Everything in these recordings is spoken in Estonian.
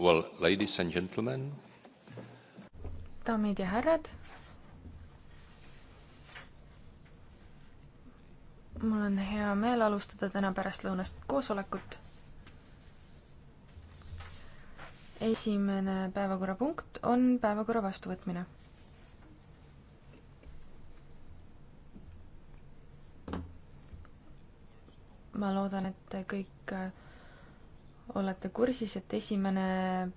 Well, ladies and gentlemen. daamid ja härrad. mul on hea meel alustada täna pärastlõunast koosolekut. esimene päevakorrapunkt on päevakorra vastuvõtmine ma loodan, et kõik olete kursis, et esimene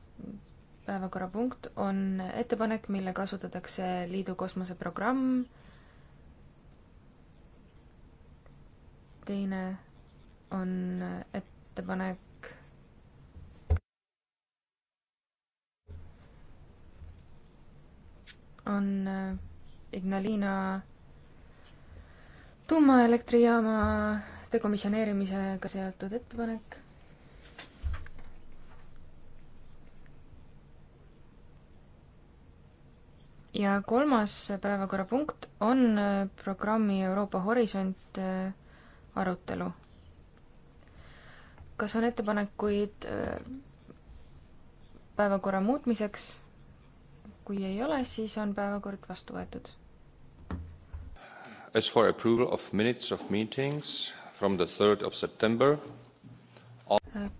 päevakorrapunkt on ettepanek, mille kasutatakse liidu kosmoseprogramm. teine on ettepanek on Ignalina tuumaelektrijaama dekomisjoneerimisega seotud ettepanek ja kolmas päevakorrapunkt on äh, programmi Euroopa Horisont äh, arutelu. kas on ettepanekuid äh, päevakorra muutmiseks? kui ei ole, siis on päevakord vastu võetud. As for approval of minutes of meetings from the third of September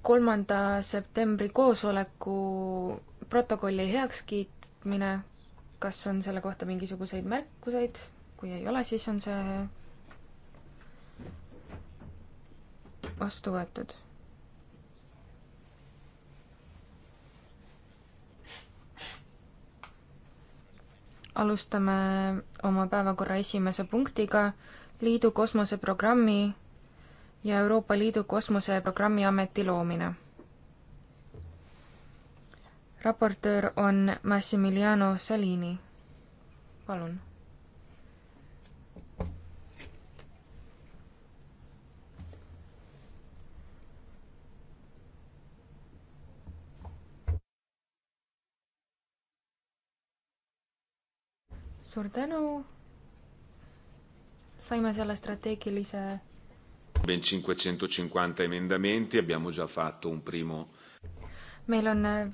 kolmanda septembri koosoleku protokolli heakskiitmine kas on selle kohta mingisuguseid märkuseid? kui ei ole, siis on see vastu võetud. alustame oma päevakorra esimese punktiga liidu kosmoseprogrammi ja Euroopa Liidu kosmoseprogrammi ameti loomine raportöör on Massimiliano Salini. palun. suur tänu. saime selle strateegilise. Ben 550 emendamenti, abbiamo già fatto un primo. meil on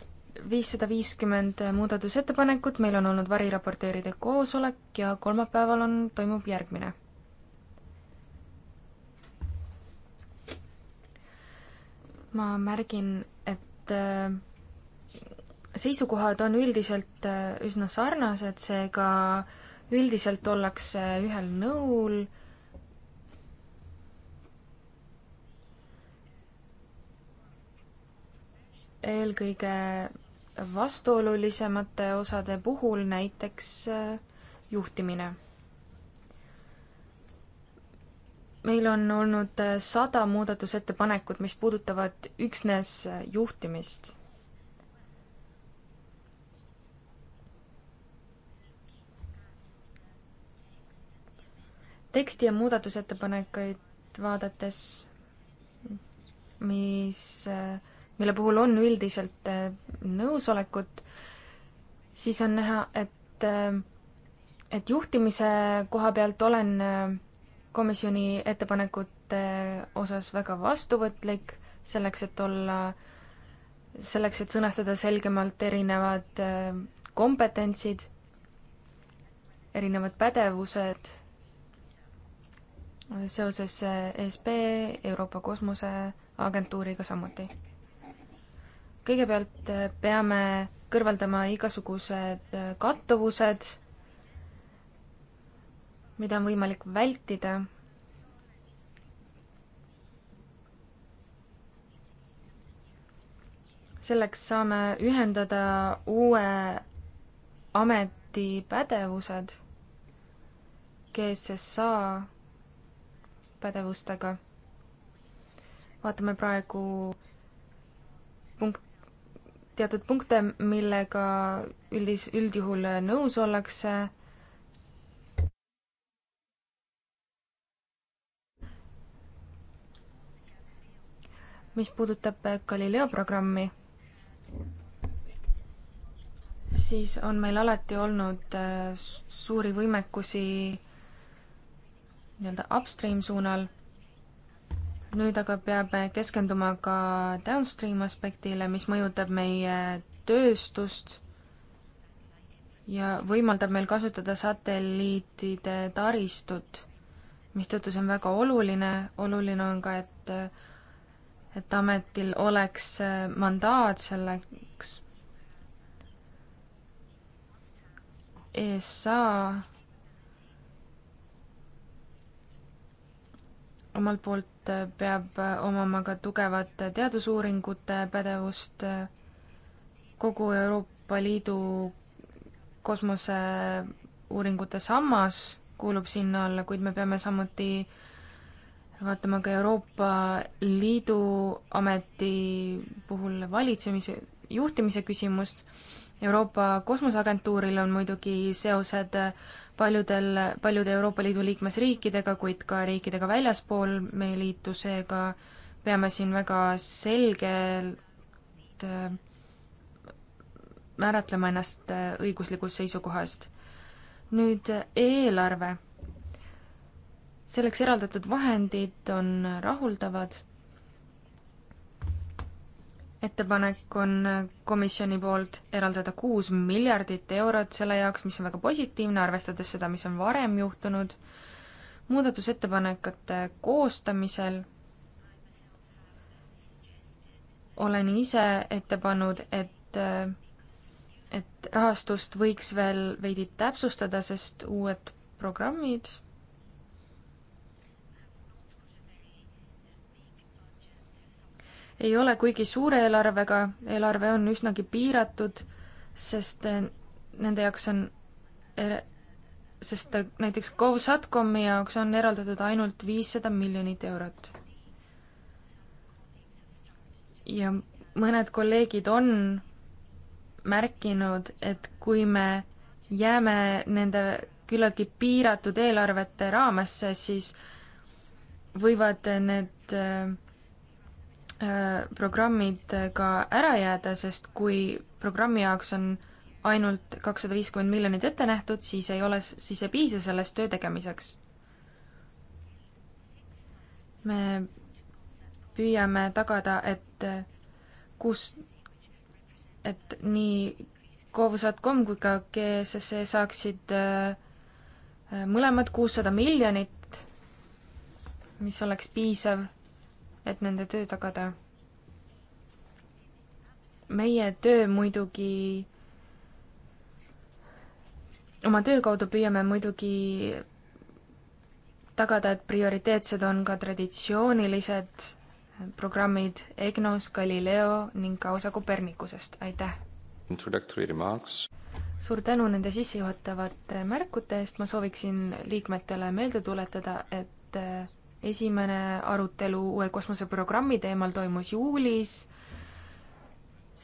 viissada viiskümmend muudatusettepanekut, meil on olnud variraportööride koosolek ja kolmapäeval on, toimub järgmine. ma märgin, et äh, seisukohad on üldiselt äh, üsna sarnased, seega üldiselt ollakse ühel nõul eelkõige vastuolulisemate osade puhul, näiteks äh, juhtimine. meil on olnud äh, sada muudatusettepanekut, mis puudutavad üksnes äh, juhtimist. teksti ja muudatusettepanekuid vaadates, mis äh, mille puhul on üldiselt äh, nõusolekut, siis on näha, et, äh, et juhtimise koha pealt olen äh, komisjoni ettepanekute osas väga vastuvõtlik, selleks et olla, selleks et sõnastada selgemalt erinevad kompetentsid, erinevad pädevused seoses ESB, Euroopa Kosmoseagentuuriga samuti kõigepealt äh, peame kõrvaldama igasugused äh, kattuvused, mida on võimalik vältida. selleks saame ühendada uue ameti pädevused GSSA pädevustega. vaatame praegu teatud punkte, millega üldis, üldjuhul nõus ollakse. mis puudutab Galileo programmi, siis on meil alati olnud äh, suuri võimekusi nii-öelda upstream suunal nüüd aga peab keskenduma ka downstream aspektile, mis mõjutab meie tööstust ja võimaldab meil kasutada satelliitide taristut, mistõttu see on väga oluline, oluline on ka, et et ametil oleks äh, mandaat selleks. ESA omalt poolt äh, peab äh, omama ka tugevat äh, teadusuuringute pädevust kogu Euroopa Liidu kosmoseuuringute sammas kuulub sinna alla, kuid me peame samuti vaatama ka Euroopa Liidu ameti puhul valitsemise, juhtimise küsimust. Euroopa Kosmoseagentuuril on muidugi seosed paljudel, paljude Euroopa Liidu liikmesriikidega, kuid ka riikidega väljaspool meie liitu, seega peame siin väga selgelt äh, määratlema ennast äh, õiguslikust seisukohast. nüüd eelarve. selleks eraldatud vahendid on rahuldavad ettepanek on komisjoni poolt eraldada kuus miljardit eurot selle jaoks, mis on väga positiivne, arvestades seda, mis on varem juhtunud. muudatusettepanekute koostamisel olen ise ette pannud, et, et rahastust võiks veel veidi täpsustada, sest uued programmid ei ole kuigi suure eelarvega, eelarve on üsnagi piiratud, sest eh, nende jaoks on, er-, sest eh, näiteks GovSatcomi jaoks on eraldatud ainult viissada miljonit eurot. ja mõned kolleegid on märkinud, et kui me jääme nende küllaltki piiratud eelarvete raamesse, siis võivad need äh, Äh, programmidega ära jääda, sest kui programmi jaoks on ainult kakssada viiskümmend miljonit ette nähtud, siis ei ole, siis ei piisa sellest töö tegemiseks. me püüame tagada, et kus, et nii KOV-SATCOM kui ka GSSE saaksid äh, mõlemad kuussada miljonit, mis oleks piisav et nende töö tagada. meie töö muidugi, oma töö kaudu püüame muidugi tagada, et prioriteetsed on ka traditsioonilised programmid EGNOS, Galileo ning ka osa Kopernikusest, aitäh! suur tänu nende sissejuhatavate märkute eest, ma sooviksin liikmetele meelde tuletada, et esimene arutelu uue kosmoseprogrammi teemal toimus juulis,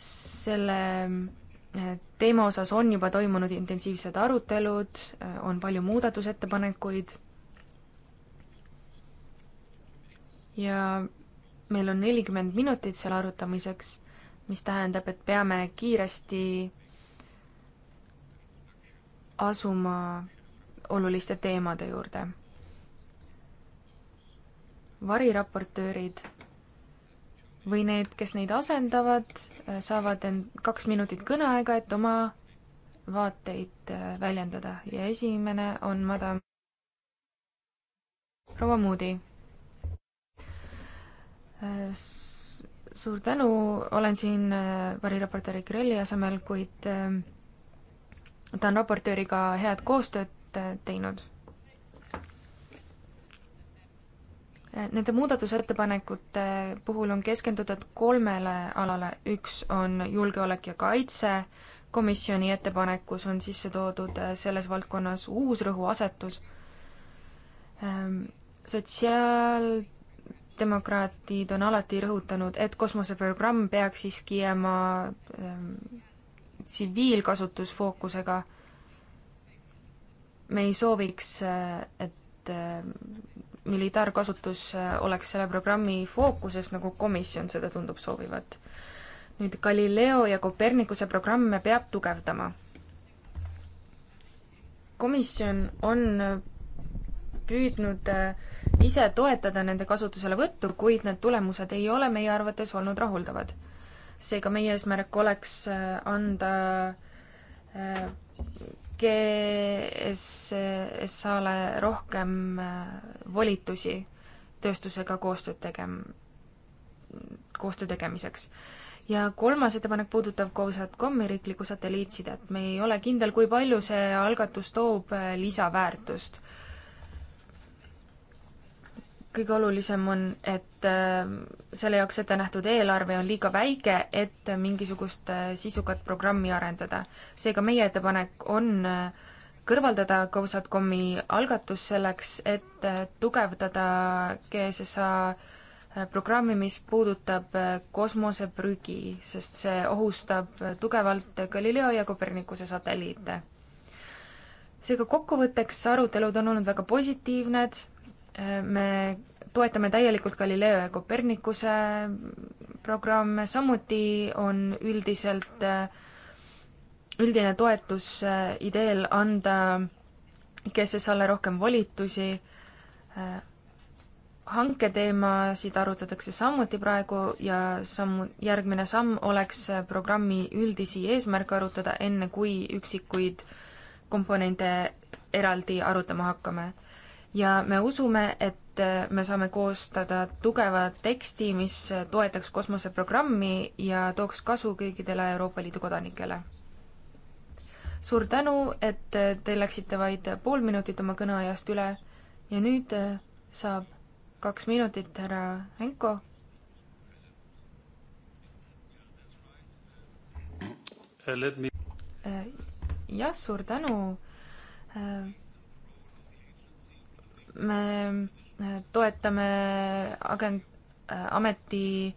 selle eh, teema osas on juba toimunud intensiivsed arutelud, eh, on palju muudatusettepanekuid ja meil on nelikümmend minutit seal arutamiseks, mis tähendab, et peame kiiresti asuma oluliste teemade juurde variraportöörid või need, kes neid asendavad, äh, saavad end kaks minutit kõneaega, et oma vaateid äh, väljendada ja esimene on madam proua Moody. Äh, suur tänu, olen siin variraportööri Grelli asemel, kuid ta on raportööriga head koostööd teinud Nende muudatusettepanekute puhul on keskendutud kolmele alale, üks on julgeolek ja kaitse, komisjoni ettepanekus on sisse toodud äh, selles valdkonnas uus rõhuasetus, ähm, sotsiaaldemokraatid on alati rõhutanud, et kosmoseprogramm peaks siiski jääma ähm, tsiviilkasutusfookusega. me ei sooviks, äh, et ähm, militaarkasutus äh, oleks selle programmi fookuses, nagu komisjon seda tundub soovivat. nüüd Galileo ja Copernicuse programme peab tugevdama. komisjon on äh, püüdnud äh, ise toetada nende kasutuselevõttu, kuid need tulemused ei ole meie arvates olnud rahuldavad. seega meie eesmärk oleks anda GSA-le rohkem äh, volitusi tööstusega koostööd tegema, koostöö tegemiseks. ja kolmas ettepanek puudutab COSAT-COM-i riiklikku satelliitsidet. me ei ole kindel, kui palju see algatus toob äh, lisaväärtust kõige olulisem on, et äh, selle jaoks ette nähtud eelarve on liiga väike, et mingisugust äh, sisukat programmi arendada. seega meie ettepanek on äh, kõrvaldada COSAT-COM-i algatus selleks, et tugevdada GSSA programmi, mis puudutab kosmoseprügi, sest see ohustab tugevalt Galileo ja Copernicuse satelliite. seega kokkuvõtteks arutelud on olnud väga positiivned me toetame täielikult Galileo ja Kopernikuse programme, samuti on üldiselt, üldine toetus äh, ideel anda GSS-ale rohkem volitusi, äh, hanketeemasid arutatakse samuti praegu ja sammu, järgmine samm oleks äh, programmi üldisi eesmärke arutada, enne kui üksikuid komponente eraldi arutama hakkame ja me usume, et äh, me saame koostada tugeva teksti, mis toetaks kosmoseprogrammi ja tooks kasu kõikidele Euroopa Liidu kodanikele. suur tänu, et äh, te läksite vaid pool minutit oma kõneajast üle ja nüüd äh, saab kaks minutit härra Henko. jah, suur tänu me äh, toetame agent, äh, ameti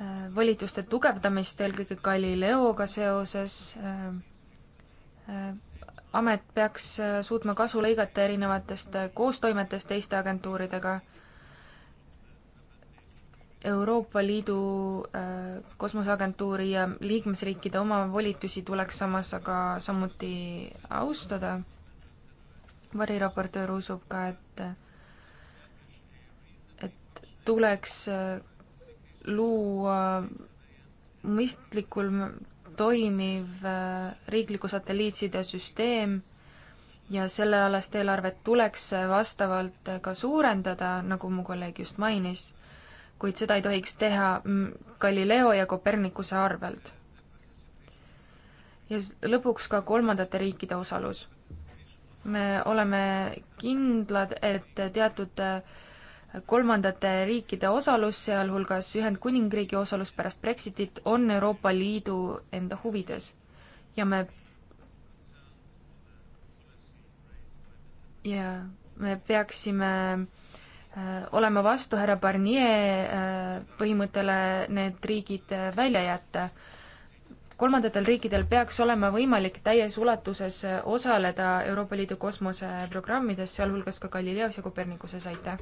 äh, volituste tugevdamist eelkõige Galileoga seoses. amet peaks suutma kasu lõigata erinevatest koostoimetest teiste agentuuridega. Euroopa Liidu kosmoseagentuuri ja liikmesriikide oma volitusi tuleks samas aga samuti austada variraportöör usub ka, et, et tuleks äh, luua mõistlikul toimiv äh, riikliku satelliitside süsteem ja sellealast eelarvet tuleks äh, vastavalt ka suurendada, nagu mu kolleeg just mainis, kuid seda ei tohiks teha mm, Galileo ja Kopernikuse arvelt. ja lõpuks ka kolmandate riikide osalus me oleme kindlad, et teatud äh, kolmandate riikide osalus, sealhulgas Ühendkuningriigi osalus pärast Brexitit, on Euroopa Liidu enda huvides. ja me ja me peaksime äh, olema vastu härra Barnier äh, põhimõttele need riigid välja jätta kolmandatel riikidel peaks olema võimalik täies ulatuses äh, osaleda Euroopa Liidu kosmoseprogrammides, sealhulgas ka Galileos ja Kopernikuses, aitäh!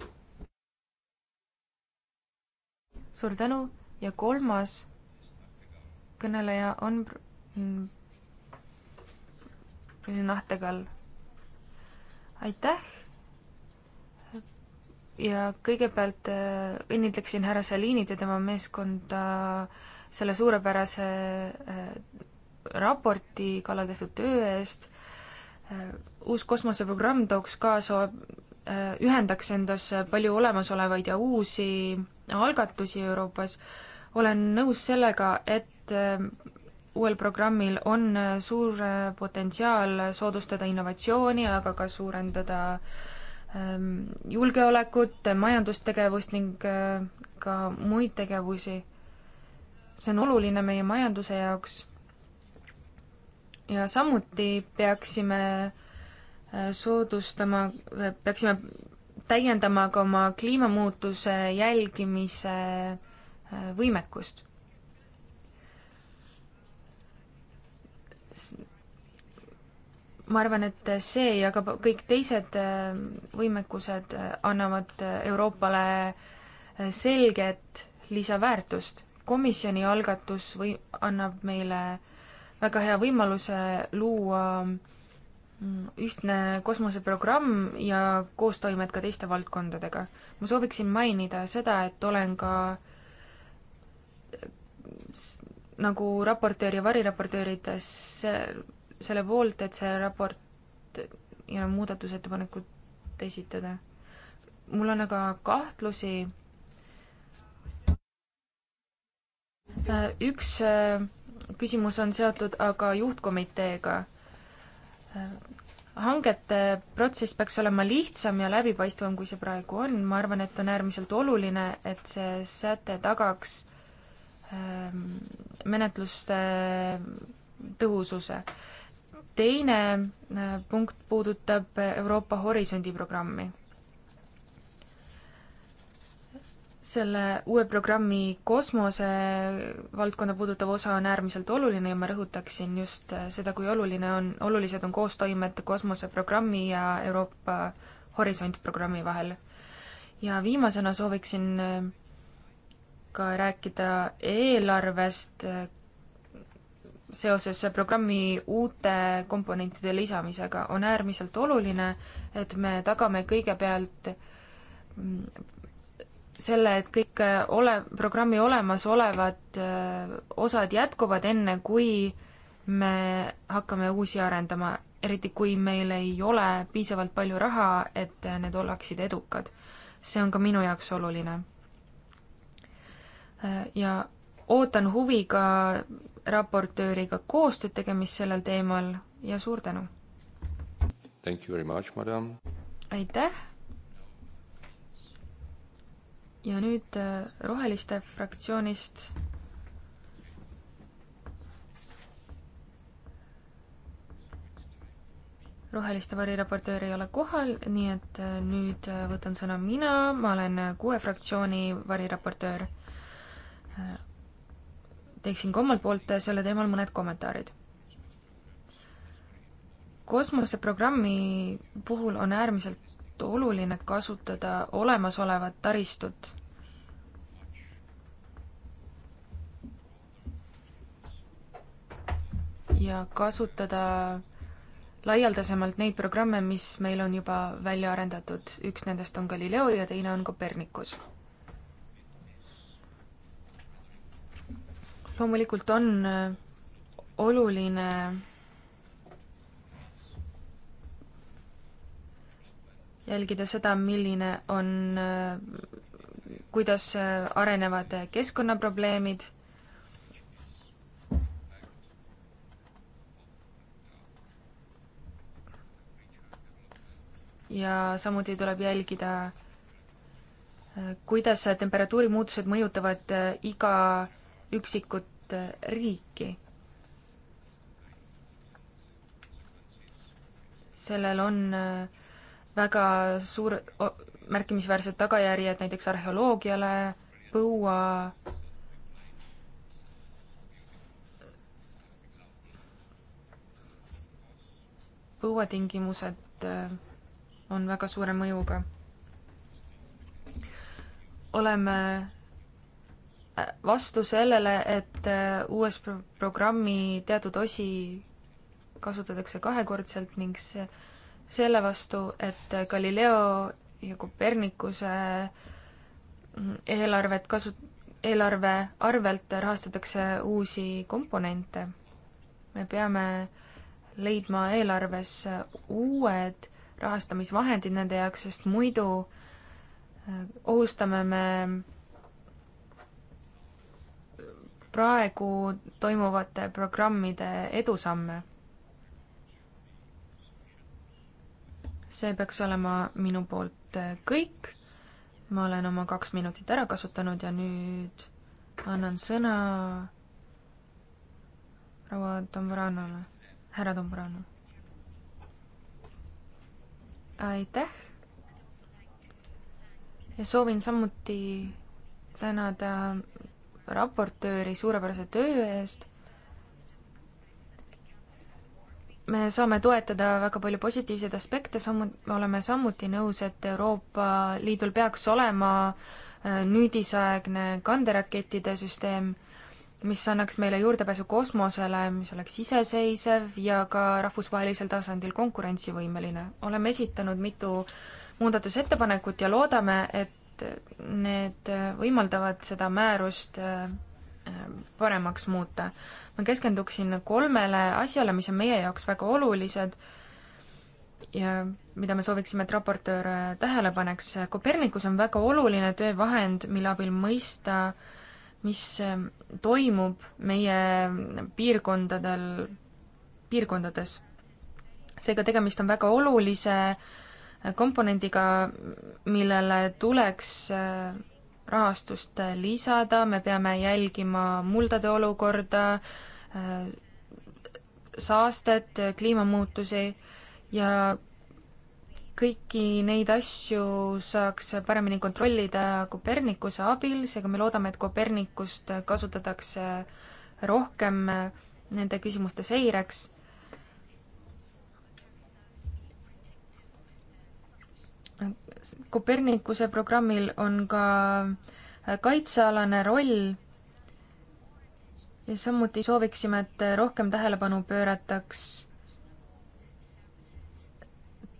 suur tänu ja kolmas kõneleja on mm, Nahtegal. aitäh! ja kõigepealt äh, õnnitleksin härra Salinit ja tema meeskonda äh, selle suurepärase äh, raporti kallal tehtud töö eest. Äh, uus kosmoseprogramm tooks kaasa, äh, ühendaks endas palju olemasolevaid ja uusi algatusi Euroopas. olen nõus sellega, et uuel programmil on suur potentsiaal soodustada innovatsiooni, aga ka suurendada ähm, julgeolekut, majandustegevust ning ka muid tegevusi see on oluline meie majanduse jaoks. ja samuti peaksime äh, soodustama, peaksime täiendama ka oma kliimamuutuse jälgimise äh, võimekust. ma arvan, et see ja ka kõik teised äh, võimekused annavad Euroopale selget lisaväärtust komisjoni algatus või annab meile väga hea võimaluse luua mm, ühtne kosmoseprogramm ja koostoimet ka teiste valdkondadega. ma sooviksin mainida seda, et olen ka nagu raportöör ja variraportöörid selle poolt, et see raport ja muudatusettepanekud esitada. mul on aga kahtlusi Äh, üks äh, küsimus on seotud aga juhtkomiteega. Äh, hangete protsess peaks olema lihtsam ja läbipaistvam, kui see praegu on, ma arvan, et on äärmiselt oluline, et see säte tagaks ähm, menetluste tõhususe. teine punkt puudutab Euroopa Horisondi programmi selle uue programmi kosmose valdkonda puudutav osa on äärmiselt oluline ja ma rõhutaksin just äh, seda, kui oluline on, olulised on koostoimed kosmoseprogrammi ja Euroopa Horisont programmi vahel. ja viimasena sooviksin äh, ka rääkida eelarvest äh, seoses programmi uute komponentide lisamisega. on äärmiselt oluline, et me tagame kõigepealt mm, selle, et kõik äh, ole, programmi olemasolevad äh, osad jätkuvad, enne kui me hakkame uusi arendama, eriti kui meil ei ole piisavalt palju raha, et äh, need oleksid edukad. see on ka minu jaoks oluline. ja ootan huviga raportööriga koostööd tegemist sellel teemal ja suur tänu! Thank you very much, madam! aitäh! ja nüüd äh, Roheliste fraktsioonist roheliste variraportöör ei ole kohal, nii et äh, nüüd äh, võtan sõna mina, ma olen kuue fraktsiooni variraportöör. teeksin ka omalt poolt selle teemal mõned kommentaarid. kosmoseprogrammi puhul on äärmiselt oluline kasutada olemasolevat taristut ja kasutada laialdasemalt neid programme, mis meil on juba välja arendatud. üks nendest on Galileo ja teine on Copernicus. loomulikult on äh, oluline jälgida seda, milline on, äh, kuidas äh, arenevad keskkonnaprobleemid ja samuti tuleb jälgida, äh, kuidas temperatuuri muutused mõjutavad äh, iga üksikut äh, riiki. sellel on väga suur, märkimisväärsed tagajärjed näiteks arheoloogiale, põua põuatingimused on väga suure mõjuga. oleme äh, vastu sellele, et äh, uues pro programmi teatud osi kasutatakse kahekordselt ning see, selle vastu, et Galileo ja Kopernikuse mm, eelarvet kasu-, eelarve arvelt rahastatakse uusi komponente. me peame leidma eelarves äh, uued rahastamisvahendid nende jaoks, sest muidu äh, ohustame me praegu toimuvate programmide edusamme. see peaks olema minu poolt äh, kõik. ma olen oma kaks minutit ära kasutanud ja nüüd annan sõna proua Dombranole, härra Dombranole aitäh! ja soovin samuti tänada raportööri suurepärase töö eest. me saame toetada väga palju positiivseid aspekte, sammu-, me oleme samuti nõus, et Euroopa Liidul peaks olema äh, nüüdisaegne kanderakettide süsteem mis annaks meile juurdepääsu kosmosele, mis oleks iseseisev ja ka rahvusvahelisel tasandil konkurentsivõimeline. oleme esitanud mitu muudatusettepanekut ja loodame, et need võimaldavad seda määrust äh, paremaks muuta. ma keskenduksin kolmele asjale, mis on meie jaoks väga olulised ja mida me sooviksime, et raportöör tähele paneks. Kopernikus on väga oluline töövahend, mille abil mõista äh, mis ehm, toimub meie piirkondadel, piirkondades. seega tegemist on väga olulise eh, komponendiga, millele tuleks eh, rahastust eh, lisada, me peame jälgima muldade olukorda, saastet, kliimamuutusi ja kõiki neid asju saaks paremini kontrollida Kopernikuse abil, seega me loodame, et Kopernikust kasutatakse rohkem nende küsimuste seireks. Kopernikuse programmil on ka kaitsealane roll ja samuti sooviksime, et rohkem tähelepanu pöörataks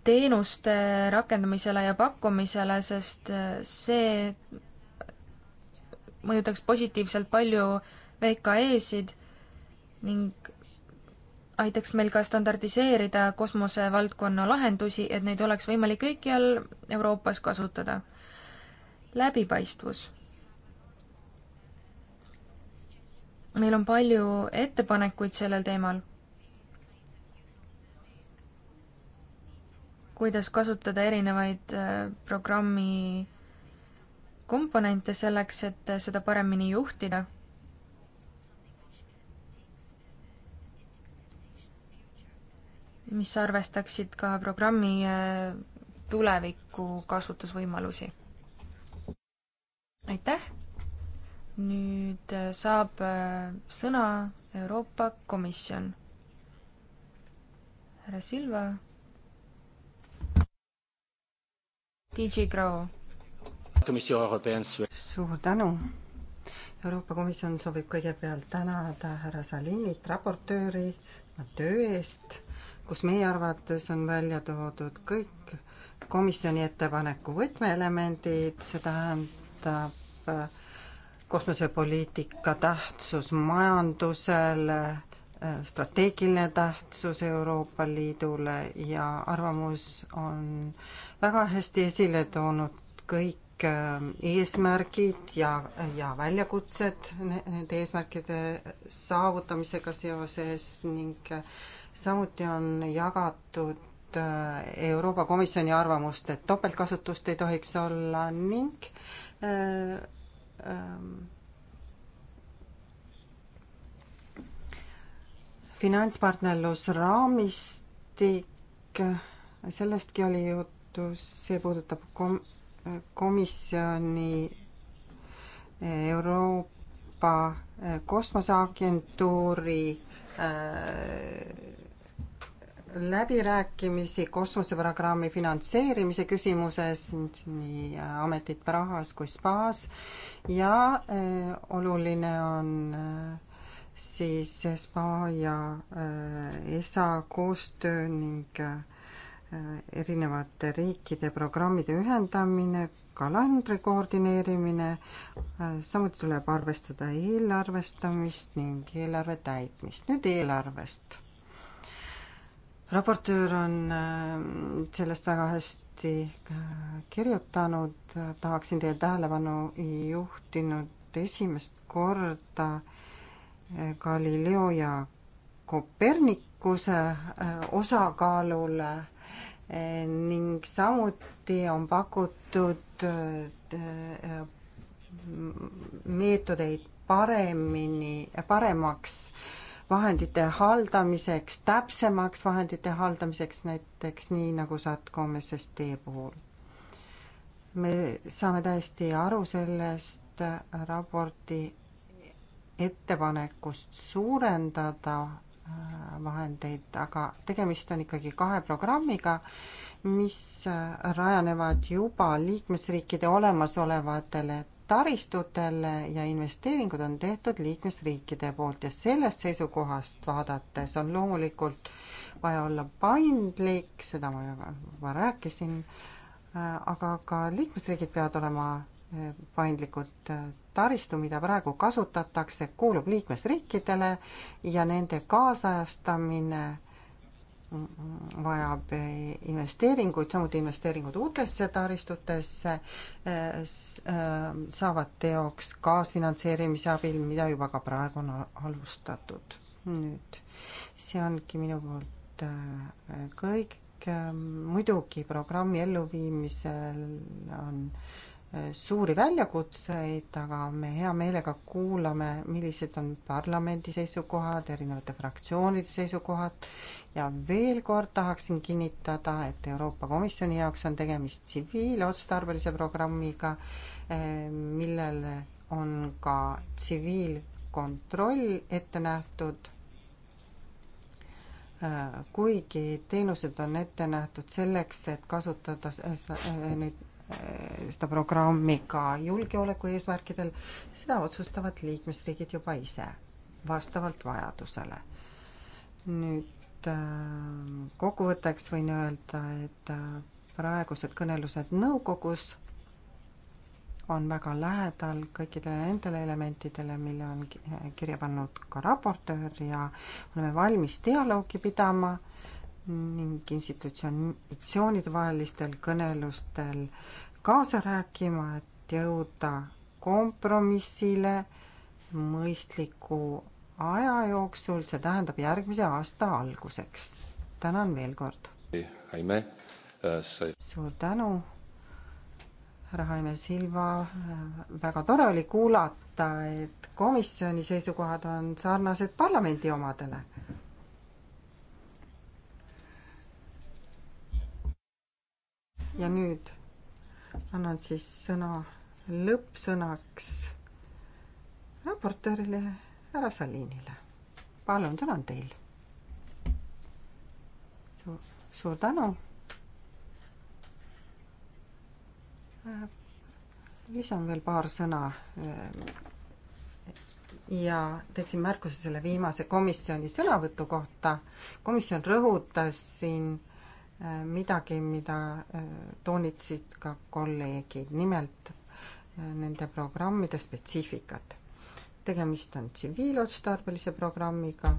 teenuste rakendamisele ja pakkumisele, sest äh, see mõjutaks positiivselt palju VKE-sid ning aitaks meil ka standardiseerida kosmosevaldkonna lahendusi, et neid oleks võimalik kõikjal Euroopas kasutada. läbipaistvus. meil on palju ettepanekuid sellel teemal kuidas kasutada erinevaid äh, programmi komponente selleks, et äh, seda paremini juhtida. mis arvestaksid ka programmi äh, tuleviku kasutusvõimalusi. aitäh! nüüd saab sõna Euroopa Komisjon. härra Silva DJ Grau. suur tänu. Euroopa Komisjon soovib kõigepealt tänada härra Salinit, raportööri, töö eest, kus meie arvates on välja toodud kõik komisjoni ettepaneku võtmeelemendid, see tähendab kosmosepoliitika tähtsus majandusele, Äh, strateegiline tähtsus Euroopa Liidule ja arvamus on väga hästi esile toonud kõik kõik äh, eesmärgid ja, ja väljakutsed nende eesmärkide saavutamisega seoses ning äh, samuti on jagatud Euroopa Komisjoni arvamust, et topeltkasutust ei tohiks olla ning äh, äh, finantspartnerlusraamistik, sellestki oli juttu, see puudutab kom-, komisjoni Euroopa eh, Kosmoseagentuuri äh, läbirääkimisi kosmoseprogrammi finantseerimise küsimuses nii ametit Prahas kui Spaas ja äh, oluline on äh, siis SPA ja äh, ESA koostöö ning äh, erinevate riikide programmide ühendamine, kalendri koordineerimine, äh, samuti tuleb arvestada eelarvestamist ning eelarve täitmist. nüüd eelarvest. raportöör on sellest väga hästi kirjutanud, tahaksin teie tähelepanu juhtinud esimest korda äh, Galileo ja Kopernikuse äh, osakaalule äh, ning samuti on pakutud äh, meetodeid paremini, paremaks vahendite haldamiseks, täpsemaks vahendite haldamiseks, näiteks nii nagu Satcom SST puhul. me saame täiesti aru sellest raporti ettepanekust suurendada äh, vahendeid, aga tegemist on ikkagi kahe programmiga, mis äh, rajanevad juba liikmesriikide olemasolevatele taristutele ja investeeringud on tehtud liikmesriikide poolt ja sellest seisukohast vaadates on loomulikult vaja olla paindlik, seda ma juba rääkisin, äh, aga ka liikmesriigid peavad olema paindlikud äh, taristu, mida praegu kasutatakse, kuulub liikmesriikidele ja nende kaasajastamine vajab äh, investeeringuid, samuti investeeringud uutesse taristutesse äh, saavad teoks kaasfinantseerimise abil, mida juba ka praegu on alustatud. nüüd see ongi minu poolt kõik, muidugi programmi elluviimisel on äh, suuri väljakutseid, aga me hea meelega kuulame, millised on parlamendi seisukohad, erinevate fraktsioonide seisukohad ja veel kord tahaksin kinnitada, et Euroopa Komisjoni jaoks on tegemist tsiviilotstarbelise programmiga, eh, millele on ka tsiviilkontroll ette nähtud eh, kuigi teenused on ette nähtud selleks, et kasutada eh, neid Äh, seda programmi ka julgeoleku eesmärkidel, seda otsustavad liikmesriigid juba ise, vastavalt vajadusele. nüüd äh, kokkuvõtteks võin öelda, et äh, praegused kõnelused nõukogus on väga lähedal kõikidele nendele elementidele, mille on kirja pannud ka raportöör ja oleme valmis dialoogi pidama ning institutsioonide vahelistel kõnelustel kaasa rääkima, et jõuda kompromissile mõistliku aja jooksul, see tähendab järgmise aasta alguseks. tänan veel kord. Äh, suur tänu, härra Jaime Silva, äh, väga tore oli kuulata, et komisjoni seisukohad on sarnased parlamendi omadele ja nüüd annan siis sõna lõppsõnaks raportöörile härra Salinile. palun, sõna on teil. suur tänu. Äh, lisan veel paar sõna äh, ja teeksin märkuse selle viimase komisjoni sõnavõtu kohta. komisjon rõhutas siin äh, Äh, midagi, mida äh, toonitasid ka kolleegid, nimelt äh, nende programmide spetsiifikat. tegemist on tsiviilotstarbelise programmiga.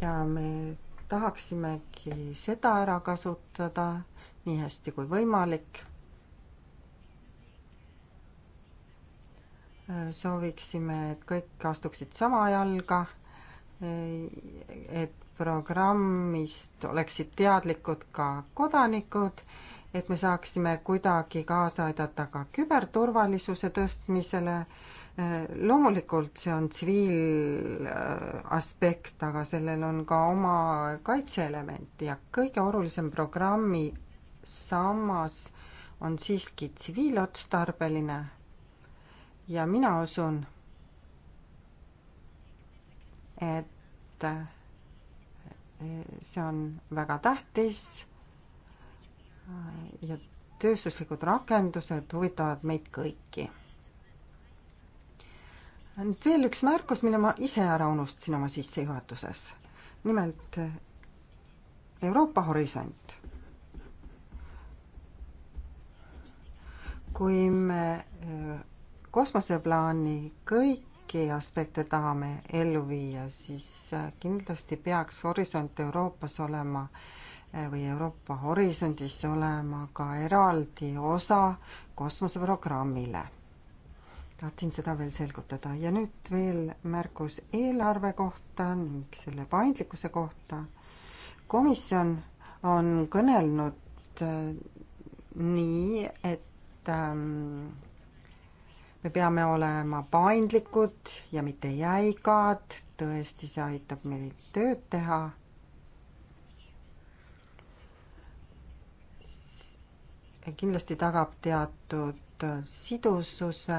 ja me tahaksimegi seda ära kasutada nii hästi kui võimalik sooviksime, et kõik astuksid sama jalga, et programmist oleksid teadlikud ka kodanikud, et me saaksime kuidagi kaasa aidata ka küberturvalisuse tõstmisele. loomulikult see on tsiviilaspekt, aga sellel on ka oma kaitseelement ja kõige olulisem programmi sammas on siiski tsiviilotstarbeline. ja mina usun, et see on väga tähtis ja tööstuslikud rakendused huvitavad meid kõiki. nüüd veel üks märkus, mille ma ise ära unustasin oma sissejuhatuses. nimelt Euroopa Horisont. kui me eh, kosmoseplaani kõik kõiki aspekte tahame ellu viia, siis äh, kindlasti peaks Horisont Euroopas olema äh, või Euroopa Horisondis olema ka eraldi osa kosmoseprogrammile. tahtsin seda veel selgutada ja nüüd veel märkus eelarve kohta ning selle paindlikkuse kohta. komisjon on kõnelnud äh, nii, et ähm, me peame olema paindlikud ja mitte jäigad, tõesti, see aitab meil tööd teha. kindlasti tagab teatud sidususe.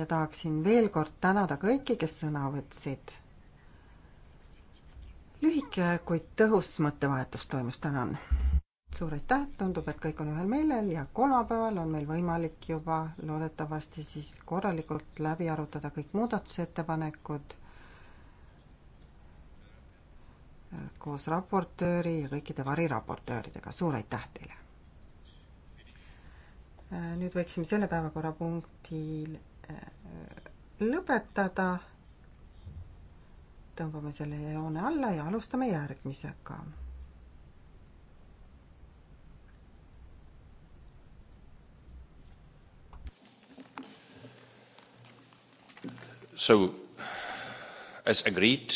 ja tahaksin veel kord tänada kõiki, kes sõna võtsid. lühike, kuid tõhus mõttevahetus toimus, tänan suur aitäh, tundub, et kõik on ühel meelel ja kolmapäeval on meil võimalik juba loodetavasti siis korralikult läbi arutada kõik muudatusettepanekud äh, koos raportööri ja kõikide variraportööridega, suur aitäh teile! Äh, nüüd võiksime selle päevakorrapunkti äh, lõpetada, tõmbame selle joone alla ja alustame järgmisega So as agreed.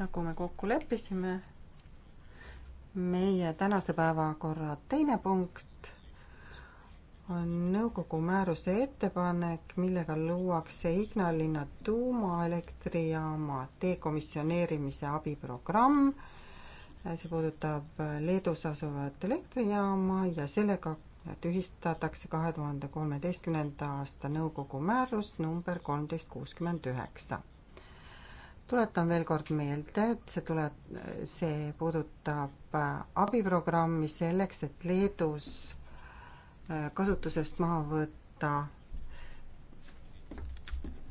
nagu me kokku leppisime, meie tänase päevakorra teine punkt on nõukogu määruse ettepanek, millega luuakse Ignalinna tuumaelektrijaama dekomisjoneerimise abiprogramm. see puudutab Leedus asuvat elektrijaama ja sellega tühistatakse kahe tuhande kolmeteistkümnenda aasta nõukogu määrus number kolmteist kuuskümmend üheksa. tuletan veel kord meelde, et see tule, see puudutab äh, abiprogrammi selleks, et Leedus äh, kasutusest maha võtta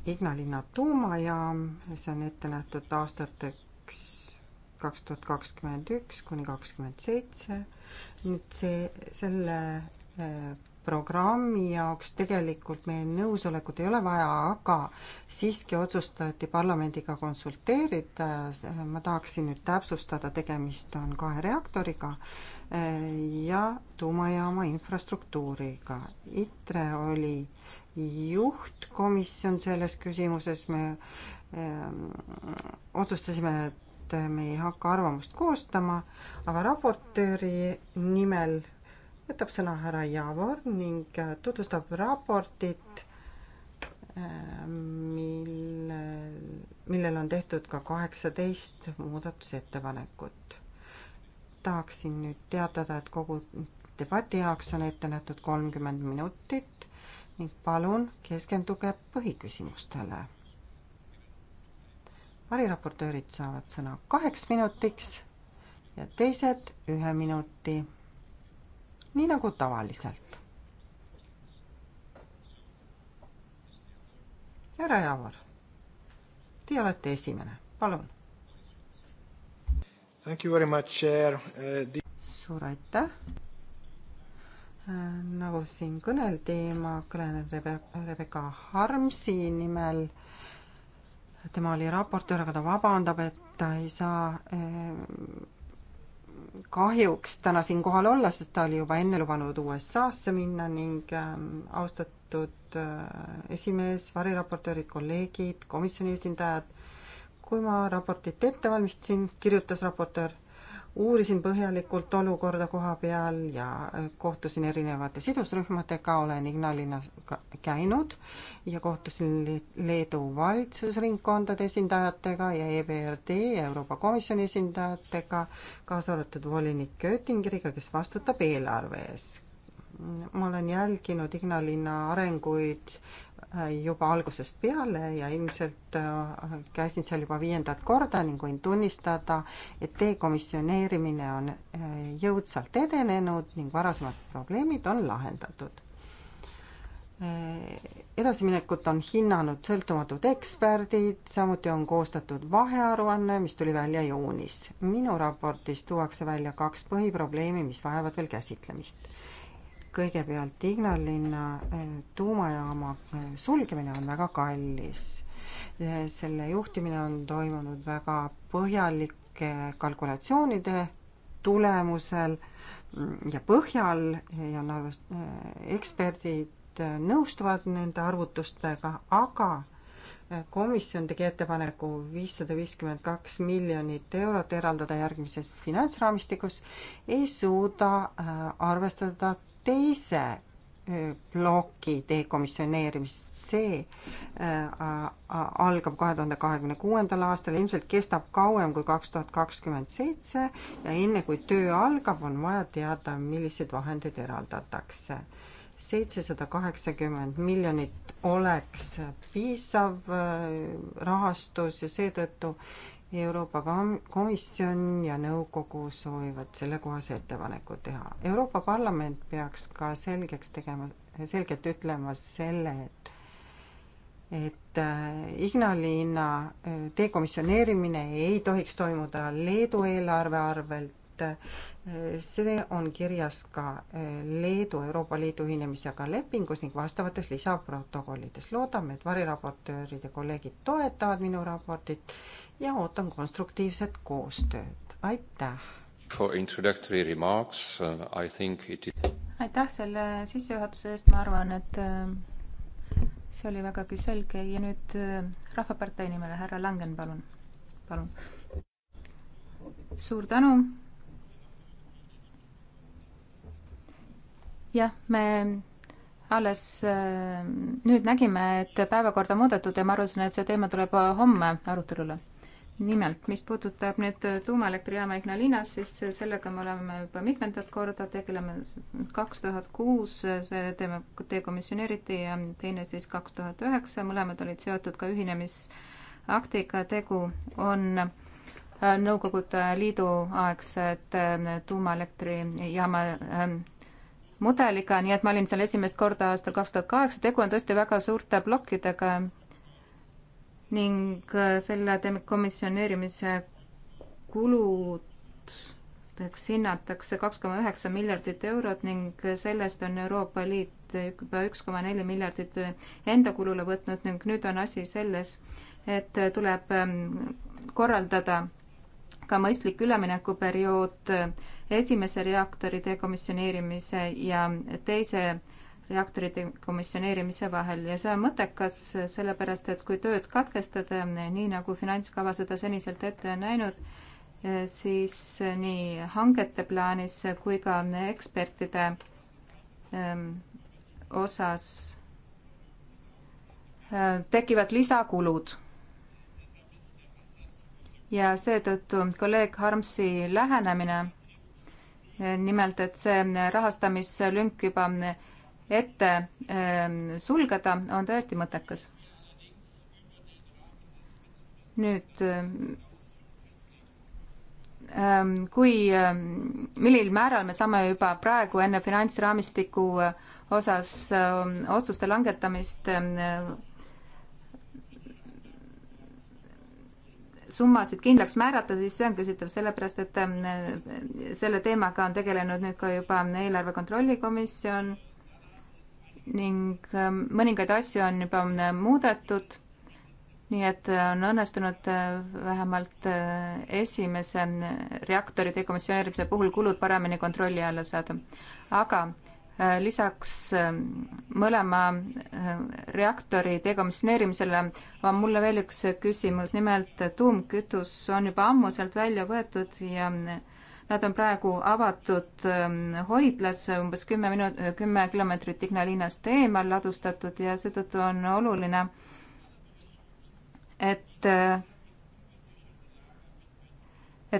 Ignalinna tuumajaam, see on ette nähtud aastateks kaks tuhat kakskümmend üks kuni kakskümmend seitse. nüüd see, selle programmi jaoks tegelikult meie nõusolekut ei ole vaja, aga siiski otsustati parlamendiga konsulteerida, ma tahaksin nüüd täpsustada, tegemist on kahe reaktoriga eh, ja tuumajaama infrastruktuuriga. ITRE oli juhtkomisjon selles küsimuses, me öö, eh, otsustasime, et me ei hakka arvamust koostama, aga raportööri nimel võtab sõna härra Javor ning äh, tutvustab raportit, äh, mille, millel on tehtud ka kaheksateist muudatusettepanekut. tahaksin nüüd teatada, et kogu debati jaoks on ette nähtud kolmkümmend minutit ning palun keskenduge põhiküsimustele. variraportöörid saavad sõna kaheks minutiks ja teised ühe minuti nii nagu tavaliselt. härra Javor, teie olete esimene, palun. Uh, suur aitäh äh, nagu siin kõneldi, ma kõnelen Rebe-, Rebecca Harmsi nimel. tema oli raportöör, aga ta vabandab, et ta ei saa äh, kahjuks täna siin kohal olla, sest ta oli juba enne lubanud USA-sse minna ning ähm, austatud äh, esimees, variraportöörid, kolleegid, komisjoni esindajad, kui ma raportit ette valmistasin, kirjutas raportöör, uurisin põhjalikult olukorda koha peal ja äh, kohtusin erinevate sidusrühmadega, olen Ignalinnas käinud ja kohtusin Leedu valitsusringkondade esindajatega ja EBRD, Euroopa Komisjoni esindajatega, kaasa arvatud volinik Göttingeriga, kes vastutab eelarve ees ma olen jälginud Ignalinna arenguid Äh, juba algusest peale ja ilmselt äh, käisin seal juba viiendat korda ning võin tunnistada, et dekomisjoneerimine on äh, jõudsalt edenenud ning varasemad probleemid on lahendatud. Edasiminekut on hinnanud sõltumatud eksperdid, samuti on koostatud vahearuanne, mis tuli välja juunis. minu raportis tuuakse välja kaks põhiprobleemi, mis vajavad veel käsitlemist kõigepealt Ignalinna eh, tuumajaama eh, sulgemine on väga kallis. Eh, selle juhtimine on toimunud väga põhjalike kalkulatsioonide tulemusel mm, ja põhjal ja on arvest-, eksperdid nõustuvad nende arvutustega, aga komisjon tegi ettepaneku viissada viiskümmend kaks miljonit eurot eraldada järgmises finantsraamistikus, ei suuda arvestada teise ploki dekomisjoneerimist, see algab kahe tuhande kahekümne kuuendal aastal, ilmselt kestab kauem kui kaks tuhat kakskümmend seitse ja enne, kui töö algab, on vaja teada, milliseid vahendeid eraldatakse. seitsesada kaheksakümmend miljonit oleks piisav rahastus ja seetõttu Euroopa Komisjon ja nõukogu soovivad sellekohase ettepaneku teha. Euroopa Parlament peaks ka selgeks tegema, selgelt ütlema selle, et et äh, Ignalina äh, dekomisjoneerimine ei tohiks toimuda Leedu eelarve arvelt, äh, see on kirjas ka Leedu Euroopa Liidu ühinemisega lepingus ning vastavates lisaprotokollides. loodame, et variraportöörid ja kolleegid toetavad minu raportit ja ootan konstruktiivset koostööd, aitäh! For introductory remarks uh, I think it is aitäh selle sissejuhatuse eest, ma arvan, et äh, see oli vägagi selge ja nüüd äh, Rahvapartei nimel härra Langen, palun, palun. suur tänu. jah, me alles äh, nüüd nägime, et päevakorda muudetud ja ma arvasin, et see teema tuleb homme arutelule nimelt, mis puudutab nüüd tuumaelektrijaama Ignalinas, siis sellega me oleme juba mitmendat korda tegeleme, kaks tuhat kuus see teeme, dekomisjoneeriti ja teine siis kaks tuhat üheksa, mõlemad olid seotud ka ühinemisaktiga, tegu on äh, Nõukogude Liidu aegsed äh, tuumaelektrijaama ähm, mudeliga, nii et ma olin seal esimest korda aastal kaks tuhat kaheksa, tegu on tõesti väga suurte plokkidega ning äh, selle dekomisjoneerimise kuludeks hinnatakse kaks koma üheksa miljardit eurot ning sellest on Euroopa Liit juba üks koma neli miljardit enda kulule võtnud ning nüüd on asi selles, et tuleb ähm, korraldada ka mõistlik üleminekuperiood äh, esimese reaktori dekomisjoneerimise ja teise reaktorite komisjoneerimise vahel ja see on mõttekas, sellepärast et kui tööd katkestada, nii nagu finantskava seda seniselt ette on näinud, siis nii hangete plaanis kui ka ekspertide ehm, osas ehm, tekivad lisakulud ja seetõttu kolleeg Harmsi lähenemine, nimelt et see rahastamislünk juba ette ähm, sulgeda, on täiesti mõttekas. nüüd ähm, ähm, kui, millil määral me saame juba praegu enne finantsraamistiku äh, osas otsuste langetamist äh, summasid kindlaks määrata, siis see on küsitav, sellepärast et äh, selle teemaga on tegelenud nüüd ka juba eelarve kontrolli komisjon ning ähm, mõningaid asju on juba ähm, muudetud, nii et äh, on õnnestunud äh, vähemalt äh, esimese reaktori dekomissioneerimise puhul kulud paremini kontrolli alla saada. aga lisaks ähm, mõlema reaktori dekomissioneerimisele on mulle veel üks küsimus, nimelt tuumkütus on juba ammu sealt välja võetud ja Nad on praegu avatud ähm, hoidlas umbes kümme minut-, kümme kilomeetrit Ignalinast eemal ladustatud ja seetõttu on oluline, et äh,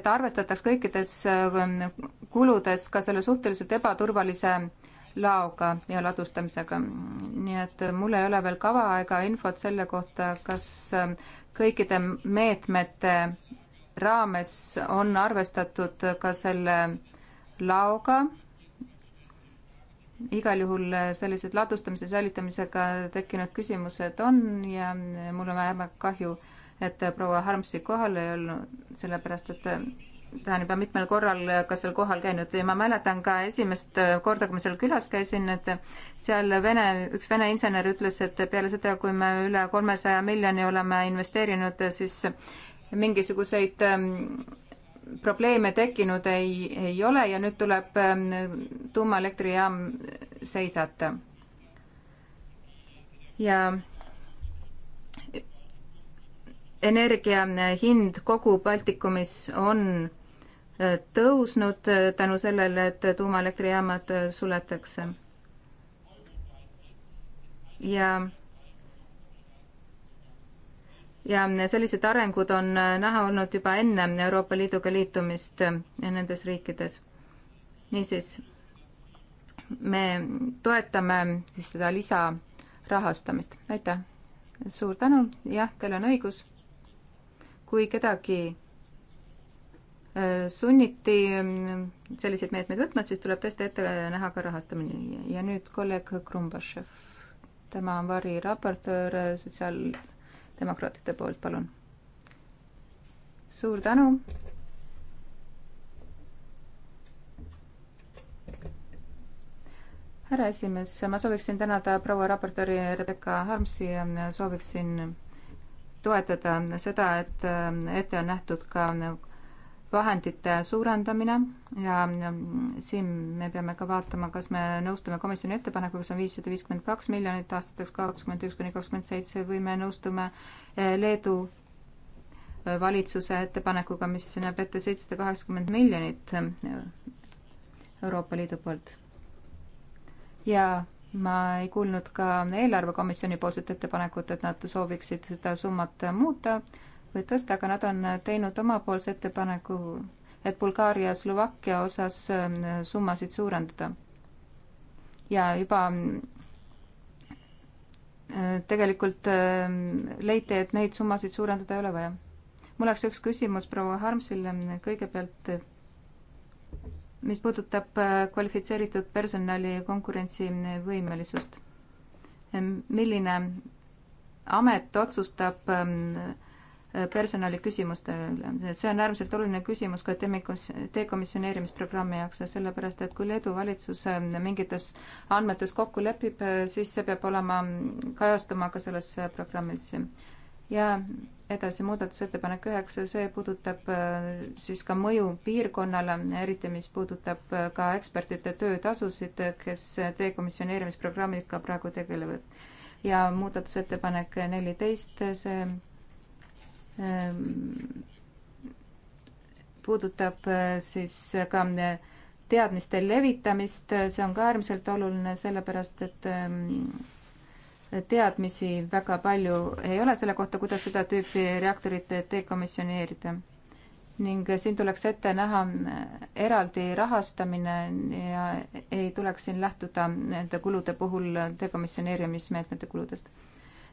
et arvestataks kõikides ähm, kuludes ka selle suhteliselt ebaturvalise laoga ja ladustamisega. nii et mul ei ole veel kava ega infot selle kohta, kas ähm, kõikide meetmete raames on arvestatud ka selle laoga. igal juhul sellised ladustamise säilitamisega tekkinud küsimused on ja mul on väga kahju, et proua Harmsi kohal ei olnud, sellepärast et ta on juba mitmel korral ka seal kohal käinud ja ma mäletan ka esimest korda, kui ma seal külas käisin, et seal vene, üks vene insener ütles, et peale seda, kui me üle kolmesaja miljoni oleme investeerinud, siis mingisuguseid ähm, probleeme tekkinud ei, ei ole ja nüüd tuleb ähm, tuumaelektrijaam seisata. ja energia hind kogu Baltikumis on äh, tõusnud äh, tänu sellele, et tuumaelektrijaamad suletakse. ja ja sellised arengud on äh, näha olnud juba enne Euroopa Liiduga liitumist äh, nendes riikides. niisiis, me toetame siis seda lisarahastamist, aitäh. suur tänu, jah, teil on õigus. kui kedagi äh, sunniti mm, selliseid meetmeid võtma, siis tuleb tõesti ette näha ka rahastamine ja nüüd kolleeg Krumbašev, tema on variraportöör sotsiaal- demokraatide poolt, palun. suur tänu. härra esimees, ma sooviksin tänada proua raportööri Rebecca Harmsi ja sooviksin toetada seda, et ette on nähtud ka vahendite suurendamine ja, ja siin me peame ka vaatama, kas me nõustume komisjoni ettepanekuga, see on viissada viiskümmend kaks miljonit aastateks kakskümmend üks kuni kakskümmend seitse või me nõustume eh, Leedu eh, valitsuse ettepanekuga, mis näeb ette seitsesada kaheksakümmend miljonit eh, Euroopa Liidu poolt. ja ma ei kuulnud ka eelarvekomisjoni poolset ettepanekut, et nad sooviksid seda summat muuta või tõsta, aga nad on teinud omapoolse ettepaneku, et Bulgaaria ja Slovakkia osas ähm, summasid suurendada. ja juba äh, tegelikult ähm, leiti, et neid summasid suurendada ei ole vaja. mul oleks üks küsimus proua Harmsile ähm, kõigepealt, mis puudutab äh, kvalifitseeritud personali konkurentsivõimelisust. milline amet otsustab personaliküsimuste üle. see on äärmiselt oluline küsimus ka dekomisjoneerimisprogrammi jaoks, sellepärast et kui Leedu valitsus äh, mingites andmetes kokku lepib, äh, siis see peab olema, kajastuma ka selles äh, programmis. ja edasi muudatusettepanek üheksa, see puudutab siis ka mõju piirkonnale, eriti mis puudutab ka ekspertide töötasusid, kes dekomisjoneerimisprogrammiga praegu tegelevad. ja muudatusettepanek neliteist, see Ehm, puudutab eh, siis ka eh, teadmiste levitamist, eh, see on ka äärmiselt oluline, sellepärast et ehm, teadmisi väga palju ei ole selle kohta, kuidas seda tüüpi reaktorit dekomisjoneerida. ning siin tuleks ette näha eraldi rahastamine ja ei tuleks siin lähtuda nende kulude puhul dekomisjoneerimismeetmete kuludest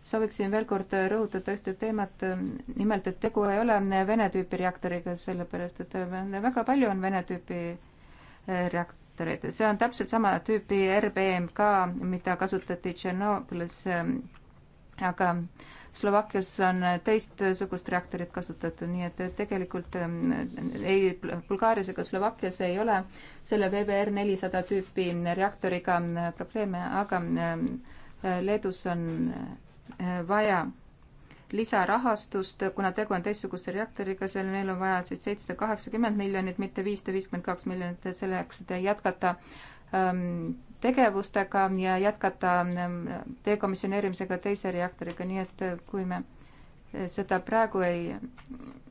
sooviksin veel kord rõhutada ühte teemat, nimelt, et tegu ei ole Vene tüüpi reaktoriga, sellepärast et väga palju on Vene tüüpi äh, reaktoreid, see on täpselt sama tüüpi RBMK, mida kasutati Tšernobõlis, ähm, aga Slovakkias on teistsugust reaktorit kasutatud, nii et tegelikult ähm, ei, Bulgaarias ega Slovakkias ei ole selle VBR nelisada tüüpi reaktoriga äh, probleeme, aga ähm, Leedus on Eh, vaja lisarahastust, kuna tegu on teistsuguse reaktoriga, seal neil on vaja siis seitsesada kaheksakümmend miljonit, mitte viissada viiskümmend kaks miljonit selleks, et jätkata ähm, tegevustega ja jätkata ähm, dekomisjoneerimisega teise reaktoriga, nii et äh, kui me äh, seda praegu ei,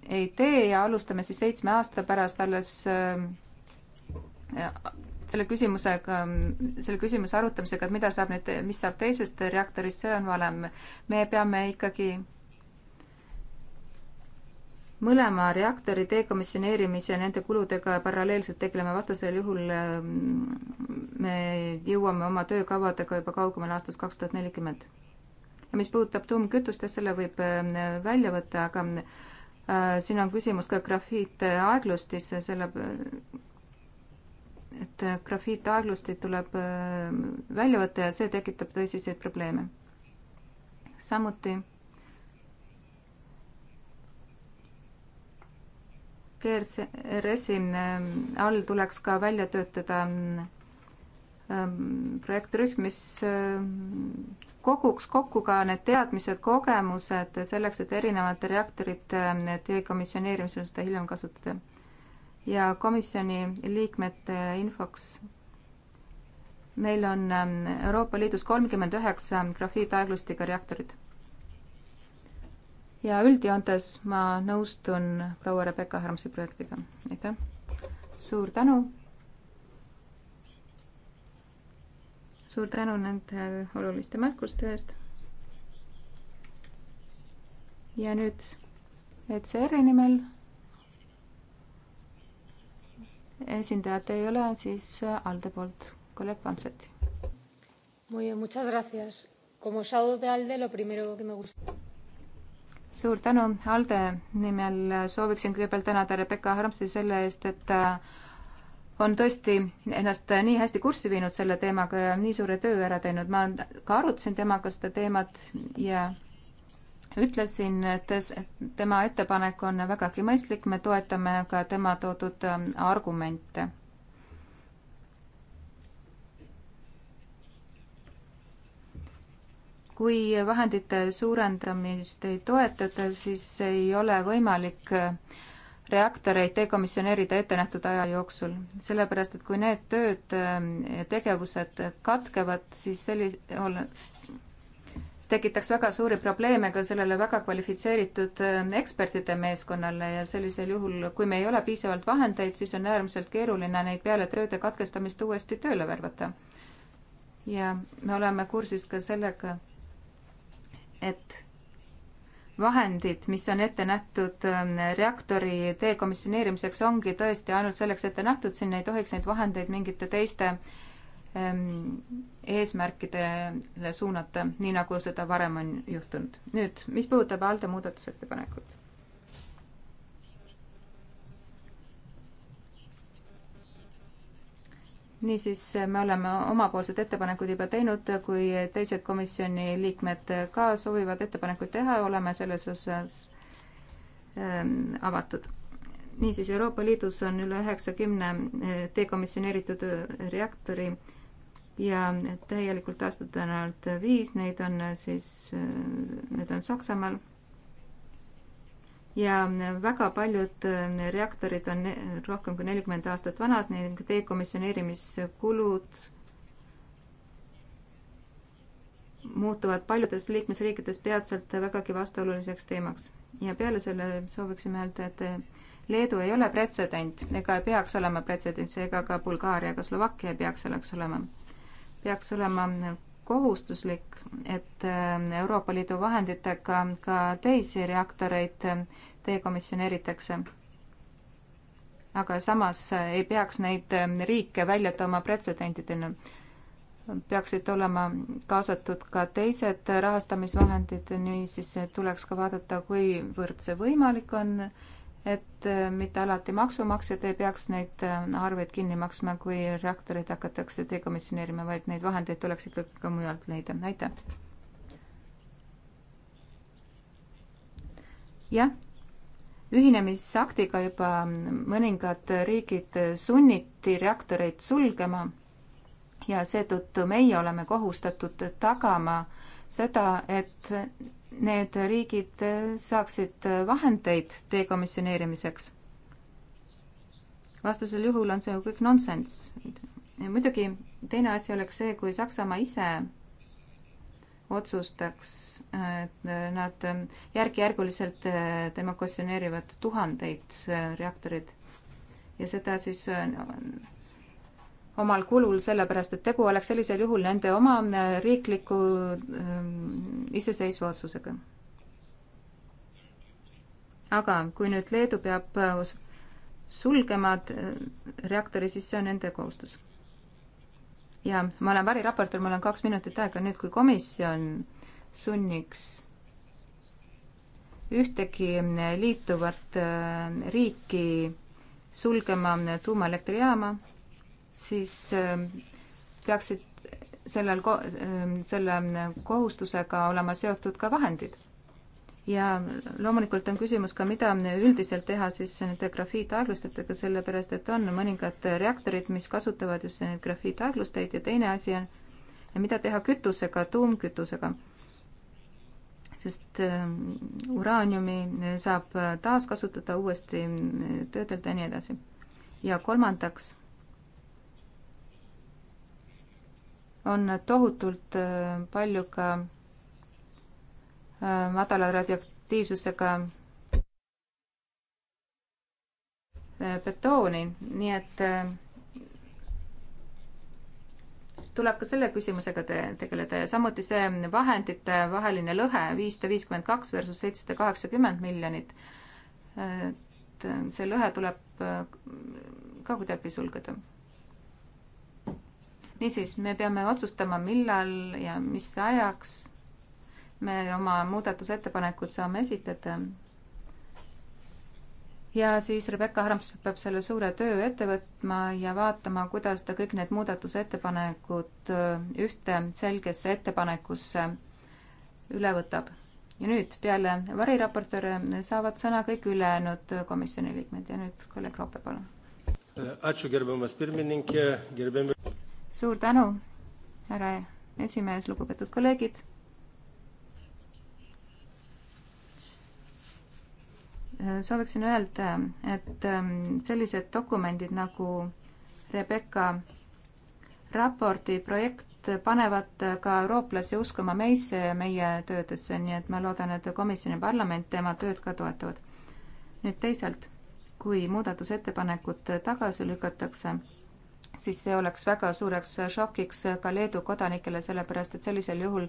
ei tee ja alustame siis seitsme aasta pärast alles ähm, äh, selle küsimusega, selle küsimuse arutamisega, et mida saab nüüd, mis saab teisest reaktorist, see on valem. me peame ikkagi mõlema reaktori dekomisjoneerimise ja nende kuludega paralleelselt tegeleme, vastasel juhul ähm, me jõuame oma töökavadega juba kaugemale aastast kaks tuhat nelikümmend. ja mis puudutab tuumkütust, jah, selle võib ähm, välja võtta, aga äh, siin on küsimus ka grafiitaeglustisse, selle et äh, grafiit aeglusti tuleb äh, välja võtta ja see tekitab tõsiseid probleeme. samuti GRS-i äh, all tuleks ka välja töötada ähm, projektrühm, mis koguks kokku ka need teadmised, kogemused selleks, et erinevate reaktorite dekomisjoneerimisel seda hiljem kasutada ja komisjoni liikmete infoks. meil on ähm, Euroopa Liidus kolmkümmend üheksa grafiitaeglustiga reaktorit. ja üldjoontes ma nõustun proua Rebecca Harmsi projektiga, aitäh. suur tänu. suur tänu nende oluliste märkuste eest. ja nüüd ECR-i nimel esindajat ei ole, siis ALDE poolt kolleeg Pantseti. suur tänu, ALDE nimel sooviksin kõigepealt tänada Rebecca Harmsi selle eest, et ta äh, on tõesti ennast nii hästi kurssi viinud selle teemaga ja nii suure töö ära teinud. ma ka arutasin temaga seda teemat ja ütlesin, et tema ettepanek on vägagi mõistlik, me toetame ka tema toodud ähm, argumente. kui vahendite suurendamist ei toetata, siis ei ole võimalik äh, reaktoreid dekomisjoneerida ettenähtud aja jooksul, sellepärast et kui need tööd, ähm, tegevused katkevad, siis sellisel tekitaks väga suuri probleeme ka sellele väga kvalifitseeritud äh, ekspertide meeskonnale ja sellisel juhul, kui me ei ole piisavalt vahendeid, siis on äärmiselt keeruline neid peale tööde katkestamist uuesti tööle värvata. ja me oleme kursis ka sellega, et vahendid, mis on ette nähtud ähm, reaktori dekomisjoneerimiseks, ongi tõesti ainult selleks ette nähtud, siin ei tohiks neid vahendeid mingite teiste äh, Ähm, eesmärkidele suunata, nii nagu seda varem on juhtunud. nüüd, mis puudutab ALDE muudatusettepanekut. niisiis, me oleme omapoolsed ettepanekud juba teinud, kui teised komisjoni liikmed ka soovivad ettepanekuid teha, oleme selles osas ähm, avatud niisiis, Euroopa Liidus on üle üheksakümne äh, dekomisjoneeritud reaktori äh, ja täielikult taastuda on ainult viis, neid on siis, need on Saksamaal. ja väga paljud reaktorid on rohkem kui nelikümmend aastat vanad ning dekomisjoneerimiskulud muutuvad paljudes liikmesriikides peatselt vägagi vastuoluliseks teemaks. ja peale selle sooviksime öelda, et Leedu ei ole pretsedent ega peaks olema pretsedent, seega ka Bulgaaria ega Slovakkia ei peaks selleks olema peaks olema kohustuslik, et äh, Euroopa Liidu vahenditega ka teisi reaktoreid äh, dekomisjoneeritakse. aga samas äh, ei peaks neid riike välja tooma pretsedentidena. peaksid olema kaasatud ka teised rahastamisvahendid, niisiis tuleks ka vaadata, kuivõrd see võimalik on et äh, mitte alati maksumaksjad ei peaks neid äh, arveid kinni maksma, kui reaktoreid hakatakse dekomisjoneerima, vaid neid vahendeid tuleks ikkagi ka mujalt leida, aitäh. jah, ühinemisaktiga juba mõningad riigid sunniti reaktoreid sulgema ja seetõttu meie oleme kohustatud tagama seda, et need riigid saaksid vahendeid dekomisjoneerimiseks. vastasel juhul on see ju kõik nonsenss. muidugi teine asi oleks see, kui Saksamaa ise otsustaks, et nad järk-järguliselt demokosioneerivad tuhandeid reaktoreid ja seda siis omal kulul, sellepärast et tegu oleks sellisel juhul nende oma äh, riikliku ähm, iseseisva otsusega. aga kui nüüd Leedu peab äh, sulgema äh, reaktori, siis see on nende kohustus. ja ma olen variraportor, mul on kaks minutit aega, nüüd kui komisjon sunniks ühtegi liituvat riiki sulgema tuumaelektrijaama, siis ähm, peaksid sellel, ähm, selle kohustusega olema seotud ka vahendid. ja loomulikult on küsimus ka, mida üldiselt teha siis nende grafiitaeglustajatega, sellepärast et on mõningad reaktorid, mis kasutavad just neid grafiitaeglustajaid ja teine asi on, mida teha kütusega, tuumkütusega. sest ähm, uraaniumi saab taaskasutada, uuesti töödelda ja nii edasi. ja kolmandaks on tohutult äh, palju ka äh, madala radioaktiivsusega äh, betooni, nii et tuleb ka selle küsimusega te tegeleda ja samuti see vahendite vaheline lõhe viissada viiskümmend kaks versus seitsesada kaheksakümmend miljonit. et see lõhe tuleb ka kuidagi sulgeda niisiis, me peame otsustama, millal ja mis ajaks me oma muudatusettepanekud saame esitada. ja siis Rebecca Harms peab selle suure töö ette võtma ja vaatama, kuidas ta kõik need muudatusettepanekud äh, ühte selgesse ettepanekusse üle võtab. ja nüüd peale variraportööre saavad sõna kõik ülejäänud komisjoni liikmed ja nüüd kolleeg Roope, palun. Äh, suur tänu, härra esimees, lugupeetud kolleegid. sooviksin öelda, et ähm, sellised dokumendid nagu Rebecca raporti projekt panevad ka eurooplasi uskuma meisse ja meie töödesse, nii et ma loodan, et komisjon ja parlament tema tööd ka toetavad. nüüd teisalt, kui muudatusettepanekud tagasi lükatakse, siis see oleks väga suureks šokiks ka Leedu kodanikele, sellepärast et sellisel juhul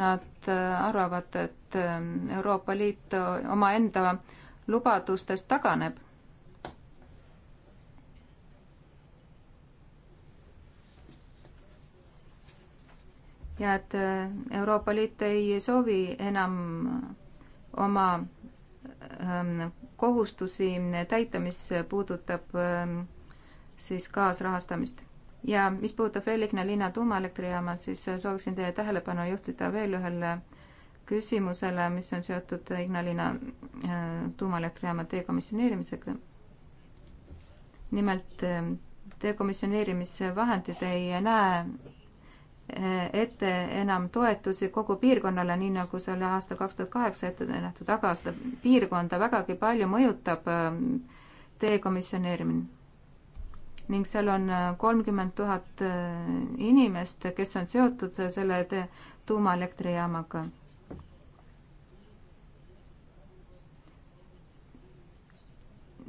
nad äh, arvavad, et ähm, Euroopa Liit omaenda lubadustest taganeb. ja et äh, Euroopa Liit ei soovi enam oma ähm, kohustusi täita, mis puudutab ähm, siis kaasrahastamist. ja mis puudutab veel Ligne linna tuumaelektrijaama, siis sooviksin teie tähelepanu juhtida veel ühele küsimusele, mis on seotud Ignalina äh, tuumaelektrijaama dekomisjoneerimisega. nimelt äh, dekomisjoneerimise vahendid ei näe äh, ette enam toetusi kogu piirkonnale, nii nagu see oli aastal kaks tuhat kaheksa ette nähtud, aga seda piirkonda vägagi palju mõjutab dekomisjoneerimine ning seal on äh, kolmkümmend tuhat äh, inimest, kes on seotud äh, selle tuumaelektrijaamaga.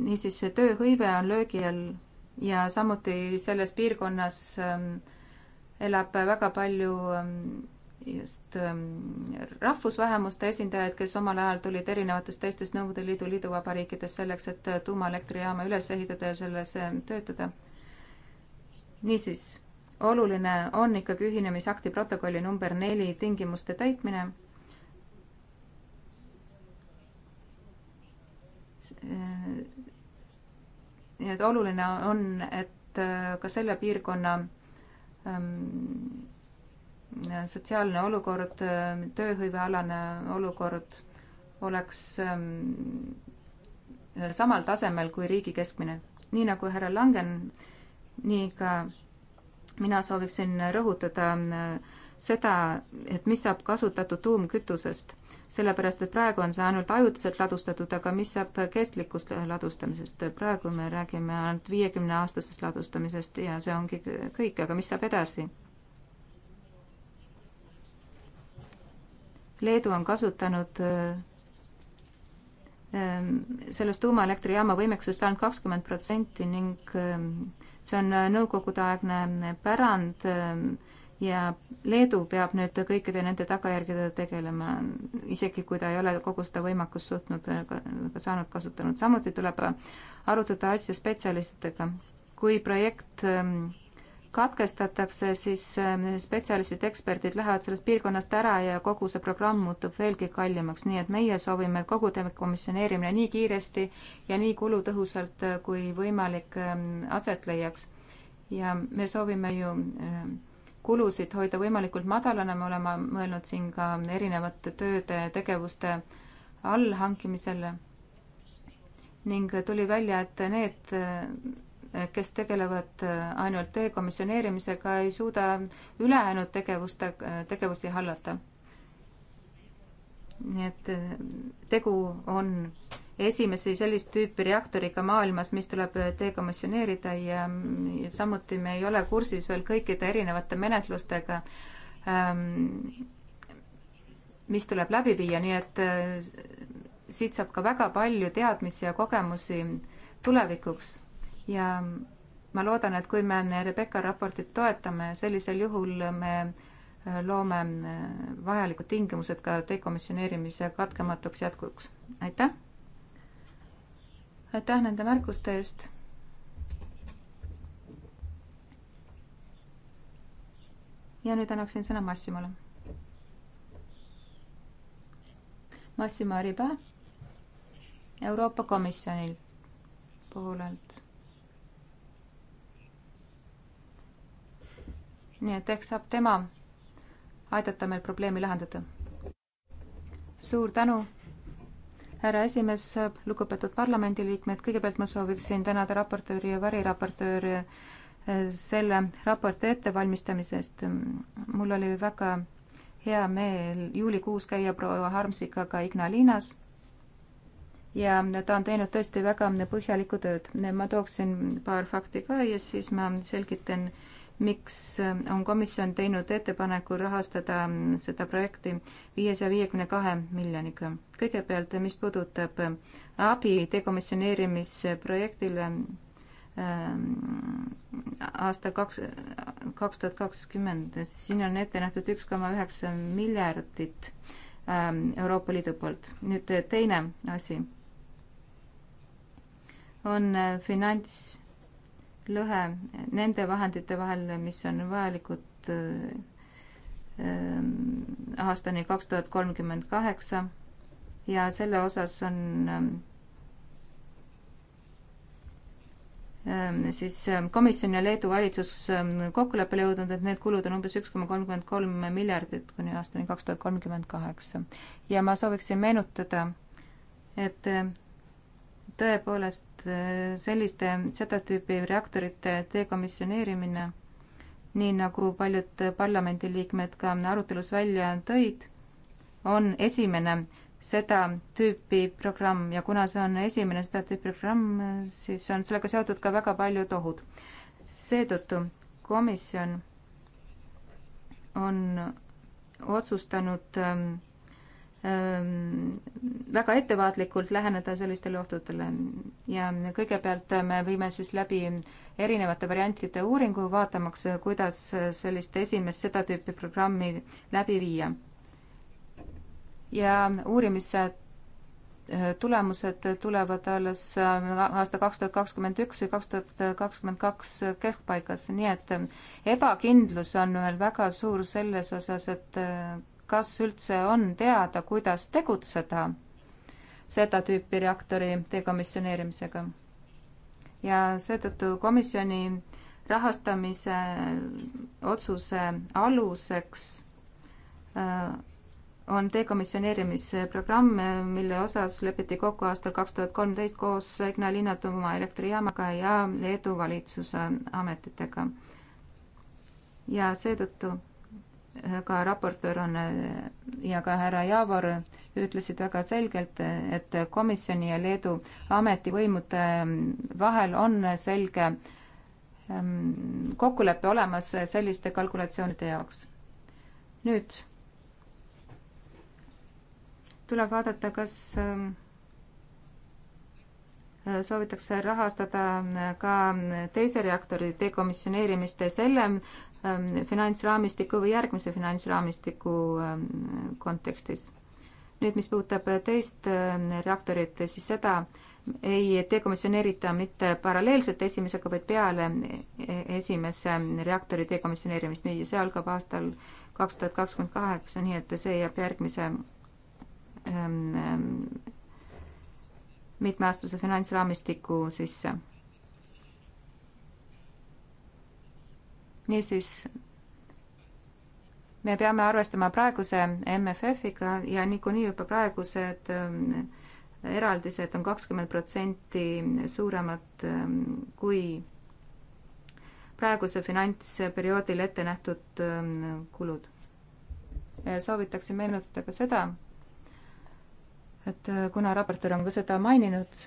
niisiis, tööhõive on löögi all ja samuti selles piirkonnas ähm, elab väga palju ähm, just ähm, rahvusvähemuste esindajaid, kes omal ajal tulid erinevatest teistest Nõukogude Liidu liiduvabariikidest selleks, et tuumaelektrijaama üles ehitada ja selles töötada niisiis, oluline on ikkagi ühinemisakti protokolli number neli tingimuste täitmine. nii äh, et oluline on, et äh, ka selle piirkonna ähm, sotsiaalne olukord, äh, tööhõivealane olukord oleks ähm, samal tasemel kui riigi keskmine. nii nagu härra Langen nii ka mina sooviksin rõhutada äh, seda, et mis saab kasutatud tuumkütusest, sellepärast et praegu on see ainult ajutiselt ladustatud, aga mis saab kestlikust ladustamisest, praegu me räägime ainult viiekümne aastasest ladustamisest ja see ongi kõik, aga mis saab edasi? Leedu on kasutanud äh, äh, sellest tuumaelektrijaama võimekusest ainult kakskümmend protsenti ning ähm, see on äh, nõukogudeaegne äh, pärand äh, ja Leedu peab nüüd kõikide nende tagajärgedega tegelema, isegi kui ta ei ole kogu seda võimekust suutnud ega saanud kasutanud. samuti tuleb arutada asja spetsialistidega. kui projekt ähm, katkestatakse, siis ähm, spetsialistid, eksperdid lähevad sellest piirkonnast ära ja kogu see programm muutub veelgi kallimaks, nii et meie soovime kogu dekomisjoneerimine nii kiiresti ja nii kulutõhusalt äh, kui võimalik ähm, aset leiaks. ja me soovime ju ähm, kulusid hoida võimalikult madalana, me oleme mõelnud siin ka erinevate tööde, tegevuste allhankimisele ning tuli välja, et need äh, kes tegelevad äh, ainult dekomisjoneerimisega, ei suuda ülejäänud tegevuste, tegevusi hallata. nii et äh, tegu on esimese sellist tüüpi reaktoriga maailmas, mis tuleb äh, dekomisjoneerida ja, ja samuti me ei ole kursis veel kõikide erinevate menetlustega ähm,, mis tuleb läbi viia, nii et äh, siit saab ka väga palju teadmisi ja kogemusi tulevikuks ja ma loodan, et kui me Rebecca raportit toetame, sellisel juhul me äh, loome äh, vajalikud tingimused ka dekomisjoneerimise katkematuks jätkuks. aitäh! aitäh nende märkuste eest! ja nüüd annaksin sõna Massimale. Massimo Ariba Euroopa Komisjoni poolelt nii et ehk saab tema aidata meil probleemi lahendada. suur tänu, härra esimees, lugupeetud parlamendiliikmed, kõigepealt ma sooviksin tänada raportööri ja variraportööri eh, selle raporti ettevalmistamise eest. mul oli väga hea meel juulikuus käia proua Harmsiga ka Ignalinas ja ta on teinud tõesti väga põhjalikku tööd. ma tooksin paar fakti ka ja siis ma selgitan äh, miks äh, on komisjon teinud ettepaneku rahastada äh, seda projekti viiesaja viiekümne kahe miljoniga. kõigepealt, äh, mis puudutab abi dekomisjoneerimisprojektile aasta kaks, kaks tuhat kakskümmend, siin on ette nähtud üks koma üheksa miljardit ähm, Euroopa Liidu poolt. nüüd teine asi on finants lõhe nende vahendite vahel, mis on vajalikud äh, aastani kaks tuhat kolmkümmend kaheksa ja selle osas on ähm, siis ähm, komisjon ja Leedu valitsus ähm, kokkuleppele jõudnud, et need kulud on umbes üks koma kolmkümmend kolm miljardit kuni aastani kaks tuhat kolmkümmend kaheksa. ja ma sooviksin meenutada, et äh, tõepoolest äh, selliste seda tüüpi reaktorite dekomissioneerimine, nii nagu paljud parlamendiliikmed ka arutelus välja tõid, on esimene seda tüüpi programm ja kuna see on esimene seda tüüpi programm, siis on sellega seotud ka väga paljud ohud. seetõttu komisjon on otsustanud ähm, Ähm, väga ettevaatlikult läheneda sellistele ohtudele ja kõigepealt äh, me viime siis läbi erinevate variantide uuringu, vaatamaks, äh, kuidas äh, sellist esimest seda tüüpi programmi läbi viia. ja uurimise tulemused tulevad alles aasta kaks tuhat kakskümmend üks või kaks tuhat kakskümmend kaks keskpaigas, nii et ebakindlus on veel väga suur selles osas, et kas üldse on teada, kuidas tegutseda seda tüüpi reaktori dekomissioneerimisega. ja seetõttu komisjoni rahastamise otsuse aluseks äh, on dekomissioneerimisprogramm, mille osas lepiti kokku aastal kaks tuhat kolmteist koos Ignalina tuumaelektrijaamaga ja Leedu valitsuse ametitega. ja seetõttu ka raportöör on äh, ja ka härra Javor ütlesid väga selgelt, et komisjoni ja Leedu ametivõimude ähm, vahel on selge ähm, kokkulepe olemas selliste kalkulatsioonide jaoks. nüüd tuleb vaadata, kas ähm, soovitakse rahastada äh, ka teise reaktori dekomisjoneerimist selle Ähm, finantsraamistiku või järgmise finantsraamistiku ähm, kontekstis. nüüd, mis puudutab teist ähm, reaktorit, siis seda ei dekomisjoneerita mitte paralleelselt esimesega, vaid peale e-, esimese reaktori dekomisjoneerimist, nii see algab aastal kaks tuhat kakskümmend kaheksa, nii et see jääb järgmise ähm, mitmeaastase finantsraamistiku sisse niisiis, me peame arvestama praeguse MFF-iga ja niikuinii juba praegused ähm, eraldised on kakskümmend protsenti suuremad ähm, kui praeguse finantsperioodil ette nähtud ähm, kulud. soovitaksin meenutada ka seda, et äh, kuna raportöör on ka seda maininud,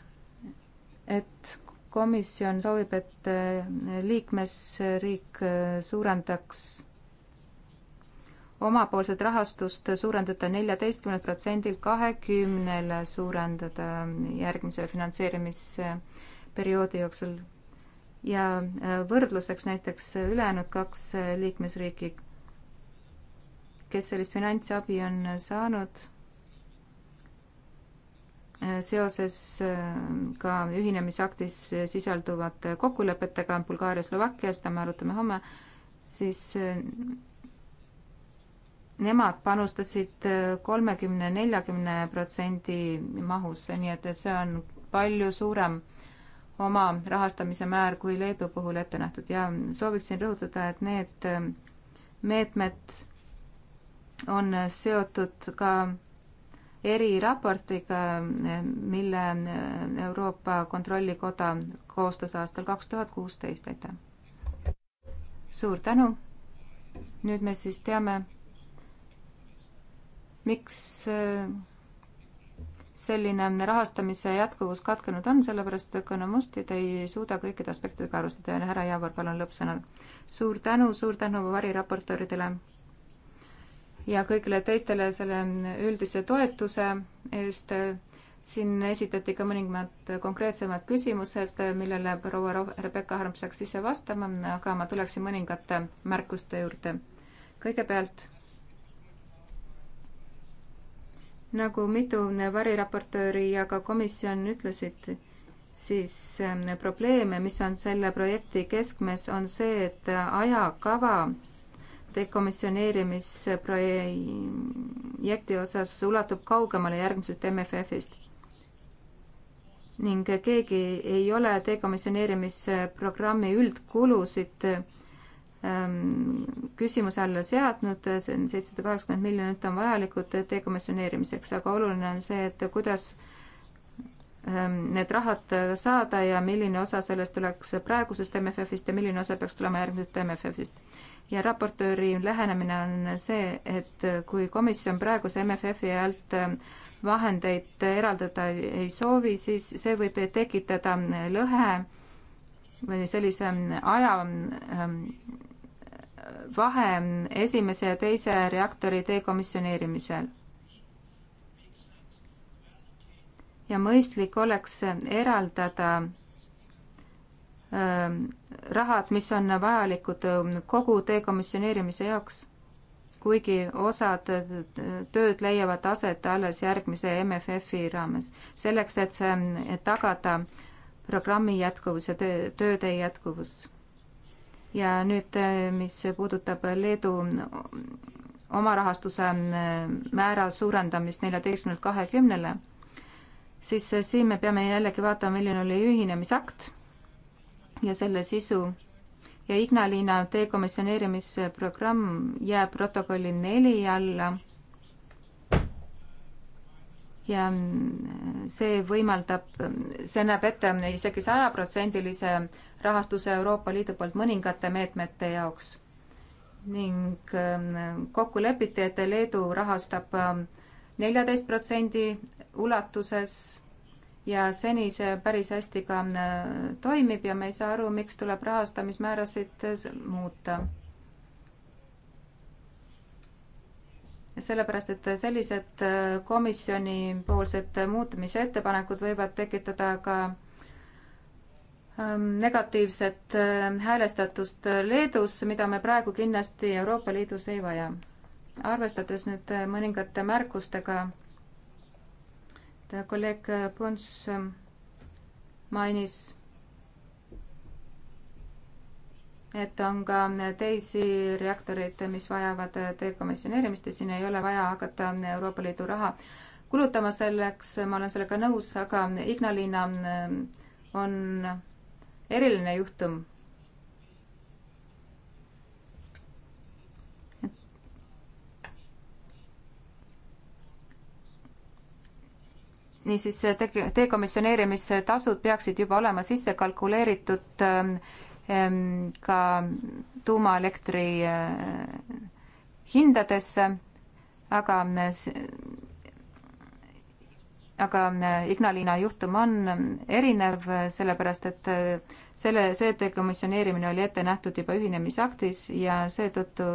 et komisjon soovib, et eh, liikmesriik eh, suurendaks omapoolset rahastust suurendada neljateistkümnelt protsendilt kahekümnele, suurendada järgmise finantseerimisperioodi jooksul. ja eh, võrdluseks näiteks ülejäänud kaks liikmesriiki, kes sellist finantsabi on saanud seoses äh, ka ühinemisaktis sisalduvate kokkulepetega Bulgaaria, Slovakkia, seda me arutame homme, siis äh, nemad panustasid äh, kolmekümne, neljakümne protsendi mahus, nii et see on palju suurem oma rahastamise määr kui Leedu puhul ette nähtud ja sooviksin rõhutada, et need meetmed on seotud ka eriraportiga, mille Euroopa Kontrollikoda koostas aastal kaks tuhat kuusteist, aitäh! suur tänu! nüüd me siis teame, miks äh, selline rahastamise jätkuvus katkenud on, sellepärast et ökonomistid ei suuda kõikide aspektidega arvestada ja härra Javor, palun lõppsõnad. suur tänu, suur tänu variraportööridele ja kõigile teistele selle üldise toetuse eest. siin esitati ka mõningad konkreetsemad küsimused, millele proua Rebecca Harms peaks ise vastama, aga ma tuleksin mõningate märkuste juurde. kõigepealt, nagu mitu variraportööri ja ka komisjon ütlesid, siis eh, probleeme, mis on selle projekti keskmes, on see, et ajakava dekomisjoneerimisprojekti osas ulatub kaugemale järgmisest MFF-ist. ning keegi ei ole dekomisjoneerimisprogrammi üldkulusid ähm, küsimuse alla seadnud, see on seitsesada kaheksakümmend miljonit on vajalikud dekomisjoneerimiseks, aga oluline on see, et kuidas ähm, need rahad saada ja milline osa sellest tuleks praegusest MFF-ist ja milline osa peaks tulema järgmisest MFF-ist ja raportööri lähenemine on see, et kui komisjon praeguse MFF-i alt vahendeid eraldada ei soovi, siis see võib tekitada lõhe või sellise aja ähm, vahe esimese ja teise reaktori dekomissioneerimisel. ja mõistlik oleks eraldada Ähm, rahad, mis on vajalikud ähm, kogu dekomissioneerimise jaoks, kuigi osad äh, tööd leiavad aset alles järgmise MFF-i raames, selleks et see, et tagada programmi jätkuvus ja töö, tööde jätkuvus. ja nüüd, äh, mis puudutab Leedu omarahastuse äh, määra suurendamist neljateistkümnelt kahekümnele, siis siin me peame jällegi vaatama, milline oli ühinemisakt ja selle sisu ja Ignalina dekomissioneerimisprogramm jääb protokolli neli alla. ja mm, see võimaldab, see näeb ette isegi sajaprotsendilise rahastuse Euroopa Liidu poolt mõningate meetmete jaoks ning mm, kokku lepiti, et Leedu rahastab mm, neljateist protsendi ulatuses ja seni see päris hästi ka äh, toimib ja me ei saa aru, miks tuleb rahastamismäärasid äh, muuta. sellepärast, et sellised äh, komisjonipoolsed muutmise ettepanekud võivad tekitada ka ähm, negatiivset häälestatust Leedus, mida me praegu kindlasti Euroopa Liidus ei vaja. arvestades nüüd mõningate märkustega Äh, kolleeg äh, Pons ähm, mainis, et on ka äh, teisi reaktoreid, mis vajavad dekomisjoneerimist ja siin ei ole vaja hakata Euroopa Liidu raha kulutama selleks, ma olen sellega nõus, aga Ignalina on eriline juhtum niisiis dekomisjoneerimistasud peaksid juba olema sisse kalkuleeritud ähm, ähm, ka tuumaelektri äh, hindadesse, aga, äh, aga äh, Ignalina juhtum on ähm, erinev, sellepärast et selle, see dekomisjoneerimine oli ette nähtud juba ühinemisaktis ja seetõttu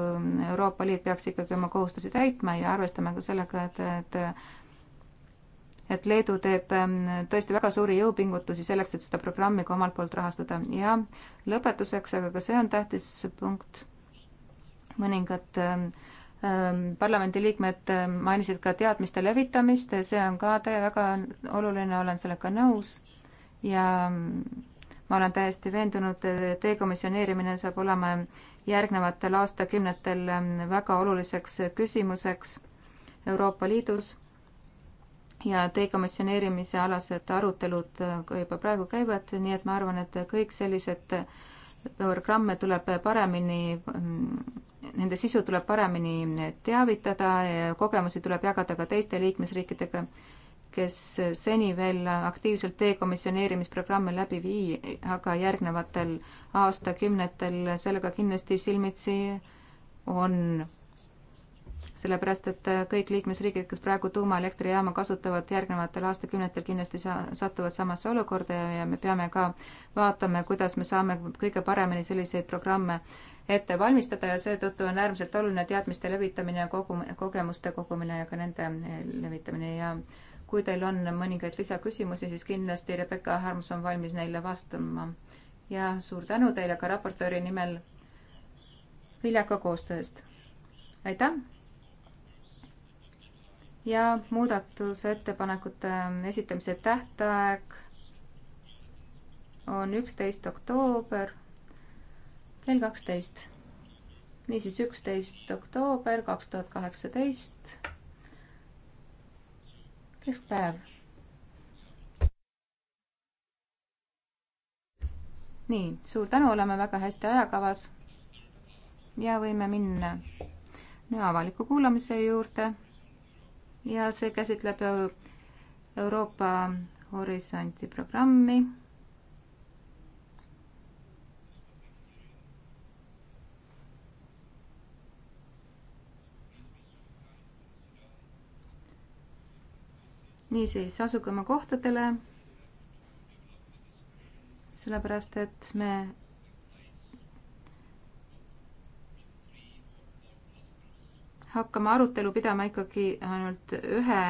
Euroopa Liit peaks ikkagi oma kohustusi täitma ja arvestama ka sellega, et, et et Leedu teeb ähm, tõesti väga suuri jõupingutusi selleks, et seda programmi ka omalt poolt rahastada ja lõpetuseks, aga ka see on tähtis punkt, mõningad ähm, ähm, parlamendiliikmed mainisid ka teadmiste levitamist, see on ka täie väga oluline, olen sellega nõus ja ma olen täiesti veendunud, dekomisjoneerimine saab olema järgnevatel aastakümnetel väga oluliseks küsimuseks Euroopa Liidus ja dekomisjoneerimise alased arutelud äh, ka juba praegu käivad, nii et ma arvan, et kõik sellised äh, programme tuleb paremini, mm, nende sisu tuleb paremini teavitada ja kogemusi tuleb jagada ka teiste liikmesriikidega, kes seni veel aktiivselt dekomisjoneerimisprogramme läbi vii, aga järgnevatel aastakümnetel sellega kindlasti silmitsi on sellepärast et äh, kõik liikmesriigid, kes praegu tuumaelektrijaama kasutavad järgnevatel aastakümnetel kindlasti sa-, satuvad samasse olukorda ja, ja me peame ka vaatama, kuidas me saame kõige paremini selliseid programme ette valmistada ja seetõttu on äärmiselt oluline teadmiste levitamine ja kogu, kogemuste kogumine ja ka nende eh, levitamine ja kui teil on mõningaid lisaküsimusi, siis kindlasti Rebecca Harms on valmis neile vastama. ja suur tänu teile ka raportööri nimel viljaka koostöö eest. aitäh! ja muudatusettepanekute esitamise tähtaeg on üksteist oktoober kell kaksteist. niisiis, üksteist oktoober kaks tuhat kaheksateist, keskpäev. nii, suur tänu, oleme väga hästi ajakavas ja võime minna nüüd avaliku kuulamise juurde ja see käsitleb Euroopa Horisonti programmi. niisiis, asuge oma kohtadele, sellepärast et me hakkame arutelu pidama ikkagi ainult ühe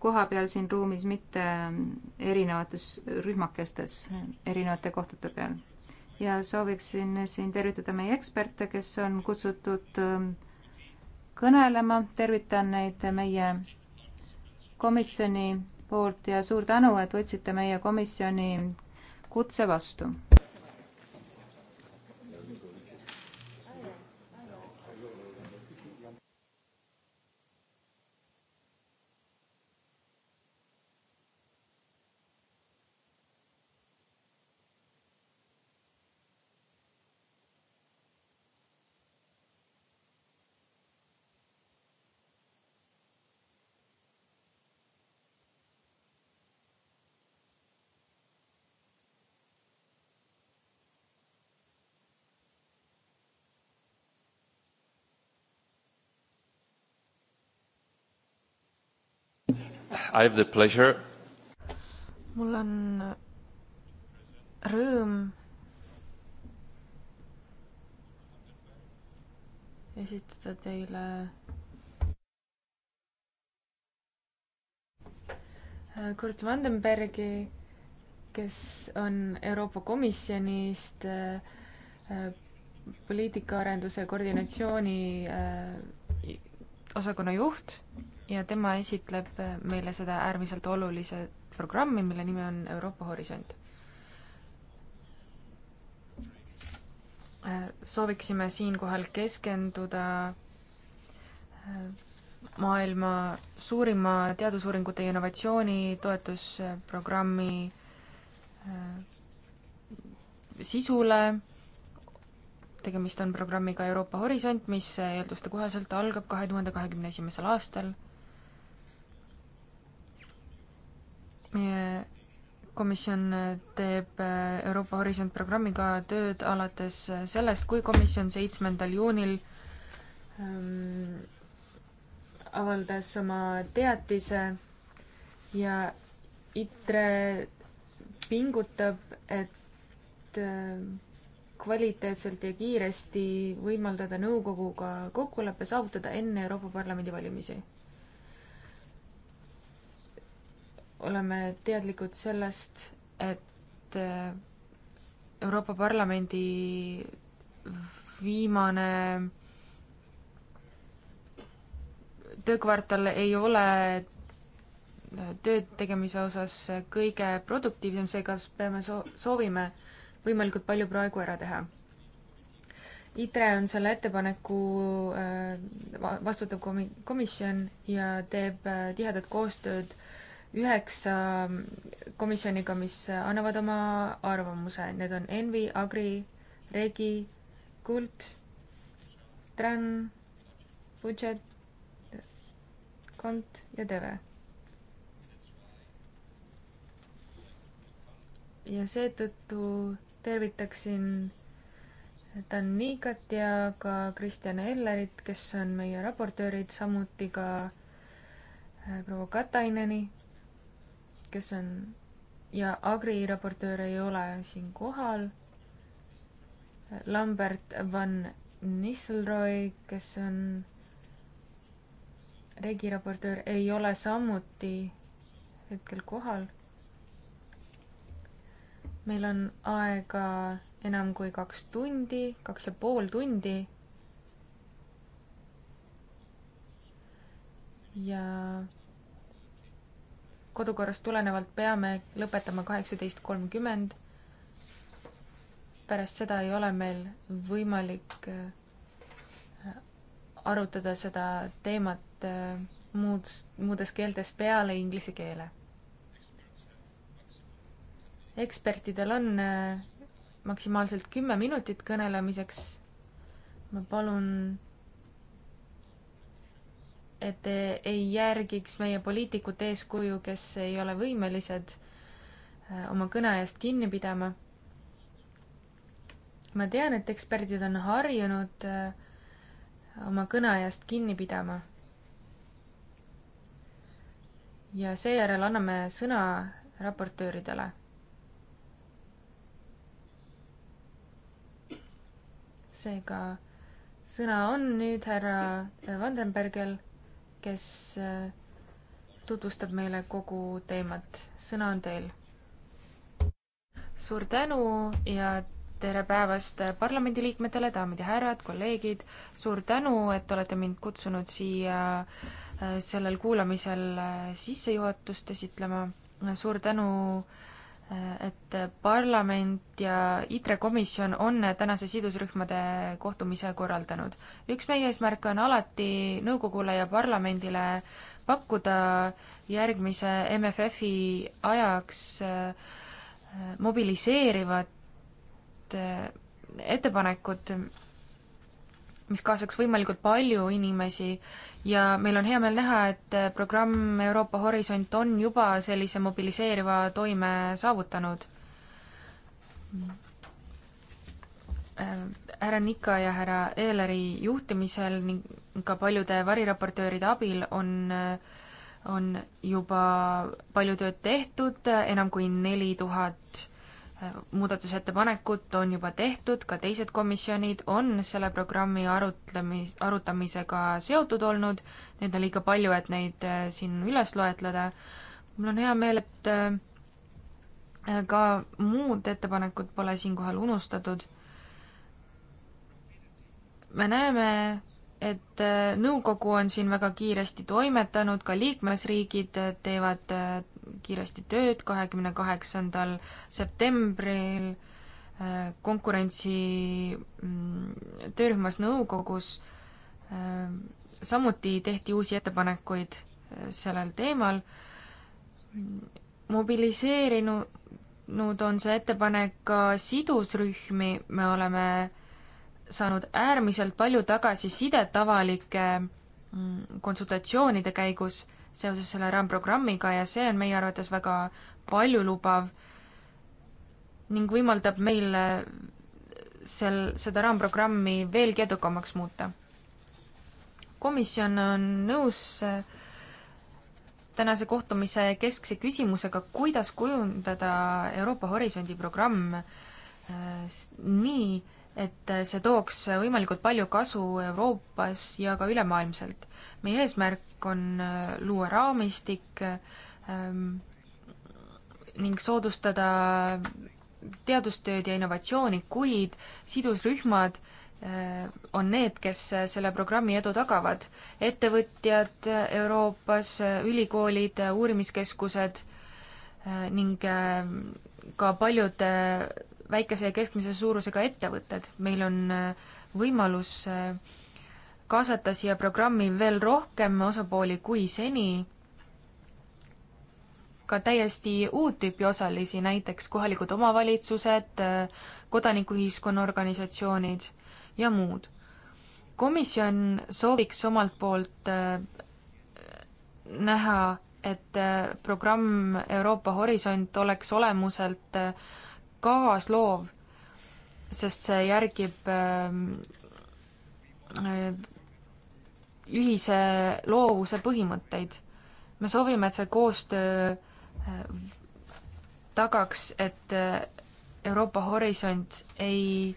koha peal siin ruumis, mitte erinevates rühmakestes erinevate kohtade peal. ja sooviksin siin tervitada meie eksperte, kes on kutsutud ähm, kõnelema, tervitan neid meie komisjoni poolt ja suur tänu, et võtsite meie komisjoni kutse vastu I have the pleasure. mul on rõõm esitada teile Kurt Vandenbergi, kes on Euroopa Komisjonist äh, poliitikaarenduse koordinatsiooni äh, osakonna juht ja tema esitleb äh, meile seda äärmiselt olulise programmi, mille nimi on Euroopa Horisont. Äh, sooviksime siinkohal keskenduda äh, maailma suurima teadusuuringute ja innovatsiooni toetusprogrammi sisule. tegemist on programmiga Euroopa Horisont, mis eelduste kohaselt algab kahe tuhande kahekümne esimesel aastal komisjon teeb äh, Euroopa Horisont programmiga tööd alates äh, sellest, kui komisjon seitsmendal juunil ähm, avaldas oma teatise ja ITRE pingutab, et äh, kvaliteetselt ja kiiresti võimaldada nõukoguga kokkulepe saavutada enne Euroopa Parlamendi valimisi oleme teadlikud sellest, et äh, Euroopa Parlamendi viimane töökvartal ei ole äh, tööd tegemise osas kõige produktiivsem, seega peame soo-, soovime võimalikult palju praegu ära teha. ITRE on selle ettepaneku äh, vastutav komi-, komisjon ja teeb tihedat koostööd äh, üheksa komisjoniga, mis annavad oma arvamuse. Need on Envi, Agri, Regi, Kult, Tran, Budget, Kont ja Teve. ja seetõttu tervitaksin Dan Niigat ja ka Kristjan Ellerit, kes on meie raportöörid, samuti ka äh, proua Kataineni kes on ja Agri raportöör ei ole siin kohal. Lambert van Nistelrooy, kes on regiraportöör, ei ole samuti hetkel kohal. meil on aega enam kui kaks tundi, kaks ja pool tundi. ja kodukorrast tulenevalt peame lõpetama kaheksateist kolmkümmend. pärast seda ei ole meil võimalik äh, arutada seda teemat äh, muudes, muudes keeltes peale inglise keele. ekspertidel on äh, maksimaalselt kümme minutit kõnelemiseks. ma palun et ei järgiks meie poliitikute eeskuju, kes ei ole võimelised äh, oma kõne eest kinni pidama. ma tean, et eksperdid on harjunud äh, oma kõne eest kinni pidama. ja seejärel anname sõna raportööridele. seega sõna on nüüd härra Vandenbergil kes äh, tutvustab meile kogu teemat. sõna on teil. suur tänu ja tere päevast parlamendiliikmetele, daamid ja härrad, kolleegid. suur tänu, et olete mind kutsunud siia äh, sellel kuulamisel äh, sissejuhatust esitlema. suur tänu äh, Äh, et parlament ja ITRE komisjon on tänase sidusrühmade kohtumise korraldanud. üks meie eesmärke on alati nõukogule ja parlamendile pakkuda järgmise MFF-i ajaks äh, mobiliseerivat äh, ettepanekut, mis kaasaks võimalikult palju inimesi ja meil on hea meel näha, et programm Euroopa Horisont on juba sellise mobiliseeriva toime saavutanud. härra Nika ja härra Eeleri juhtimisel ning ka paljude variraportööride abil on, on juba palju tööd tehtud, enam kui neli tuhat muudatusettepanekut on juba tehtud, ka teised komisjonid on selle programmi arutlemis, arutamisega seotud olnud, neid on liiga palju, et neid äh, siin üles loetleda. mul on hea meel, et äh, ka muud ettepanekud pole siinkohal unustatud. me näeme, et äh, nõukogu on siin väga kiiresti toimetanud, ka liikmesriigid teevad kiiresti tööd kahekümne kaheksandal septembril äh, konkurentsi mm, töörühmas nõukogus. Äh, samuti tehti uusi ettepanekuid äh, sellel teemal. mobiliseerinud on see ettepanek ka sidusrühmi, me oleme saanud äärmiselt palju tagasisidet avalike mm, konsultatsioonide käigus seoses selle RAM-programmiga ja see on meie arvates väga paljulubav ning võimaldab meil sel, seda RAM-programmi veelgi edukamaks muuta. komisjon on nõus äh, tänase kohtumise keskse küsimusega, kuidas kujundada Euroopa Horisondi programm äh, nii, et see tooks võimalikult palju kasu Euroopas ja ka ülemaailmselt. meie eesmärk on äh, luua raamistik ähm, ning soodustada teadustööd ja innovatsiooni, kuid sidusrühmad äh, on need, kes äh, selle programmi edu tagavad. ettevõtjad äh, Euroopas, ülikoolid, uurimiskeskused äh, ning äh, ka paljud väikese ja keskmise suurusega ettevõtted. meil on äh, võimalus äh, kaasata siia programmi veel rohkem osapooli kui seni, ka täiesti uut tüüpi osalisi, näiteks kohalikud omavalitsused, äh, kodanikuühiskonna organisatsioonid ja muud. komisjon sooviks omalt poolt näha, et programm Euroopa Horisont oleks olemuselt äh, kaasloov, sest see järgib ähm, äh, ühise loovuse põhimõtteid. me soovime, et see koostöö äh, tagaks, et äh, Euroopa Horisont ei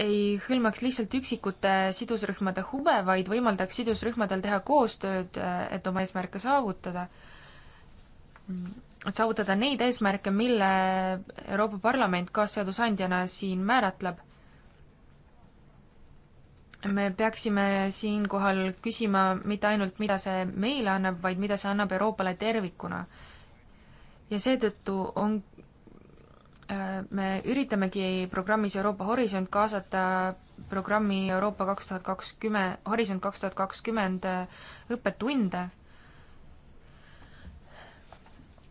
ei hõlmaks lihtsalt üksikute sidusrühmade huve, vaid võimaldaks sidusrühmadel teha koostööd, et oma eesmärke saavutada saavutada neid eesmärke, mille Euroopa Parlament kaasseadusandjana siin määratleb. me peaksime siinkohal küsima mitte ainult, mida see meile annab, vaid mida see annab Euroopale tervikuna. ja seetõttu on, äh, me üritamegi programmis Euroopa Horisont kaasata programmi Euroopa kaks tuhat kakskümmend, Horisont kaks tuhat kakskümmend äh, õppetunde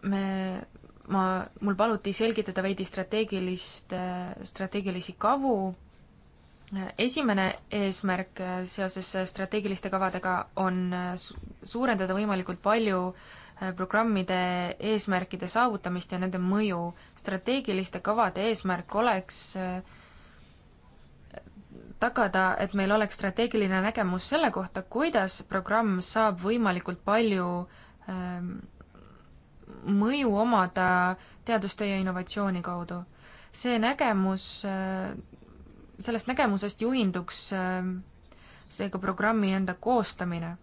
me, ma, mul paluti selgitada veidi strateegilist, strateegilisi kavu. esimene eesmärk seoses strateegiliste kavadega on suurendada võimalikult palju äh, programmide eesmärkide saavutamist ja nende mõju. strateegiliste kavade eesmärk oleks äh, tagada, et meil oleks strateegiline nägemus selle kohta, kuidas programm saab võimalikult palju ähm, mõju omada teaduste ja innovatsiooni kaudu. see nägemus, sellest nägemusest juhinduks seega programmi enda koostamine.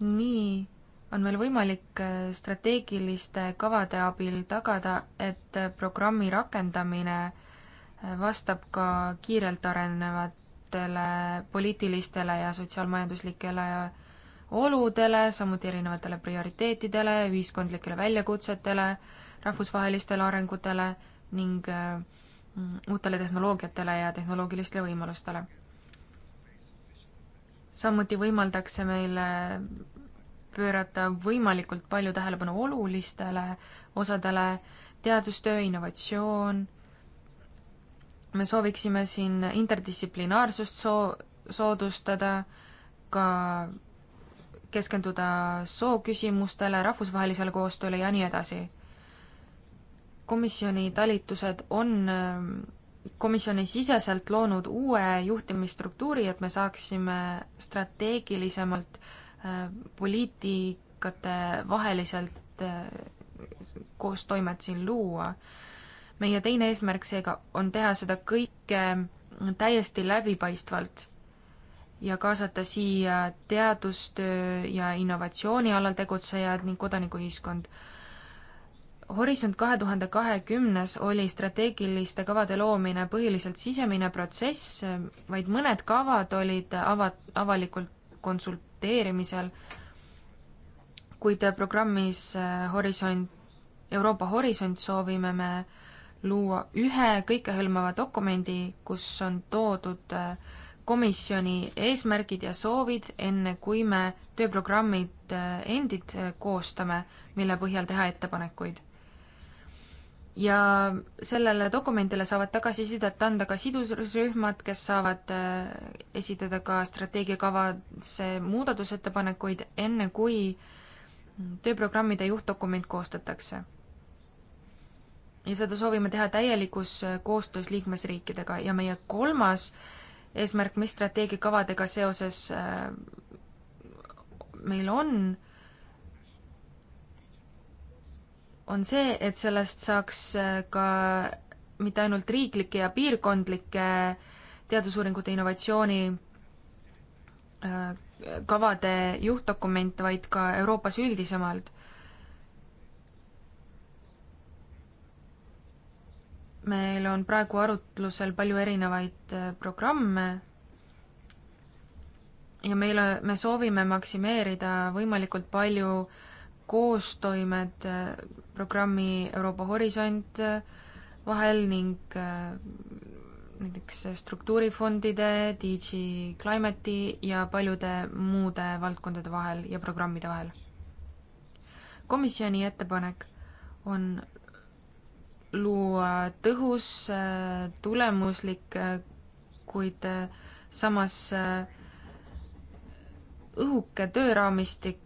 nii on meil võimalik strateegiliste kavade abil tagada, et programmi rakendamine vastab ka kiirelt arenevatele poliitilistele ja sotsiaalmajanduslikele oludele, samuti erinevatele prioriteetidele, ühiskondlikele väljakutsetele, rahvusvahelistele arengutele ning äh, uutele tehnoloogiatele ja tehnoloogilistele võimalustele. samuti võimaldakse meile pöörata võimalikult palju tähelepanu olulistele osadele, teadustöö, innovatsioon, me sooviksime siin interdistsiplinaarsust soo-, soodustada, ka keskenduda sooküsimustele, rahvusvahelisele koostööle ja nii edasi. komisjoni talitused on ähm, komisjoni siseselt loonud uue juhtimisstruktuuri, et me saaksime strateegilisemalt äh, poliitikate vaheliselt äh, koostoimet siin luua. meie teine eesmärk seega on teha seda kõike täiesti läbipaistvalt ja kaasata siia teadustöö ja innovatsiooni alal tegutsejad ning kodanikuühiskond. Horisont kahe tuhande kahekümnes oli strateegiliste kavade loomine põhiliselt sisemine protsess, vaid mõned kavad olid ava-, avalikult konsulteerimisel, kuid programmis äh, Horisont, Euroopa Horisont soovime me luua ühe kõikehõlmava dokumendi, kus on toodud äh, komisjoni eesmärgid ja soovid, enne kui me tööprogrammid äh, endid äh, koostame, mille põhjal teha ettepanekuid. ja sellele dokumendile saavad tagasisidet anda ka sidusrühmad, kes saavad äh, esitada ka strateegiakavasse muudatusettepanekuid, enne kui tööprogrammide juhtdokument koostatakse ja seda soovime teha täielikus koostöös liikmesriikidega ja meie kolmas äh, eesmärk, mis strateegikavadega seoses äh, meil on, on see, et sellest saaks äh, ka mitte ainult riiklike ja piirkondlike teadusuuringute innovatsiooni äh, kavade juhtdokument, vaid ka Euroopas üldisemalt. meil on praegu arutlusel palju erinevaid äh, programme ja meil, äh, me soovime maksimeerida võimalikult palju koostoimed äh, programmi Euroopa Horisont vahel ning näiteks struktuurifondide, DG Climate'i ja paljude muude valdkondade vahel ja programmide vahel. komisjoni ettepanek on luua tõhus, äh, tulemuslik, äh, kuid äh, samas õhuke tööraamistik.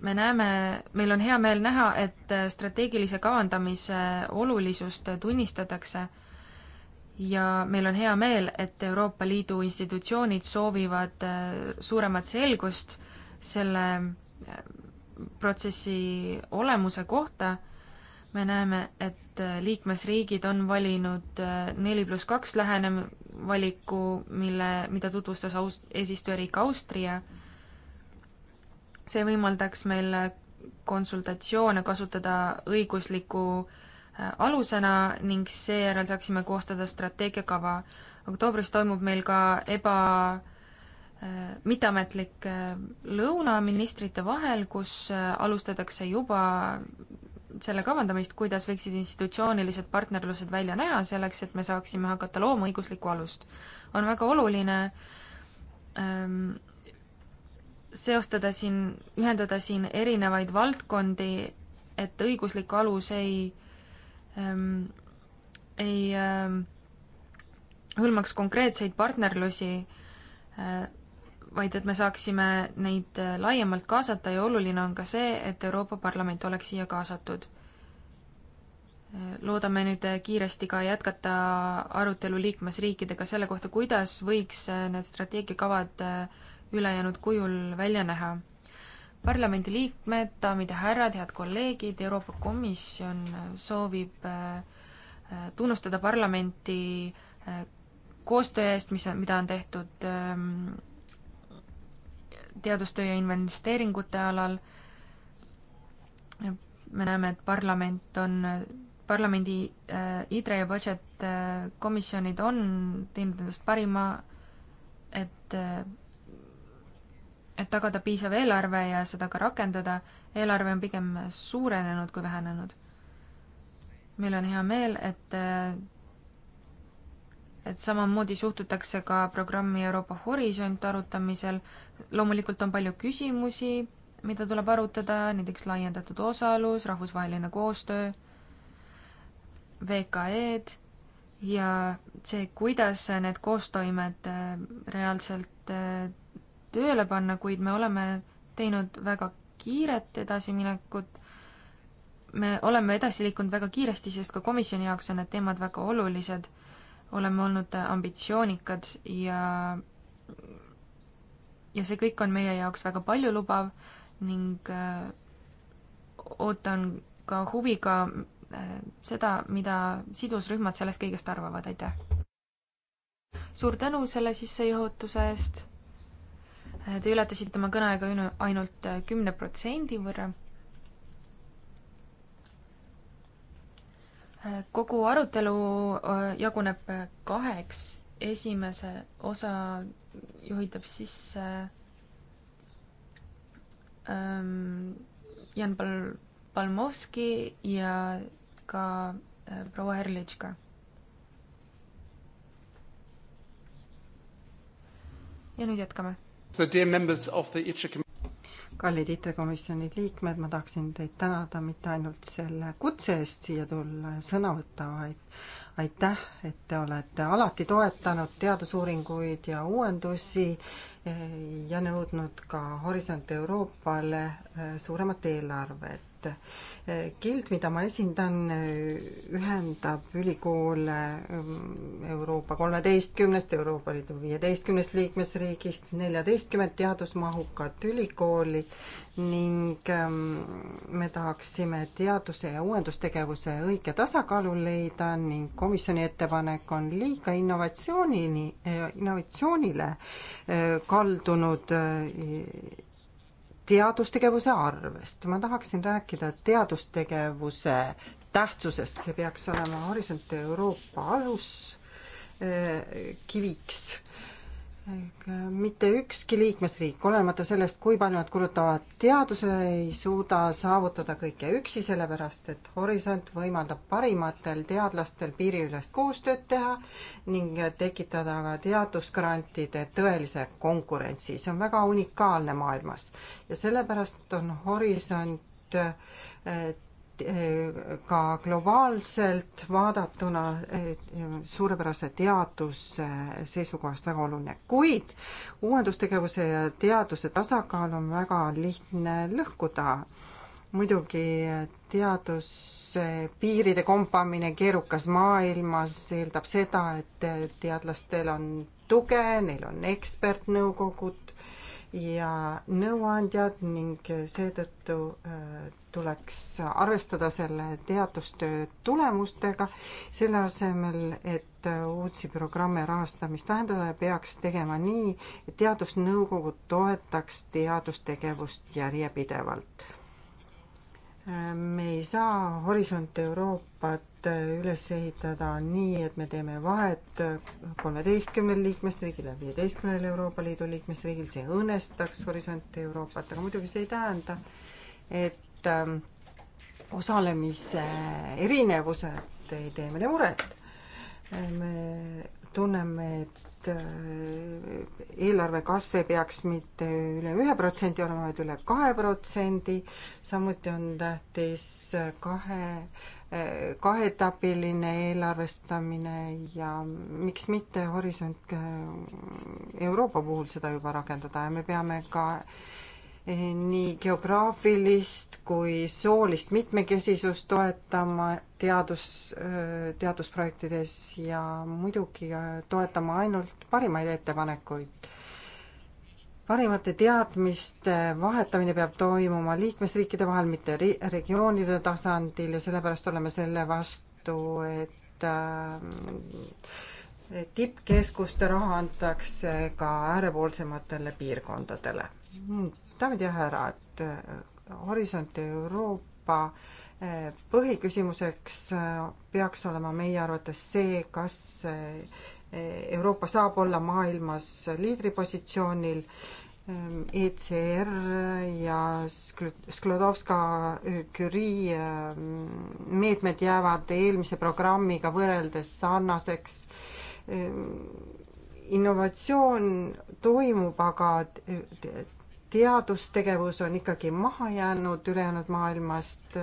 me näeme, meil on hea meel näha, et strateegilise kavandamise olulisust tunnistatakse ja meil on hea meel, et Euroopa Liidu institutsioonid soovivad suuremat selgust selle protsessi olemuse kohta me näeme, et äh, liikmesriigid on valinud äh, neli pluss kaks lähenem-, valiku, mille, mida tutvustas aus-, eesistujariik Austria. see võimaldaks meil äh, konsultatsioone kasutada õigusliku alusena ning seejärel saaksime koostada strateegiakava. oktoobris toimub meil ka eba mitteametlik lõuna ministrite vahel, kus alustatakse juba selle kavandamist, kuidas võiksid institutsioonilised partnerlused välja näha, selleks et me saaksime hakata looma õiguslikku alust. on väga oluline ähm, seostada siin, ühendada siin erinevaid valdkondi, et õiguslik alus ei ähm,, ei ähm, hõlmaks konkreetseid partnerlusi äh,, vaid et me saaksime neid äh, laiemalt kaasata ja oluline on ka see, et Euroopa Parlament oleks siia kaasatud. loodame nüüd äh, kiiresti ka jätkata arutelu liikmesriikidega selle kohta, kuidas võiks äh, need strateegiakavad ülejäänud kujul välja näha. parlamendi liikmed, daamid ja härrad, head kolleegid, Euroopa Komisjon soovib tunnustada parlamenti koostöö eest, mis, mida on tehtud ähm, teadustöö ja investeeringute alal. me näeme, et parlament on, parlamendi äh, IDRE ja budget äh, komisjonid on teinud endast parima, et äh, et tagada piisav eelarve ja seda ka rakendada, eelarve on pigem suurenenud kui vähenenud. meil on hea meel, et äh, et samamoodi suhtutakse ka programmi Euroopa Horisont arutamisel. loomulikult on palju küsimusi, mida tuleb arutada, näiteks laiendatud osalus, rahvusvaheline koostöö, VKE-d ja see, kuidas need koostoimed äh, reaalselt äh, tööle panna, kuid me oleme teinud väga kiiret edasiminekut. me oleme edasi liikunud väga kiiresti, sest ka komisjoni jaoks on need teemad väga olulised oleme olnud ambitsioonikad ja ja see kõik on meie jaoks väga paljulubav ning äh, ootan ka huviga äh, seda, mida sidusrühmad sellest kõigest arvavad, aitäh! suur tänu selle sissejuhatuse eest. Äh, te ületasite oma kõneaega ainult kümne protsendi võrra kogu arutelu äh, jaguneb äh, kaheks, esimese osa juhitab sisse ähm, Jan Pal-, Palmovski ja ka äh, proua Herlitška ja nüüd jätkame kallid ITRE komisjoni liikmed, ma tahaksin teid tänada mitte ainult selle kutse eest siia tulla ja sõna võtta, vaid aitäh, et te olete alati toetanud teadusuuringuid ja uuendusi eh, ja nõudnud ka Horisont Euroopale eh, suuremat eelarvet et gild, e, mida ma esindan, e, ühendab ülikoole Euroopa kolmeteistkümnest, Euroopa Liidu viieteistkümnest liikmesriigist, neljateistkümmet teadusmahukat ülikooli ning e, me tahaksime teaduse ja uuendustegevuse õige tasakaalu leida ning komisjoni ettepanek on liiga innovatsioonini, innovatsioonile kaldunud teadustegevuse arvest. ma tahaksin rääkida teadustegevuse tähtsusest, see peaks olema Horisont Euroopa alus eh, kiviks Äh, mitte ükski liikmesriik, olenemata sellest, kui palju nad kulutavad teadusele, ei suuda saavutada kõike üksi, sellepärast et Horisont võimaldab parimatel teadlastel piiriülest koostööd teha ning tekitada ka teadusgrantide tõelise konkurentsi. see on väga unikaalne maailmas ja sellepärast on Horisont äh, Eh, ka globaalselt vaadatuna suurepärase teaduse seisukohast väga oluline, kuid uuendustegevuse ja teaduse tasakaal on väga lihtne lõhkuda. muidugi teaduse piiride kompamine keerukas maailmas eeldab seda, et teadlastel on tuge, neil on ekspertnõukogud ja nõuandjad ning seetõttu äh, tuleks arvestada selle teadustöö tulemustega, selle asemel, et uudsi programme rahastamist vähendada, peaks tegema nii, et teadusnõukogu toetaks teadustegevust järjepidevalt. me ei saa Horisont Euroopat üles ehitada nii, et me teeme vahet kolmeteistkümnel liikmesriigil ja viieteistkümnel Euroopa Liidu liikmesriigil, see õõnestaks Horisont Euroopat, aga muidugi see ei tähenda, et Ähm, osalemise erinevused ei tee meile muret. me tunneme, et äh, eelarve kasv ei peaks mitte üle ühe protsendi olema, vaid üle kahe protsendi. samuti on tähtis kahe, äh, kaheetapiline eelarvestamine ja miks mitte Horisont Euroopa puhul seda juba rakendada ja me peame ka Eh, nii geograafilist kui soolist mitmekesisust toetama teadus, eh, teadusprojektides ja muidugi eh, toetama ainult parimaid ettepanekuid. parimate teadmiste vahetamine peab toimuma liikmesriikide vahel, mitte ri-, regioonide tasandil ja sellepärast oleme selle vastu, et äh, tippkeskuste raha antakse ka äärepoolsematele piirkondadele daamid ja härrad, eh, Horisont Euroopa eh, põhiküsimuseks eh, peaks olema meie arvates see, kas Euroopa saab olla maailmas liidripositsioonil. ECR e ja Sklodovska-Curie meetmed jäävad eelmise programmiga võrreldes sarnaseks innovatsioon toimub, aga teadustegevus on ikkagi maha jäänud ülejäänud maailmast.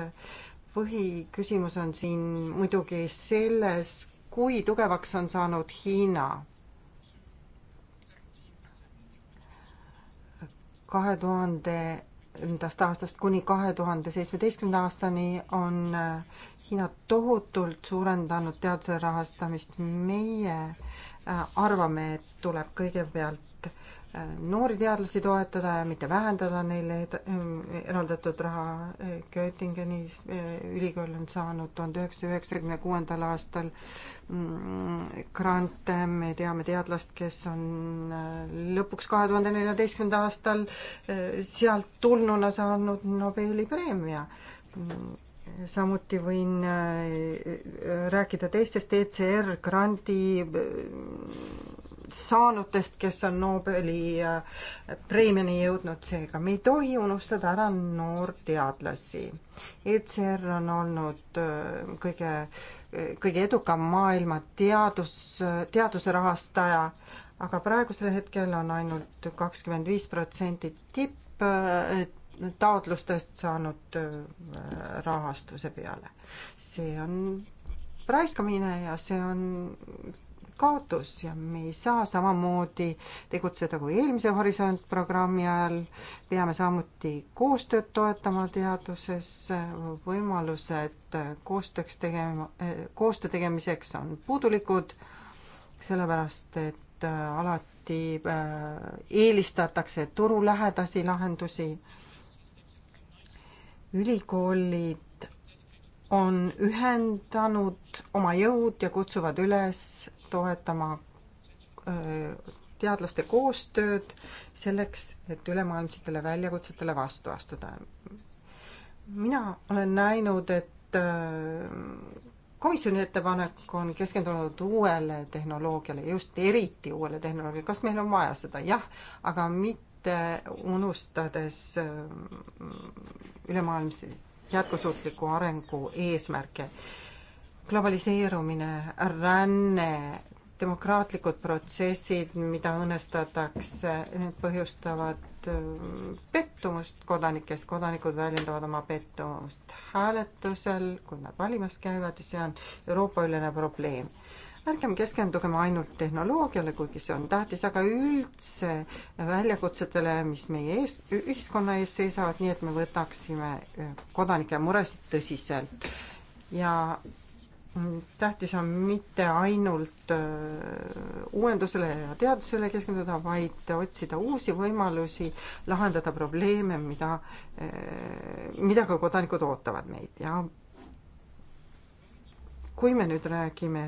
põhiküsimus on siin muidugi selles, kui tugevaks on saanud Hiina. kahe tuhandendast aastast kuni kahe tuhande seitsmeteistkümnenda aastani on Hiina tohutult suurendanud teaduse rahastamist. meie äh, arvame, et tuleb kõigepealt äh, noori teadlasi toetada ja mitte vähendada neile eraldatud raha. Göttingeni eh, ülikool on saanud tuhande üheksasaja üheksakümne kuuendal aastal mm, grante, me teame teadlast, kes on eh, lõpuks kahe tuhande neljateistkümnenda aastal eh, sealt tulnuna saanud Nobeli preemia mm, samuti võin rääkida teistest ECR grandi saanutest, kes on Nobeli äh, preemiani jõudnud, seega me ei tohi unustada ära noorteadlasi. ECR on olnud äh, kõige, äh, kõige edukam maailma teadus, teaduse rahastaja, aga praegusel hetkel on ainult kakskümmend viis protsenti tipptaotlustest saanud rahastuse peale. see on raiskamine ja see on kaotus ja me ei saa samamoodi tegutseda kui eelmise Horisont programmi ajal. peame samuti koostööd toetama teaduses, võimalused koostööks tegema, koostöö tegemiseks on puudulikud, sellepärast et äh, alati äh, eelistatakse turulähedasi lahendusi. ülikoolid on ühendanud oma jõud ja kutsuvad üles toetama äh, teadlaste koostööd selleks, et ülemaailmsetele väljakutsetele vastu astuda. mina olen näinud, et äh, komisjoni ettepanek on keskendunud uuele tehnoloogiale, just eriti uuele tehnoloogiale, kas meil on vaja seda, jah, aga mitte unustades äh, ülemaailmse jätkusuutliku arengu eesmärke globaliseerumine, ränne, demokraatlikud protsessid, mida õõnestatakse, need põhjustavad äh, pettumust kodanikest, kodanikud väljendavad oma pettumust hääletusel, kui nad valimas käivad ja see on Euroopa-ülene probleem ärgem keskendugem ainult tehnoloogiale, kuigi see on tähtis, aga üldse väljakutsetele, mis meie ees, ühiskonna ees seisavad, nii et me võtaksime äh, kodanike muresid tõsiselt. ja tähtis on mitte ainult äh, uuendusele ja teadusele keskenduda, vaid otsida uusi võimalusi lahendada probleeme, mida, äh, mida ka kodanikud ootavad meid ja kui me nüüd räägime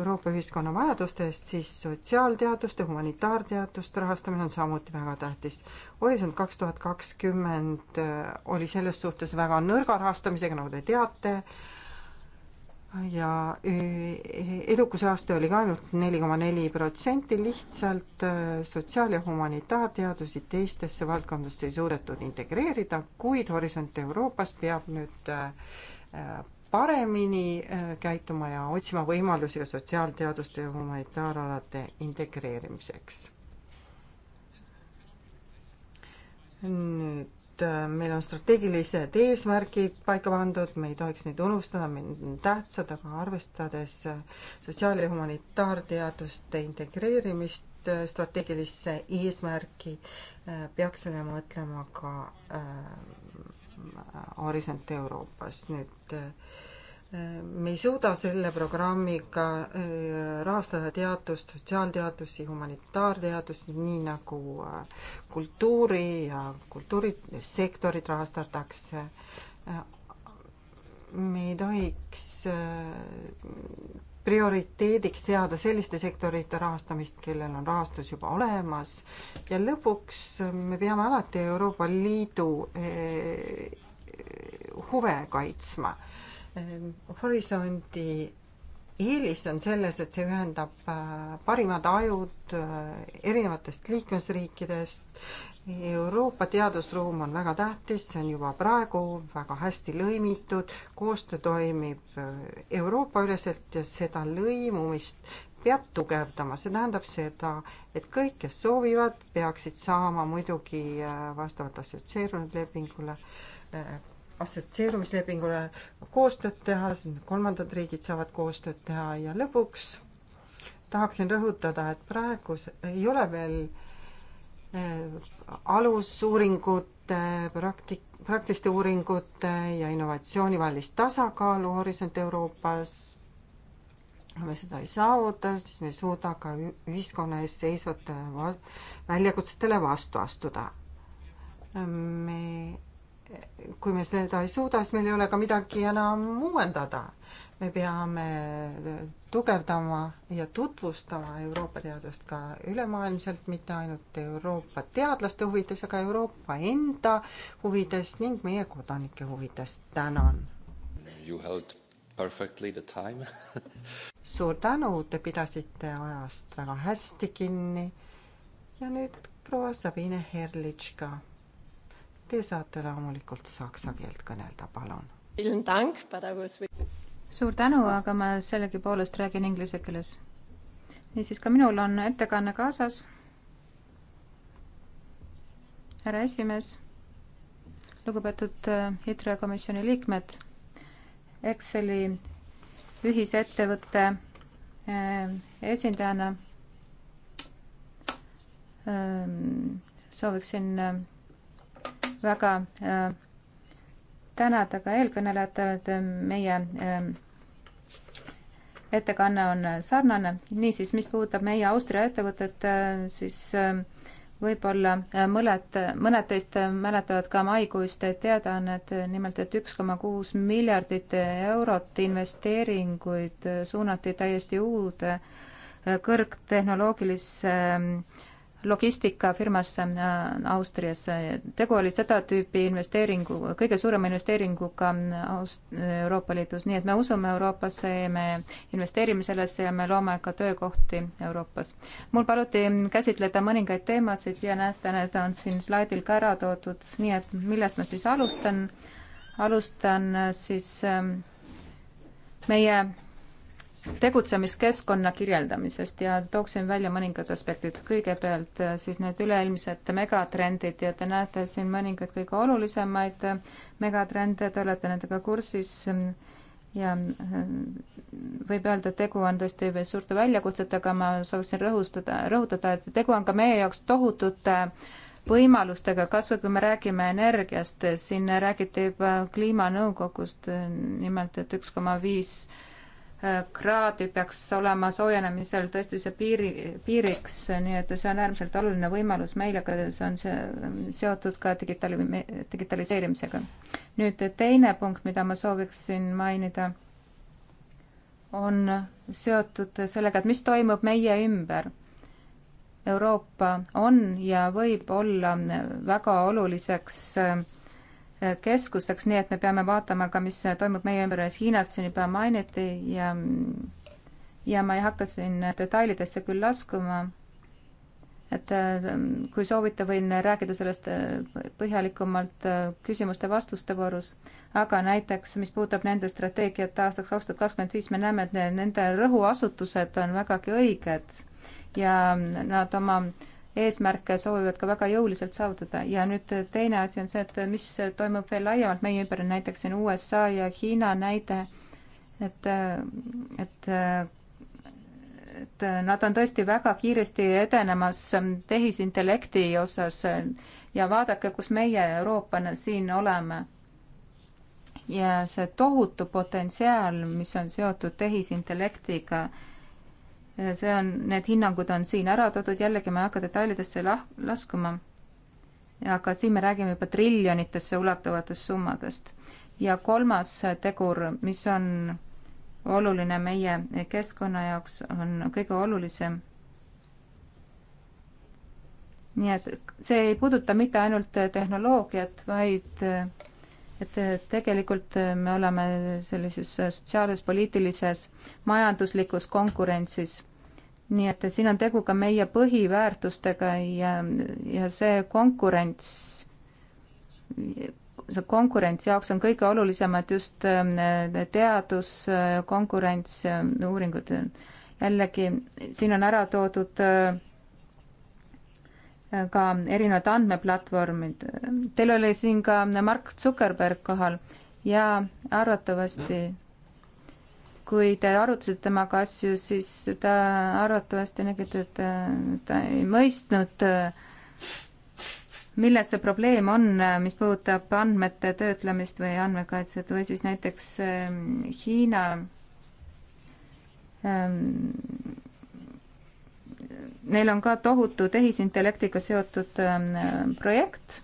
Euroopa ühiskonna vajadustest, siis sotsiaalteaduste, humanitaarteaduste rahastamine on samuti väga tähtis. Horisont kaks tuhat kakskümmend äh, oli selles suhtes väga nõrga rahastamisega, nagu te teate ja e, e, edukuse aasta oli ka ainult neli koma neli protsenti, lihtsalt e, sotsiaal- ja humanitaarteadusi teistesse valdkondadesse ei suudetud integreerida, kuid Horisont Euroopas peab nüüd paremini käituma ja otsima võimalusi ka sotsiaalteaduste ja humanitaaralade integreerimiseks. nüüd Äh, meil on strateegilised eesmärgid paika pandud, me ei tohiks neid unustada, need on tähtsad, aga arvestades äh, sotsiaal- ja humanitaarteaduste integreerimist äh, strateegilisse eesmärki, peaksime mõtlema ka äh, Horisont Euroopas nüüd äh, me ei suuda selle programmiga äh, rahastada teadust, sotsiaalteadusi, humanitaarteadusi, nii nagu äh, kultuuri ja kultuurisektorit rahastatakse. Äh, me ei tohiks prioriteediks seada selliste sektorite rahastamist, kellel on rahastus juba olemas ja lõpuks me peame alati Euroopa Liidu huve kaitsma Ehm, horisondi eelis on selles, et see ühendab äh, parimad ajud äh, erinevatest liikmesriikidest. Euroopa teadusruum on väga tähtis, see on juba praegu väga hästi lõimitud, koostöö toimib äh, Euroopa-üleselt ja seda lõimumist peab tugevdama, see tähendab seda, et kõik, kes soovivad, peaksid saama muidugi vastavalt assotsieerunud lepingule assotsieerumislepingule koostööd teha, kolmandad riigid saavad koostööd teha ja lõpuks tahaksin rõhutada, et praegu ei ole veel eh, alusuuringute, praktik-, praktiliste uuringute ja innovatsiooni vahelist tasakaalu Horisont Euroopas. kui me seda ei saavuta, siis me ei suuda ka ühiskonna ees seisvatele va-, väljakutsetele vastu astuda. me kui me seda ei suuda, siis meil ei ole ka midagi enam uuendada. me peame tugevdama ja tutvustama Euroopa teadust ka ülemaailmselt, mitte ainult Euroopa teadlaste huvides, aga Euroopa enda huvides ning meie kodanike huvides. tänan! You held perfectly the time suur tänu, te pidasite ajast väga hästi kinni. ja nüüd proua Sabine Herlitš ka Te saate loomulikult saksa keelt kõnelda, palun. suur tänu, aga ma sellegipoolest räägin inglise keeles. niisiis, ka minul on ettekanne kaasas. härra esimees, lugupeetud äh, ITRE komisjoni liikmed, Exceli ühisettevõtte äh, esindajana ähm, sooviksin äh, väga äh, tänada ka eelkõnelejat, et äh, meie äh, ettekanne on sarnane. niisiis, mis puudutab meie Austria ettevõtet, siis võib-olla mõned, mõned teist mäletavad ka maikuist teadaannet, nimelt et üks koma kuus miljardit eurot investeeringuid suunati täiesti uude kõrgtehnoloogilisse logistikafirmasse äh, Austrias. tegu oli seda tüüpi investeeringu, kõige suurema investeeringuga äh, Aust-, Euroopa Liidus, nii et me usume Euroopasse, me investeerime sellesse ja me loome ka töökohti Euroopas. mul paluti käsitleda mõningaid teemasid ja näete, need on siin slaidil ka ära toodud, nii et millest ma siis alustan, alustan äh, siis ähm, meie tegutsemiskeskkonna kirjeldamisest ja tooksin välja mõningad aspektid. kõigepealt äh, siis need üleilmsed megatrendid ja te näete siin mõningaid kõige olulisemaid äh, megatrende, te olete nendega kursis äh, ja võib öelda, et tegu on tõesti suurte väljakutsetega, ma sooviksin rõhustada, rõhutada, et tegu on ka meie jaoks tohutute võimalustega, kas või kui me räägime energiast, siin räägiti juba kliimanõukogust, nimelt et üks koma viis kraadi peaks olema soojenemisel tõesti see piiri, piiriks, nii et see on äärmiselt oluline võimalus meile, aga see on see, seotud ka digitaali-, digitaliseerimisega. nüüd teine punkt, mida ma sooviksin mainida, on seotud sellega, et mis toimub meie ümber. Euroopa on ja võib olla väga oluliseks äh, keskusteks, nii et me peame vaatama ka, mis toimub meie ümber, Hiinat siin juba mainiti ja ja ma ei hakka siin detailidesse küll laskuma, et äh, kui soovite, võin rääkida sellest äh, põhjalikumalt äh, küsimuste-vastuste voorus, aga näiteks, mis puudutab nende strateegiat aastaks kaks tuhat kakskümmend viis, me näeme, et nende rõhuasutused on vägagi õiged ja nad oma äh, eesmärke soovivad ka väga jõuliselt saavutada ja nüüd teine asi on see, et mis toimub veel laiemalt meie ümber, näiteks siin USA ja Hiina näide, et, et et nad on tõesti väga kiiresti edenemas tehisintellekti osas ja vaadake, kus meie Euroopana siin oleme. ja see tohutu potentsiaal, mis on seotud tehisintellektiga see on, need hinnangud on siin ära toodud, jällegi ma ei hakka detailidesse lah-, laskuma. aga siin me räägime juba triljonitesse ulatuvatest summadest. ja kolmas tegur, mis on oluline meie keskkonna jaoks, on kõige olulisem. nii et see ei puuduta mitte ainult tehnoloogiat, vaid et tegelikult äh, me oleme sellises äh, sotsiaalses, poliitilises, majanduslikus konkurentsis. nii et siin on tegu ka meie põhiväärtustega ja, ja see konkurents, see konkurents jaoks on kõige olulisemad just äh, teadus, konkurents, uuringud. jällegi, siin on ära toodud äh, ka erinevate andmeplatvormid. Teil oli siin ka Mark Zuckerberg kohal ja arvatavasti, kui te arutasite temaga asju, siis ta arvatavasti nägite, et ta ei mõistnud, milles see probleem on, mis puudutab andmete töötlemist või andmekaitset või siis näiteks ehm, Hiina ähm, neil on ka tohutu tehisintellektiga seotud ähm, projekt,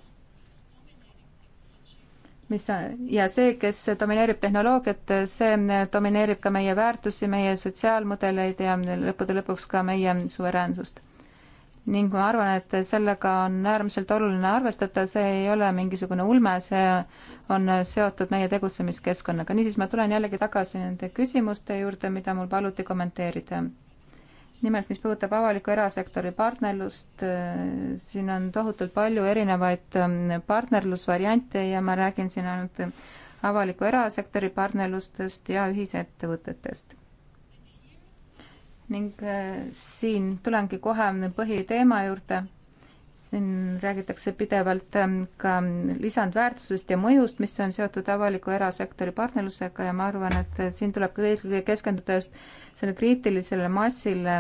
mis on, ja see, kes domineerib tehnoloogiat, see äh, domineerib ka meie väärtusi, meie sotsiaalmudeleid ja lõppude lõpuks ka meie suveräänsust. ning ma arvan, et sellega on äärmiselt oluline arvestada, see ei ole mingisugune ulme, see on seotud meie tegutsemiskeskkonnaga. niisiis, ma tulen jällegi tagasi nende küsimuste juurde, mida mul paluti kommenteerida nimelt, mis puudutab avaliku erasektori partnerlust, äh, siin on tohutult palju erinevaid ähm, partnerlusvariante ja ma räägin siin ainult avaliku erasektori partnerlustest ja ühisettevõtetest. ning äh, siin tulengi kohe põhiteema juurde. siin räägitakse pidevalt ähm, ka lisandväärtusest ja mõjust, mis on seotud avaliku erasektori partnerlusega ja ma arvan, et äh, siin tuleb ka eelkõige keskenduda just selle kriitilisele massile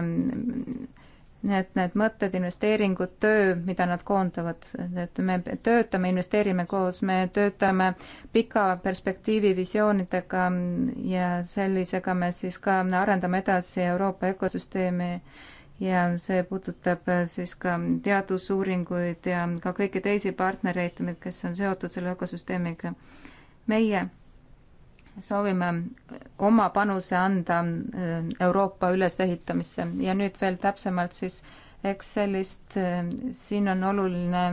need, need mõtted, investeeringud, töö, mida nad koondavad, et me töötame, investeerime koos, me töötame pika perspektiivi visioonidega ja sellisega me siis ka arendame edasi Euroopa ökosüsteemi ja see puudutab siis ka teadusuuringuid ja ka kõiki teisi partnereid, kes on seotud selle ökosüsteemiga. meie soovime oma panuse anda äh, Euroopa ülesehitamisse ja nüüd veel täpsemalt siis Excelist, äh, siin on oluline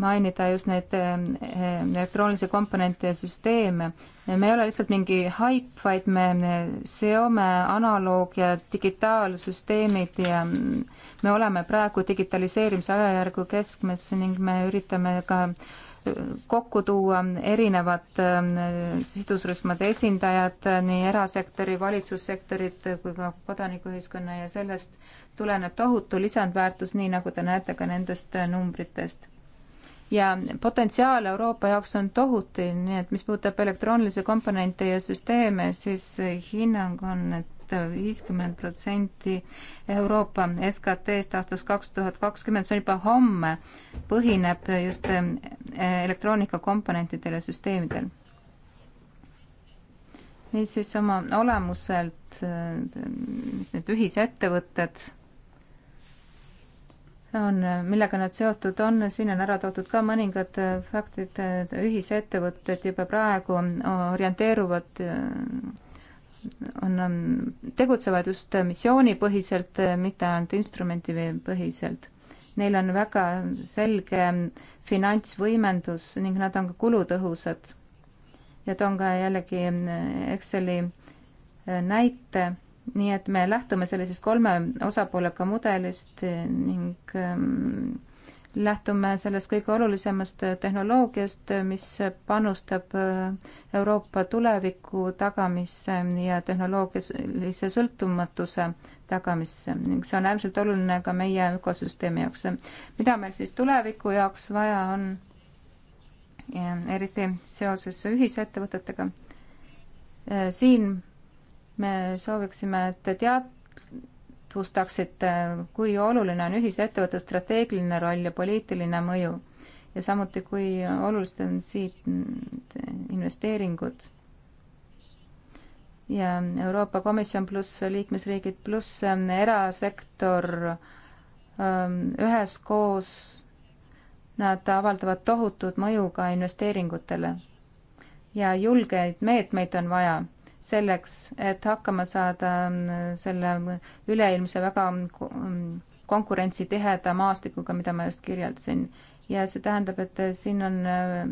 mainida just neid äh, elektroonilisi komponente ja süsteeme. me ei ole lihtsalt mingi haip, vaid me seome analoog- ja digitaalsüsteemid ja mm, me oleme praegu digitaliseerimise ajajärgu keskmes ning me üritame ka äh, kokku tuua erinevad ähm, sidusrühmade esindajad, äh, nii erasektori, valitsussektorit kui ka kodanikuühiskonna ja sellest tuleneb tohutu lisandväärtus, nii nagu te näete ka nendest äh, numbritest. ja potentsiaal Euroopa jaoks on tohutu, nii et mis puudutab elektroonilisi komponente ja süsteeme, siis äh, hinnang on, et et viiskümmend protsenti Euroopa SKT-st aastast kaks tuhat kakskümmend, see on juba homme, põhineb just eh, elektroonikakomponentidel ja süsteemidel. mis siis oma olemuselt, eh, need ühisettevõtted, on, millega nad seotud on, siin on ära toodud ka mõningad eh, faktid, ühisettevõtted juba praegu orienteeruvad on, ähm, tegutsevad just missioonipõhiselt, äh, mitte ainult instrumendipõhiselt. Neil on väga selge ähm, finantsvõimendus ning nad on ka kulutõhusad. ja toon ka jällegi ähm, Exceli äh, näite, nii et me lähtume sellisest kolme osapoolega mudelist äh, ning lähtume sellest kõige olulisemast tehnoloogiast, mis panustab äh, Euroopa tuleviku tagamisse ja tehnoloogilise sõltumatuse tagamisse ning see on äärmiselt oluline ka meie ökosüsteemi jaoks. mida meil siis tuleviku jaoks vaja on, eriti seoses ühisettevõtetega? Äh, siin me sooviksime, et tead-, teadvustaksite, äh, kui oluline on ühisettevõtte strateegiline roll ja poliitiline mõju ja samuti, kui olulised on siit investeeringud. ja Euroopa Komisjon pluss liikmesriigid pluss ähm, erasektor ähm, üheskoos, nad avaldavad tohutut mõju ka investeeringutele ja julgeid meetmeid on vaja selleks, et hakkama saada ähm, selle üleilmse väga ähm, konkurentsitiheda maastikuga, mida ma just kirjeldasin. ja see tähendab, et siin on äh,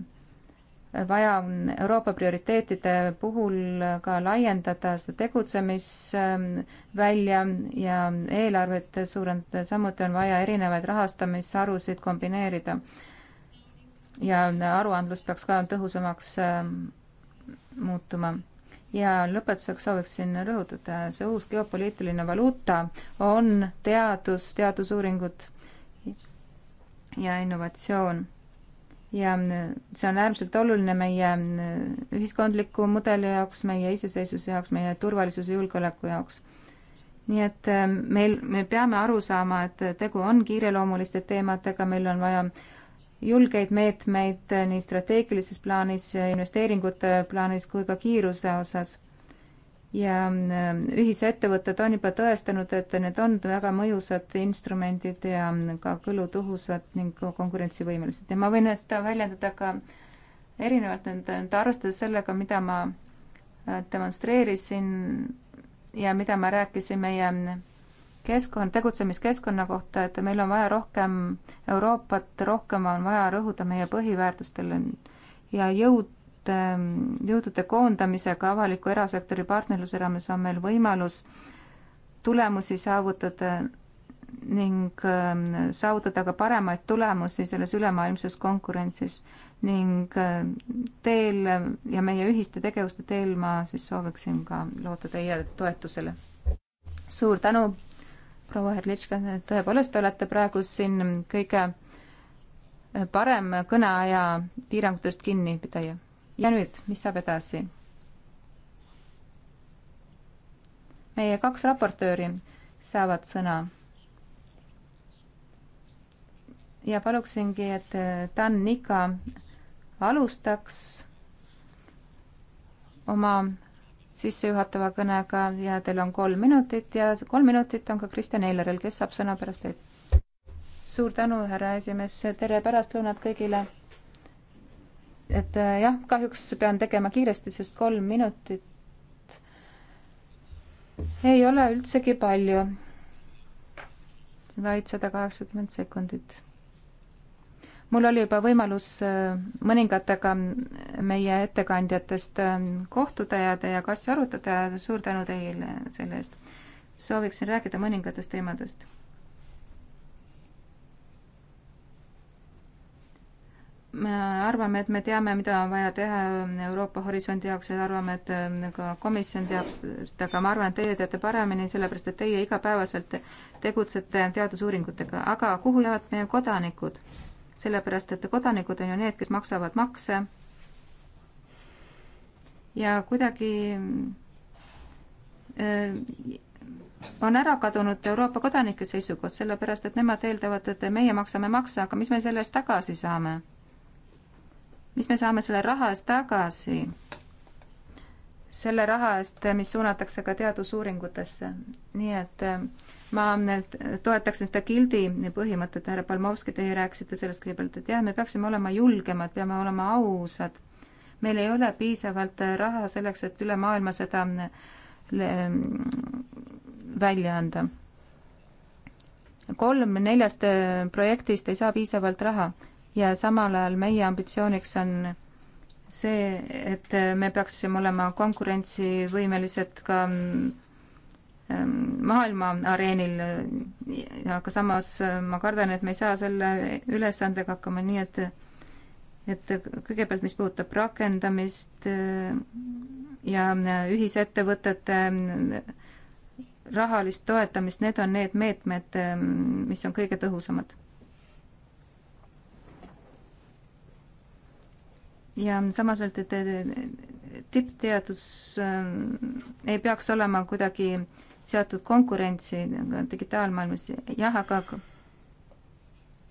vaja ähm, Euroopa prioriteetide puhul ka laiendada seda tegutsemisvälja ja eelarvet suurendada, samuti on vaja erinevaid rahastamisharusid kombineerida. ja aruandlus peaks ka tõhusamaks muutuma ja lõpetuseks sooviksin rõhutada, see uus geopoliitiline valuuta on teadus, teadusuuringud ja innovatsioon. ja see on äärmiselt oluline meie ühiskondliku mudeli jaoks, meie iseseisvuse jaoks, meie turvalisuse, julgeoleku jaoks. nii et äh, meil, me peame aru saama, et tegu on kiireloomuliste teemadega, meil on vaja äh, julgeid meetmeid nii strateegilises plaanis, investeeringute plaanis kui ka kiiruse osas. ja ähm, ühisettevõtted on juba tõestanud, et need on väga mõjusad instrumendid ja ka kõlutõhusad ning konkurentsivõimelised ja ma võin seda väljendada ka erinevalt nende, nende arvestades sellega, mida ma äh, demonstreerisin ja mida ma rääkisin meie keskkond, tegutsemiskeskkonna kohta, et meil on vaja rohkem Euroopat, rohkem on vaja rõhuda meie põhiväärtustele ja jõud, ehm, jõudude koondamisega avaliku erasektori partnerluse raames on meil võimalus tulemusi saavutada ning ehm, saavutada ka paremaid tulemusi selles ülemaailmses konkurentsis ning ehm, teel ja meie ühiste tegevuste teel ma siis sooviksin ka loota teie toetusele. suur tänu, proua Herlitška, tõepoolest te olete praegu siin kõige parem kõneaja piirangutest kinni pidaja. ja nüüd, mis saab edasi? meie kaks raportööri saavad sõna. ja paluksingi, et Dan Nika alustaks oma sissejuhatava kõnega ja teil on kolm minutit ja kolm minutit on ka Kristjan Eileril, kes saab sõna pärast teid. suur tänu, härra esimees, tere pärastlõunat kõigile. et äh, jah, kahjuks pean tegema kiiresti, sest kolm minutit ei ole üldsegi palju, vaid sada kaheksakümmend sekundit mul oli juba võimalus äh, mõningatega meie ettekandjatest äh, kohtuda ja teiega asju arutada ja suur tänu teile selle eest. sooviksin rääkida mõningatest teemadest. me arvame, et me teame, mida on vaja teha Euroopa Horisondi jaoks ja arvame, et äh, ka komisjon teab seda, aga ma arvan, et teie teate paremini, sellepärast et teie igapäevaselt tegutsete teadusuuringutega, aga kuhu jäävad meie kodanikud? sellepärast et kodanikud on ju need, kes maksavad makse. ja kuidagi äh, on ära kadunud Euroopa kodanike seisukoht, sellepärast et nemad eeldavad, et meie maksame makse, aga mis me selle eest tagasi saame? mis me saame selle raha eest tagasi? selle raha eest, mis suunatakse ka teadusuuringutesse. nii et äh, ma toetaksin seda gildi põhimõtet, härra Palmovski, teie rääkisite sellest kõigepealt, et jah, me peaksime olema julgemad, peame olema ausad. meil ei ole piisavalt raha selleks, et üle maailma seda välja anda. kolm neljast äh, projektist ei saa piisavalt raha ja samal ajal meie ambitsiooniks on see, et me peaksime olema konkurentsivõimelised ka mm, Ehm, maailma areenil, aga samas äh, ma kardan, et me ei saa selle ülesandega hakkama, nii et et kõigepealt, mis puudutab rakendamist äh, ja äh, ühisettevõtete rahalist toetamist, need on need meetmed, mis on kõige tõhusamad. ja samas öeldi, et tippteadus ei peaks olema kuidagi äh, seotud konkurentsi digitaalmaailmas, jah, aga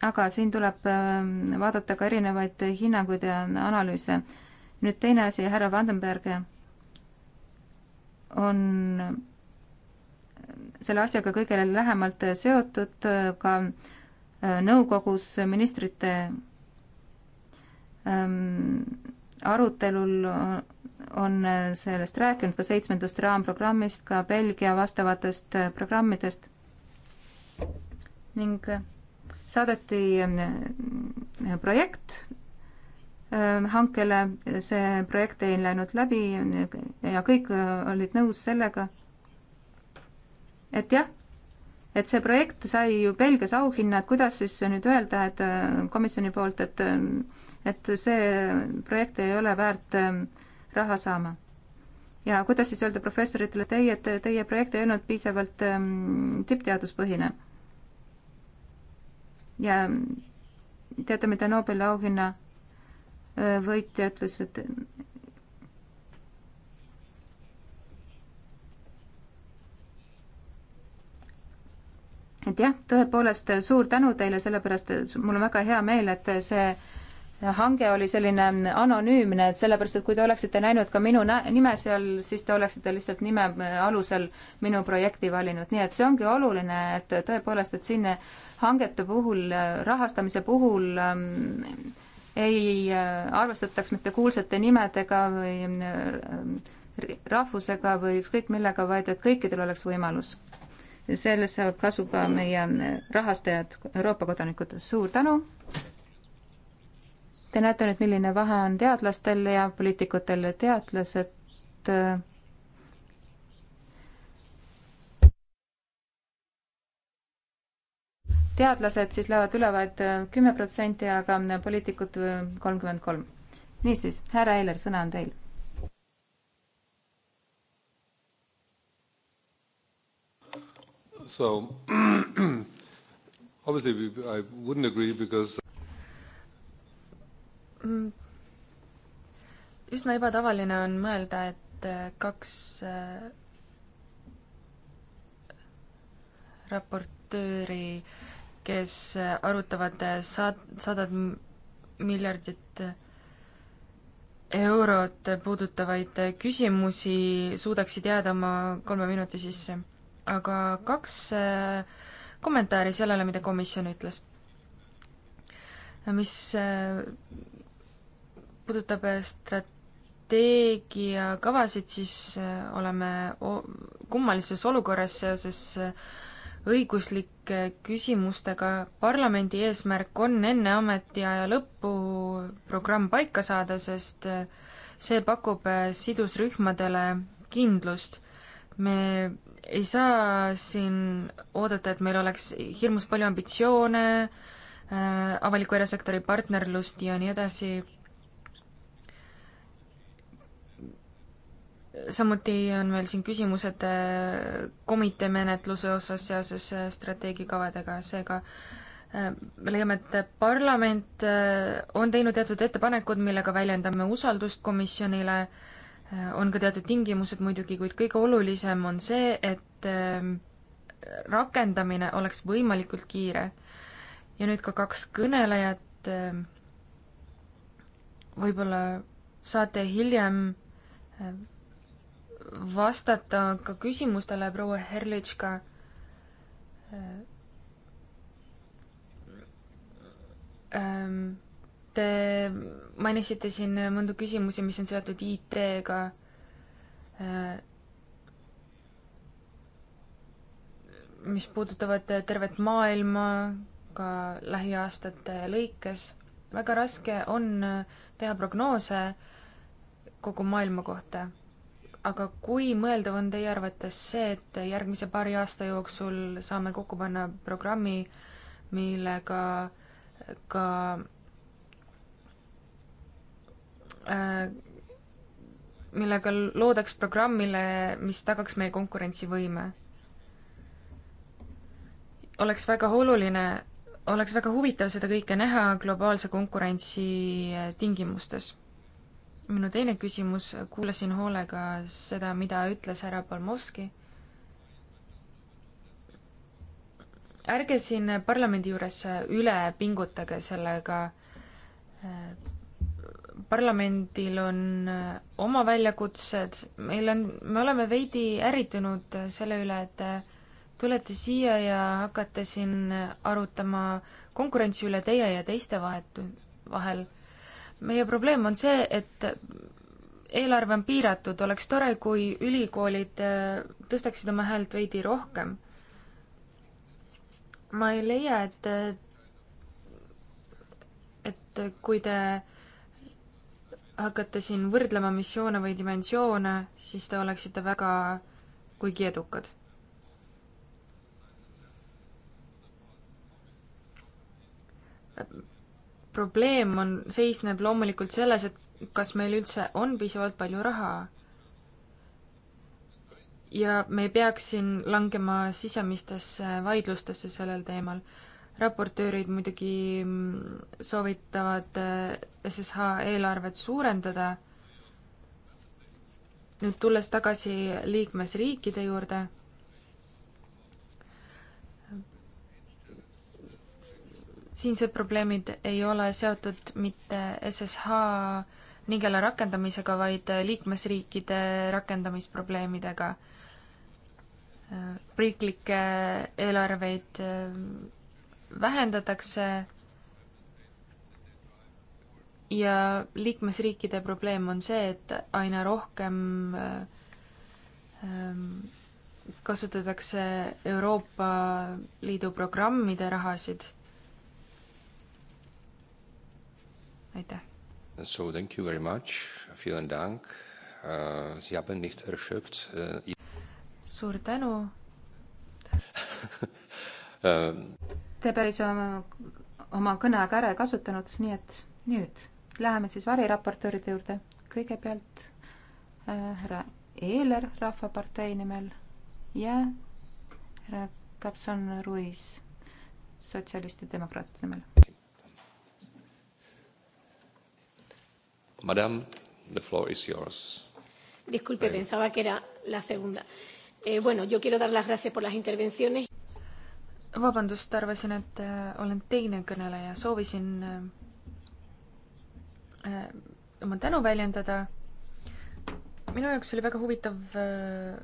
aga siin tuleb ähm, vaadata ka erinevaid hinnanguid ja analüüse. nüüd teine asi, härra Vandenberg on äh, selle asjaga kõige lähemalt seotud äh, ka äh, nõukogus ministrite ähm, arutelul on äh, sellest rääkinud ka seitsmendast raamprogrammist, ka Belgia vastavatest äh, programmidest ning äh, saadeti projekt hankele, see projekt ei läinud läbi ja kõik olid nõus sellega, et jah, et see projekt sai ju Belgias auhinna, et kuidas siis nüüd öelda, et komisjoni poolt, et et see projekt ei ole väärt äh, raha saama. ja kuidas siis öelda professoritele, teie, et teie projekt ei olnud piisavalt ähm, tippteaduspõhine? ja teate, mida Nobeli auhinna äh, võitja ütles, et et jah, tõepoolest suur tänu teile, sellepärast et mul on väga hea meel, et see hange oli selline anonüümne, et sellepärast, et kui te oleksite näinud ka minu nime seal, siis te oleksite lihtsalt nime äh, alusel minu projekti valinud, nii et see ongi oluline, et tõepoolest, et siin hangete puhul, rahastamise puhul ähm, ei äh, arvestataks mitte kuulsate nimedega või äh, rahvusega või ükskõik millega, vaid et kõikidel oleks võimalus. sellest saavad kasu ka meie rahastajad, Euroopa kodanikud. suur tänu! Te näete nüüd, milline vahe on teadlastel ja poliitikutel. teadlased äh, teadlased siis löövad üle vaid äh, kümme protsenti, aga äh, poliitikud kolmkümmend kolm. niisiis, härra Eiler, sõna on teil So obviously I wouldn't agree because Mm. üsna ebatavaline on mõelda, et äh, kaks äh, raportööri, kes äh, arutavad sad-, sadad miljardit eurot puudutavaid küsimusi, suudaksid jääda oma kolme minuti sisse. aga kaks kommentaari sellele, mida komisjon ütles. mis puudutab äh, strateegiakavasid, siis äh, oleme kummalises olukorras seoses äh, õiguslike küsimustega. parlamendi eesmärk on enne ametiaja lõppu programm paika saada, sest see pakub sidusrühmadele kindlust. me ei saa siin oodata, et meil oleks hirmus palju ambitsioone, avaliku erasektori partnerlust ja nii edasi samuti on meil siin küsimused äh, komitee menetluse osas seoses äh, strateegikavadega, seega äh, me leiame, et parlament on teinud teatud ettepanekud, millega väljendame usaldust komisjonile, on ka teatud tingimused muidugi, kuid kõige olulisem on see, et rakendamine oleks võimalikult kiire. ja nüüd ka kaks kõnelejat, võib-olla saate hiljem vastata ka küsimustele, proua Herlitška. Ehm, te mainisite siin mõnda küsimusi, mis on seotud IT-ga. Ehm, mis puudutavad tervet maailma ka lähiaastate lõikes. väga raske on teha prognoose kogu maailma kohta aga kui mõeldav on teie arvates see, et järgmise paari aasta jooksul saame kokku panna programmi, millega ka äh, millega loodaks programmile, mis tagaks meie konkurentsivõime? oleks väga oluline, oleks väga huvitav seda kõike näha globaalse konkurentsi tingimustes minu teine küsimus, kuulasin hoolega seda, mida ütles härra Palmovski. ärge siin parlamendi juures üle pingutage sellega. parlamendil on oma väljakutsed, meil on, me oleme veidi ärritunud selle üle, et tulete siia ja hakkate siin arutama konkurentsi üle teie ja teiste vahetu-, vahel meie probleem on see, et eelarve on piiratud, oleks tore, kui ülikoolid äh, tõstaksid oma häält veidi rohkem. ma ei leia, et, äh, et kui te hakkate siin võrdlema missioone või dimensioone, siis te oleksite väga kuigi edukad probleem on, seisneb loomulikult selles, et kas meil üldse on piisavalt palju raha. ja me ei peaks siin langema sisemistesse vaidlustesse sellel teemal. raportöörid muidugi mm, soovitavad SSH äh, eelarvet suurendada. nüüd tulles tagasi liikmesriikide juurde siinsed probleemid ei ole seotud mitte SSH nigela rakendamisega, vaid liikmesriikide rakendamisprobleemidega. riiklikke eelarveid äh, vähendatakse ja liikmesriikide probleem on see, et aina rohkem äh, ähm, kasutatakse Euroopa Liidu programmide rahasid aitäh! So thank you very much, vielen dank uh,, Sie haben nicht erschöpft uh,. suur tänu ähm. Te päris oma, oma kõneaega ära ei kasutanud, nii et nüüd läheme siis variraportööride juurde. kõigepealt äh, härra äh, Eeler Rahvapartei nimel ja härra Kapson Ruiz sotsialistide demokraatide nimel Madam, the floor is yours. Disculpe, Very. pensaba que era la segunda. Eh, bueno, yo quiero dar las gracias por las intervenciones. vabandust, arvasin, et äh, olen teine kõneleja, soovisin äh, oma tänu väljendada. minu jaoks oli väga huvitav äh,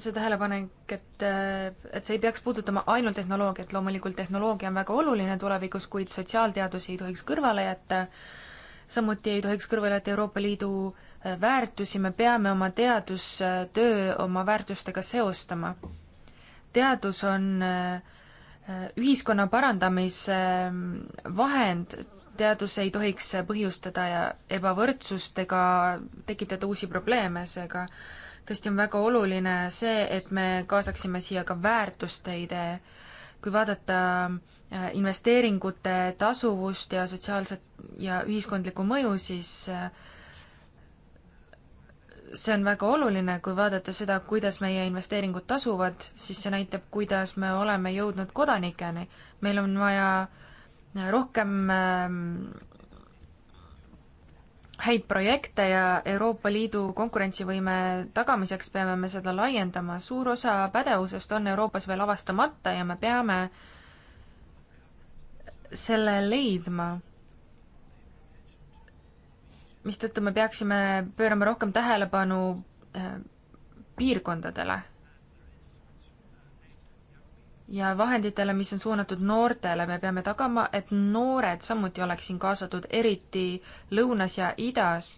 see tähelepanek, et, et see ei peaks puudutama ainult tehnoloogiat, loomulikult tehnoloogia on väga oluline tulevikus, kuid sotsiaalteadusi ei tohiks kõrvale jätta äh, samuti ei tohiks kõrvale jätta Euroopa Liidu äh, väärtusi, me peame oma teadustöö oma väärtustega seostama. teadus on äh, äh, ühiskonna parandamise vahend, teadus ei tohiks põhjustada ebavõrdsust ega tekitada uusi probleeme, seega tõesti on väga oluline see, et me kaasaksime siia ka väärtuste idee. kui vaadata äh, Äh, investeeringute tasuvust ja sotsiaalset ja ühiskondlikku mõju, siis äh, see on väga oluline, kui vaadata seda, kuidas meie investeeringud tasuvad, siis see näitab, kuidas me oleme jõudnud kodanikeni. meil on vaja äh, rohkem ähm, häid projekte ja Euroopa Liidu konkurentsivõime tagamiseks peame me seda laiendama. suur osa pädevusest on Euroopas veel avastamata ja me peame äh, selle leidma. mistõttu me peaksime pöörama rohkem tähelepanu äh, piirkondadele ja vahenditele, mis on suunatud noortele, me peame tagama, et noored samuti oleks siin kaasatud, eriti lõunas ja idas,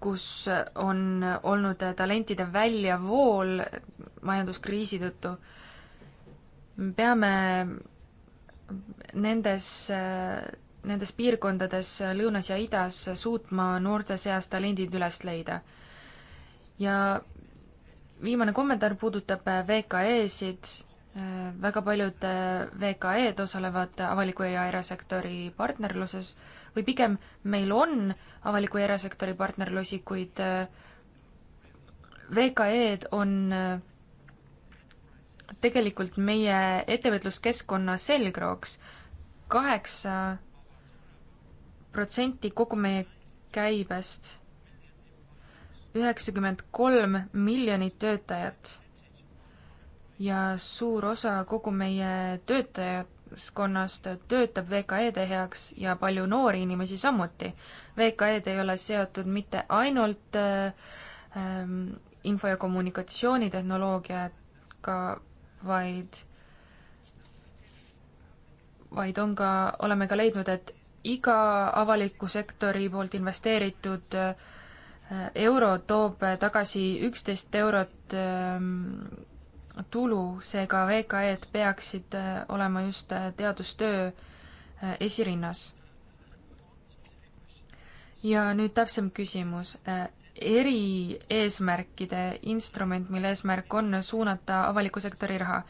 kus on olnud talentide väljavool majanduskriisi tõttu. me peame nendes, äh, nendes piirkondades äh, lõunas ja idas äh, suutma noorte seas talendid üles leida. ja viimane kommentaar puudutab VKE-sid, väga paljud VKE-d osalevad avaliku ja erasektori partnerluses või pigem meil on avaliku ja erasektori partnerlusi, kuid VKE-d on tegelikult meie ettevõtluskeskkonna selgrooks. kaheksa protsenti kogu meie käibest, üheksakümmend kolm miljonit töötajat ja suur osa kogu meie töötajaskonnast töötab VKE-de heaks ja palju noori inimesi samuti. VKE-d ei ole seotud mitte ainult äh, ähm, info- ja kommunikatsioonitehnoloogiaga, vaid, vaid on ka, oleme ka leidnud, et iga avaliku sektori poolt investeeritud äh, euro toob tagasi üksteist eurot ähm, tulu, seega VKE-d peaksid äh, olema just äh, teadustöö esirinnas. ja nüüd täpsem küsimus erieesmärkide instrument, mille eesmärk on suunata avaliku sektori raha.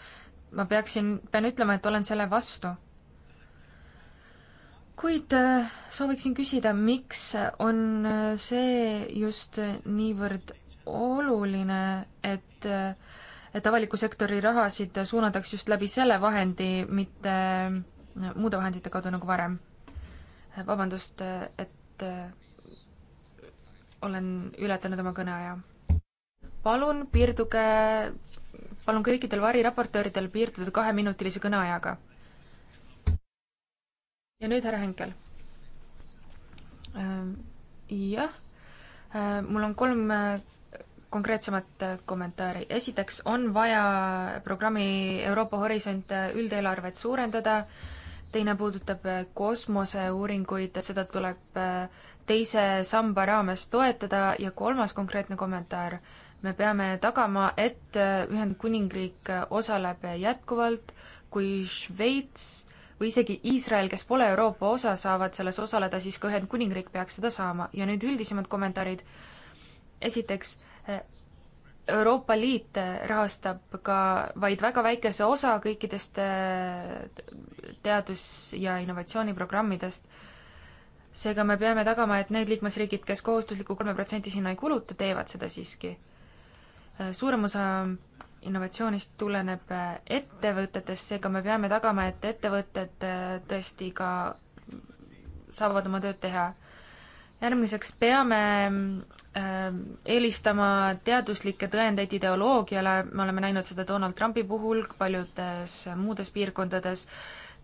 ma peaksin, pean ütlema, et olen selle vastu. kuid äh, sooviksin küsida, miks on äh, see just niivõrd oluline, et äh, et avaliku sektori rahasid suunataks just läbi selle vahendi, mitte muude vahendite kaudu nagu varem. vabandust, et olen ületanud oma kõneaja. palun piirduge, palun kõikidel variraportööridel piirduda kaheminutilise kõneajaga. ja nüüd härra Henkel. Ähm, jah, ähm, mul on kolm äh, konkreetsemat äh, kommentaari. esiteks on vaja programmi Euroopa Horisont äh, üldeelarvet suurendada, teine puudutab kosmoseuuringuid, seda tuleb äh, teise samba raames toetada ja kolmas konkreetne kommentaar, me peame tagama, et Ühendkuningriik osaleb jätkuvalt, kui Šveits või isegi Iisrael, kes pole Euroopa osa, saavad selles osaleda, siis ka Ühendkuningriik peaks seda saama. ja nüüd üldisemad kommentaarid. esiteks, Euroopa Liit rahastab ka vaid väga väikese osa kõikidest teadus- ja innovatsiooniprogrammidest seega me peame tagama, et need liikmesriigid, kes kohustuslikku kolme protsenti sinna ei kuluta, teevad seda siiski. suurem osa innovatsioonist tuleneb ettevõtetest, seega me peame tagama, et ettevõtted äh, tõesti ka saavad oma tööd teha. järgmiseks peame ähm, eelistama teaduslikke tõendeid ideoloogiale, me oleme näinud seda Donald Trumpi puhul, paljudes muudes piirkondades äh,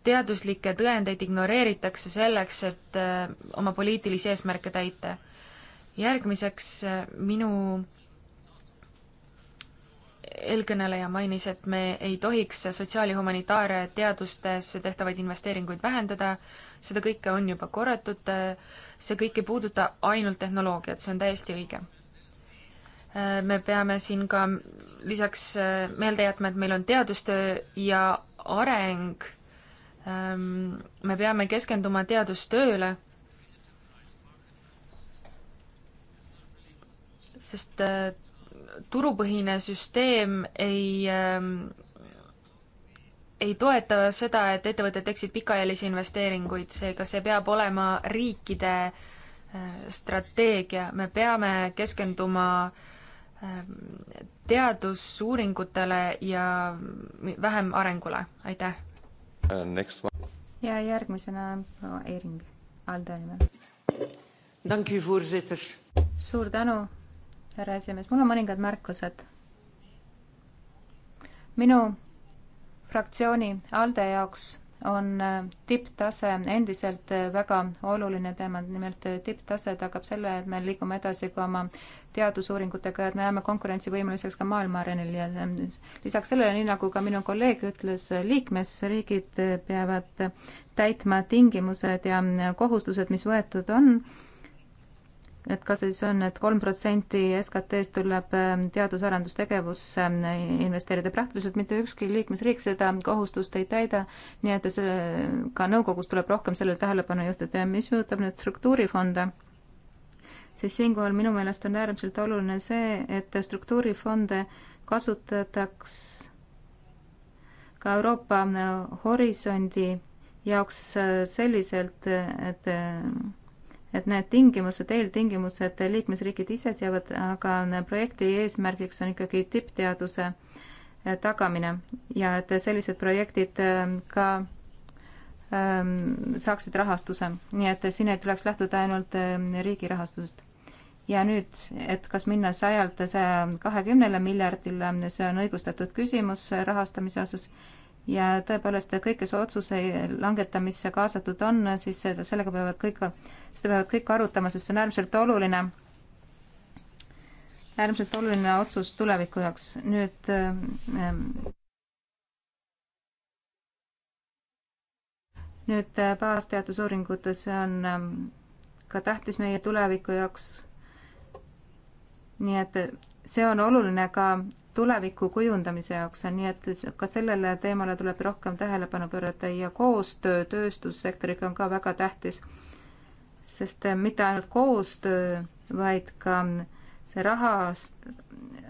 teaduslikke tõendeid ignoreeritakse selleks, et äh, oma poliitilisi eesmärke täita. järgmiseks äh, minu eelkõneleja mainis, et me ei tohiks sotsiaal- ja humanitaarteadustesse tehtavaid investeeringuid vähendada, seda kõike on juba korratud, see kõik ei puuduta ainult tehnoloogiat, see on täiesti õige. Äh, me peame siin ka lisaks meelde jätma, et meil on teadustöö ja areng Ehm, me peame keskenduma teadustööle, sest eh, turupõhine süsteem ei, ehm, ei toeta seda, et ettevõtted teeksid pikaajalisi investeeringuid, seega see peab olema riikide eh, strateegia, me peame keskenduma ehm, teadusuuringutele ja vähem arengule, aitäh! Uh, ja järgmisena proua Eering, Alde nimel. suur tänu, härra esimees, mul on mõningad märkused. minu fraktsiooni Alde jaoks on äh, tipptase endiselt äh, väga oluline teema, nimelt äh, tipptase tagab selle, et me liigume edasi ka oma teadusuuringutega, et me jääme konkurentsivõimeliseks ka maailma arenil ja lisaks sellele, nii nagu ka minu kolleeg ütles, liikmesriigid peavad täitma tingimused ja kohustused, mis võetud on et kas siis on et, et kolm protsenti SKT-st tuleb ähm, teadus-arendustegevusse äh, investeerida. praktiliselt mitte ükski liikmesriik seda kohustust ei täida, nii et see, ka nõukogus tuleb rohkem sellele tähelepanu juhtida ja mis puudutab nüüd struktuurifonde, siis siinkohal minu meelest on äärmiselt oluline see, et struktuurifonde kasutataks ka Euroopa äh, Horisondi jaoks äh, selliselt, et et need tingimused, eeltingimused liikmesriigid ise seavad, aga projekti eesmärgiks on ikkagi tippteaduse eh, tagamine ja et sellised projektid eh, ka ähm, saaksid rahastuse, nii et siin ei tuleks lähtuda ainult eh, riigi rahastusest. ja nüüd, et kas minna sajalt saja kahekümnele miljardile, see on õigustatud küsimus rahastamise osas ja tõepoolest kõik, kes otsuse langetamisse kaasatud on, siis sellega peavad kõik, seda peavad kõik arutama, sest see on äärmiselt oluline, äärmiselt oluline otsus tuleviku jaoks. nüüd ähm, nüüd äh, baasteadusuuringutes on ähm, ka tähtis meie tuleviku jaoks. nii et äh, see on oluline ka tuleviku kujundamise jaoks, nii et ka sellele teemale tuleb rohkem tähelepanu pöörata ja koostöö tööstussektoriga on ka väga tähtis, sest äh, mitte ainult koostöö, vaid ka äh, see raha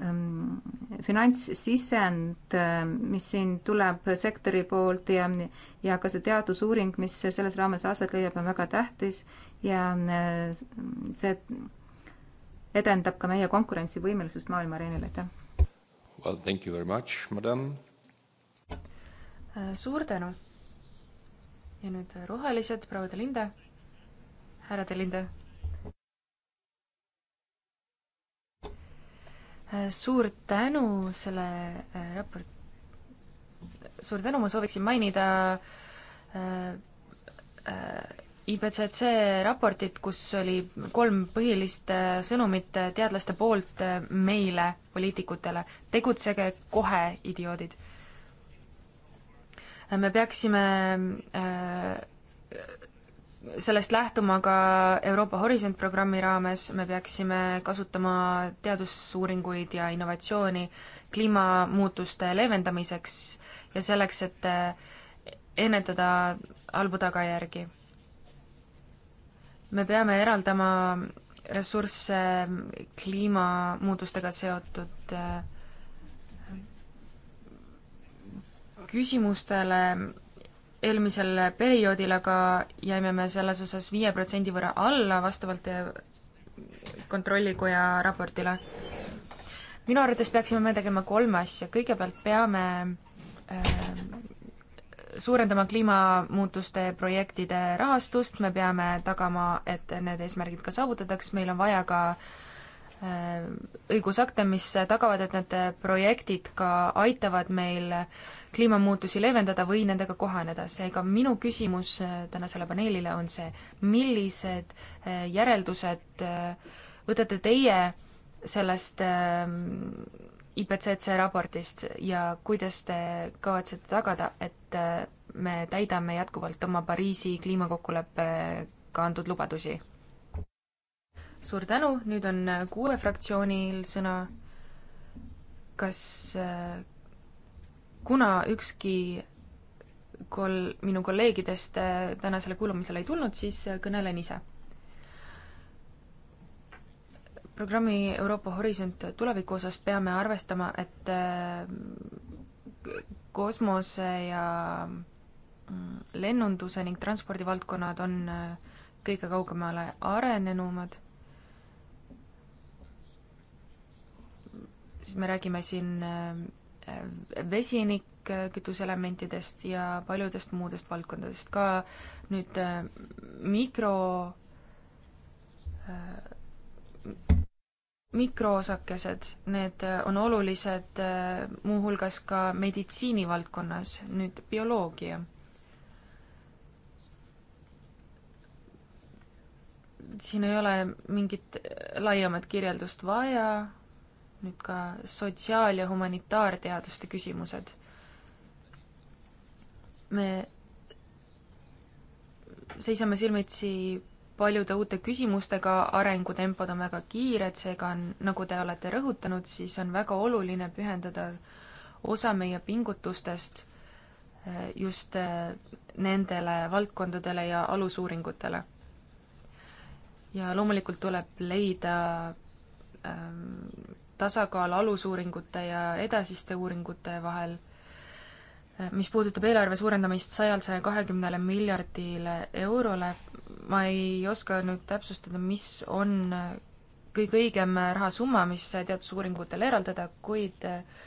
ähm,, finantssisend, äh, mis siin tuleb sektori poolt ja, ja ka see teadusuuring, mis selles raames aset leiab, on väga tähtis ja see edendab ka meie konkurentsivõimelisust maailma areenil, aitäh! Well, thank you very much, madam. Äh, suur tänu. ja nüüd äh, rohelised, proua De Linde, härra De Linde. Äh, suur tänu selle raport-, suur tänu, ma sooviksin mainida äh, äh, IPCC raportit, kus oli kolm põhilist äh, sõnumit äh, teadlaste poolt äh, meile, poliitikutele. tegutsege kohe, idioodid. me peaksime sellest lähtuma ka Euroopa Horisont programmi raames, me peaksime kasutama teadusuuringuid ja innovatsiooni kliimamuutuste leevendamiseks ja selleks, et ennetada halbu tagajärgi me peame eraldama ressursse kliimamuutustega seotud äh, küsimustele, eelmisel perioodil aga jäime me selles osas viie protsendi võrra alla vastavalt äh, kontrollikoja raportile. minu arvates peaksime me tegema kolme asja, kõigepealt peame äh, suurendama kliimamuutuste projektide rahastust, me peame tagama, et need eesmärgid ka saavutataks, meil on vaja ka äh, õigusakte, mis tagavad, et need projektid ka aitavad meil kliimamuutusi leevendada või nendega kohaneda, seega minu küsimus äh, tänasele paneelile on see, millised äh, järeldused võtate teie sellest IPCC raportist ja kuidas te kavatsete tagada, et äh, me täidame jätkuvalt oma Pariisi kliimakokkuleppega antud lubadusi? suur tänu, nüüd on kuue fraktsioonil sõna. kas, äh, kuna ükski kol-, minu kolleegidest äh, tänasele kuulamisele ei tulnud, siis kõnelen ise programmi Euroopa Horisont tuleviku osas peame arvestama, et äh, kosmose ja mm, lennunduse ning transpordivaldkonnad on äh, kõige kaugemale arenenumad. siis me räägime siin äh, vesinikkütuselementidest ja paljudest muudest valdkondadest, ka nüüd mikro mikroosakesed, need äh, on olulised äh, muuhulgas ka meditsiinivaldkonnas, nüüd bioloogia. siin ei ole mingit äh, laiemat kirjeldust vaja, nüüd ka sotsiaal- ja humanitaarteaduste küsimused. me seisame silmitsi paljude uute küsimustega, arengutempod on väga kiired, seega on, nagu te olete rõhutanud, siis on väga oluline pühendada osa meie pingutustest eh, just eh, nendele valdkondadele ja alusuuringutele. ja loomulikult tuleb leida ehm, tasakaal alusuuringute ja edasiste uuringute vahel eh, mis puudutab eelarve suurendamist sajalt saja kahekümnele miljardile eurole, ma ei oska nüüd täpsustada, mis on kõige õigem rahasumma, mis teadusuuringutele eraldada, kuid eh,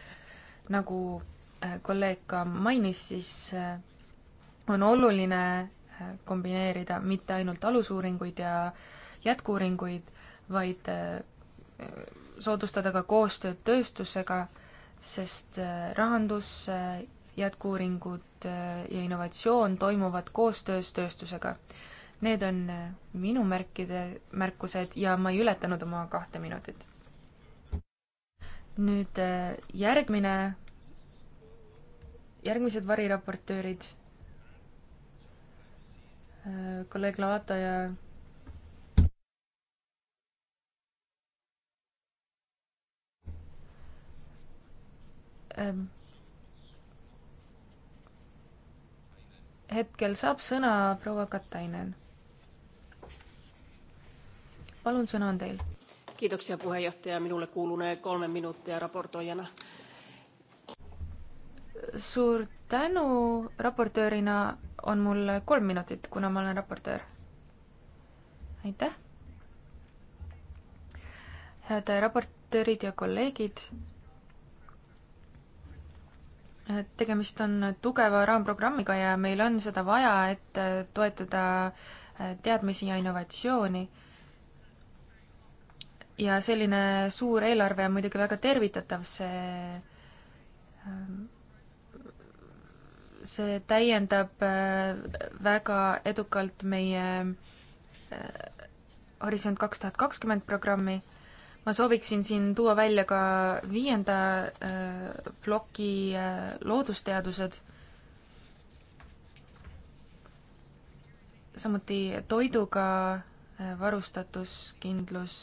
nagu eh, kolleeg ka mainis, siis eh, on oluline kombineerida mitte ainult alusuuringuid ja jätku-uuringuid, vaid soodustada ka koostööd tööstusega, sest rahandus, jätku-uuringud ja innovatsioon toimuvad koostöös tööstusega Need on äh, minu märkide, märkused ja ma ei ületanud oma kahte minutit. nüüd äh, järgmine, järgmised variraportöörid. Äh, kolleeg Laata ja ähm, hetkel saab sõna proua Katainen palun, sõna on teil. kiitoksia, puhejuhataja, minule kuulune kolme minuti raportööjana. suur tänu, raportöörina on mul kolm minutit, kuna ma olen raportöör. aitäh. head raportöörid ja kolleegid. tegemist on tugeva raamprogrammiga ja meil on seda vaja, et toetada teadmisi ja innovatsiooni ja selline suur eelarve on muidugi väga tervitatav, see see täiendab äh, väga edukalt meie äh, Horisont kaks tuhat kakskümmend programmi. ma sooviksin siin tuua välja ka viienda äh, ploki loodusteadused, samuti toiduga varustatuskindlus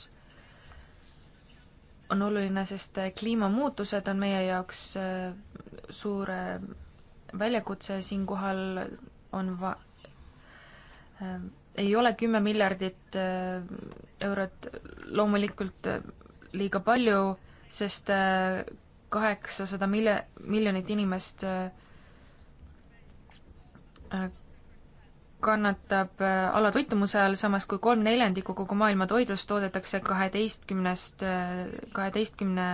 on oluline, sest äh, kliimamuutused on meie jaoks äh, suur väljakutse, siinkohal on va-, äh, ei ole kümme miljardit eurot loomulikult liiga palju, sest kaheksasada mil-, miljonit inimest kannatab äh, alla toitumuse all, samas kui kolm neljandikku kogu maailma toidust toodetakse kaheteistkümnest, äh, kaheteistkümne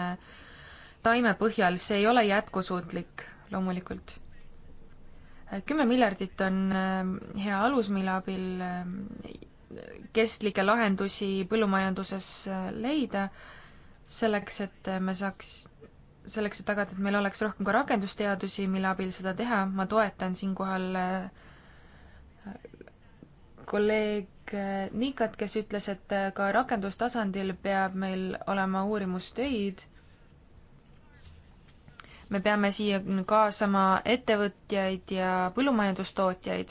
taime põhjal, see ei ole jätkusuutlik loomulikult. Äh, kümme miljardit on hea alus, mille abil kestlikke lahendusi põllumajanduses leida, selleks et me saaks, selleks et tagada, et meil oleks rohkem ka rakendusteadusi, mille abil seda teha, ma toetan siinkohal äh, kolleeg äh, Nikat, kes ütles, et äh, ka rakendustasandil peab meil olema uurimustöid. me peame siia kaasama ettevõtjaid ja põllumajandustootjaid,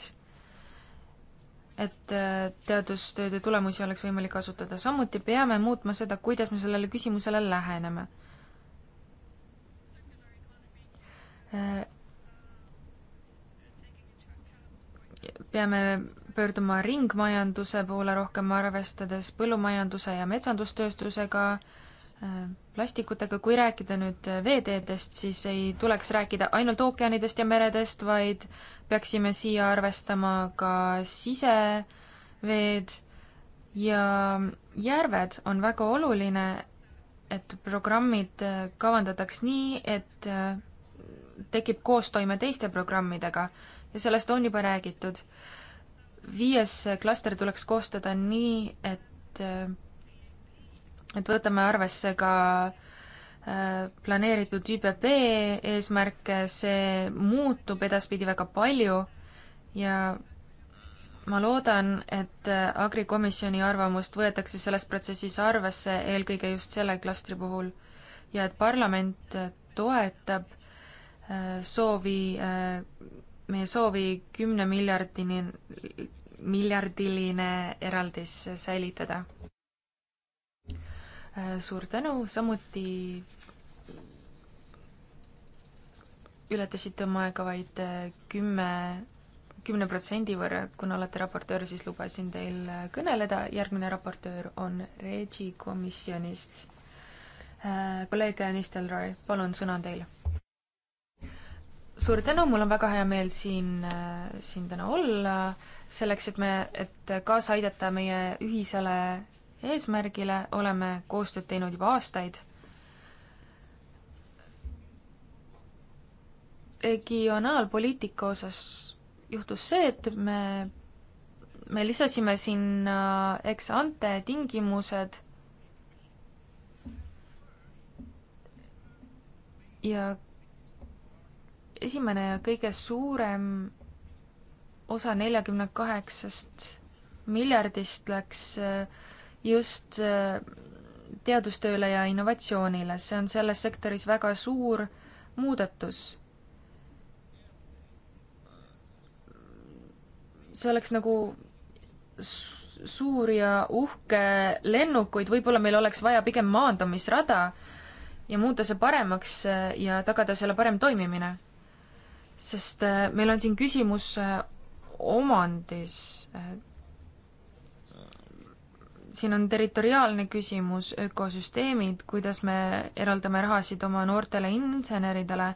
et äh, teadustööde tulemusi oleks võimalik kasutada. samuti peame muutma seda, kuidas me sellele küsimusele läheneme peame pöörduma ringmajanduse poole rohkem, arvestades põllumajanduse ja metsandustööstusega, äh, plastikutega, kui rääkida nüüd veeteedest, siis ei tuleks rääkida ainult ookeanidest ja meredest, vaid peaksime siia arvestama ka siseveed ja järved on väga oluline, et programmid äh, kavandataks nii, et äh, tekib koostoime teiste programmidega ja sellest on juba räägitud. viies klaster tuleks koostada nii, et, äh, et võtame arvesse ka äh, planeeritud ÜPP eesmärke, see muutub edaspidi väga palju ja ma loodan, et äh, agrikomisjoni arvamust võetakse selles protsessis arvesse eelkõige just selle klastri puhul ja et parlament toetab soovi meie soovi kümne miljardini, miljardiline eraldis säilitada. suur tänu, samuti ületasite oma aega vaid kümme, kümne protsendi võrra, kuna olete raportöör, siis lubasin teil kõneleda, järgmine raportöör on Regi komisjonist. kolleeg Nistelrooy, palun, sõna on teil suur tänu, mul on väga hea meel siin, äh, siin täna olla, selleks et me, et kaasa aidata meie ühisele eesmärgile, oleme koostööd teinud juba aastaid. regionaalpoliitika osas juhtus see, et me, me lisasime sinna ex-ante tingimused ja esimene ja kõige suurem osa neljakümne kaheksast miljardist läks äh, just äh, teadustööle ja innovatsioonile, see on selles sektoris väga suur muudatus. see oleks nagu suur ja uhke lennuk, kuid võib-olla meil oleks vaja pigem maandamisrada ja muuta see paremaks äh, ja tagada selle parem toimimine sest äh, meil on siin küsimus äh, omandis. Äh, siin on territoriaalne küsimus, ökosüsteemid, kuidas me eraldame rahasid oma noortele inseneridele,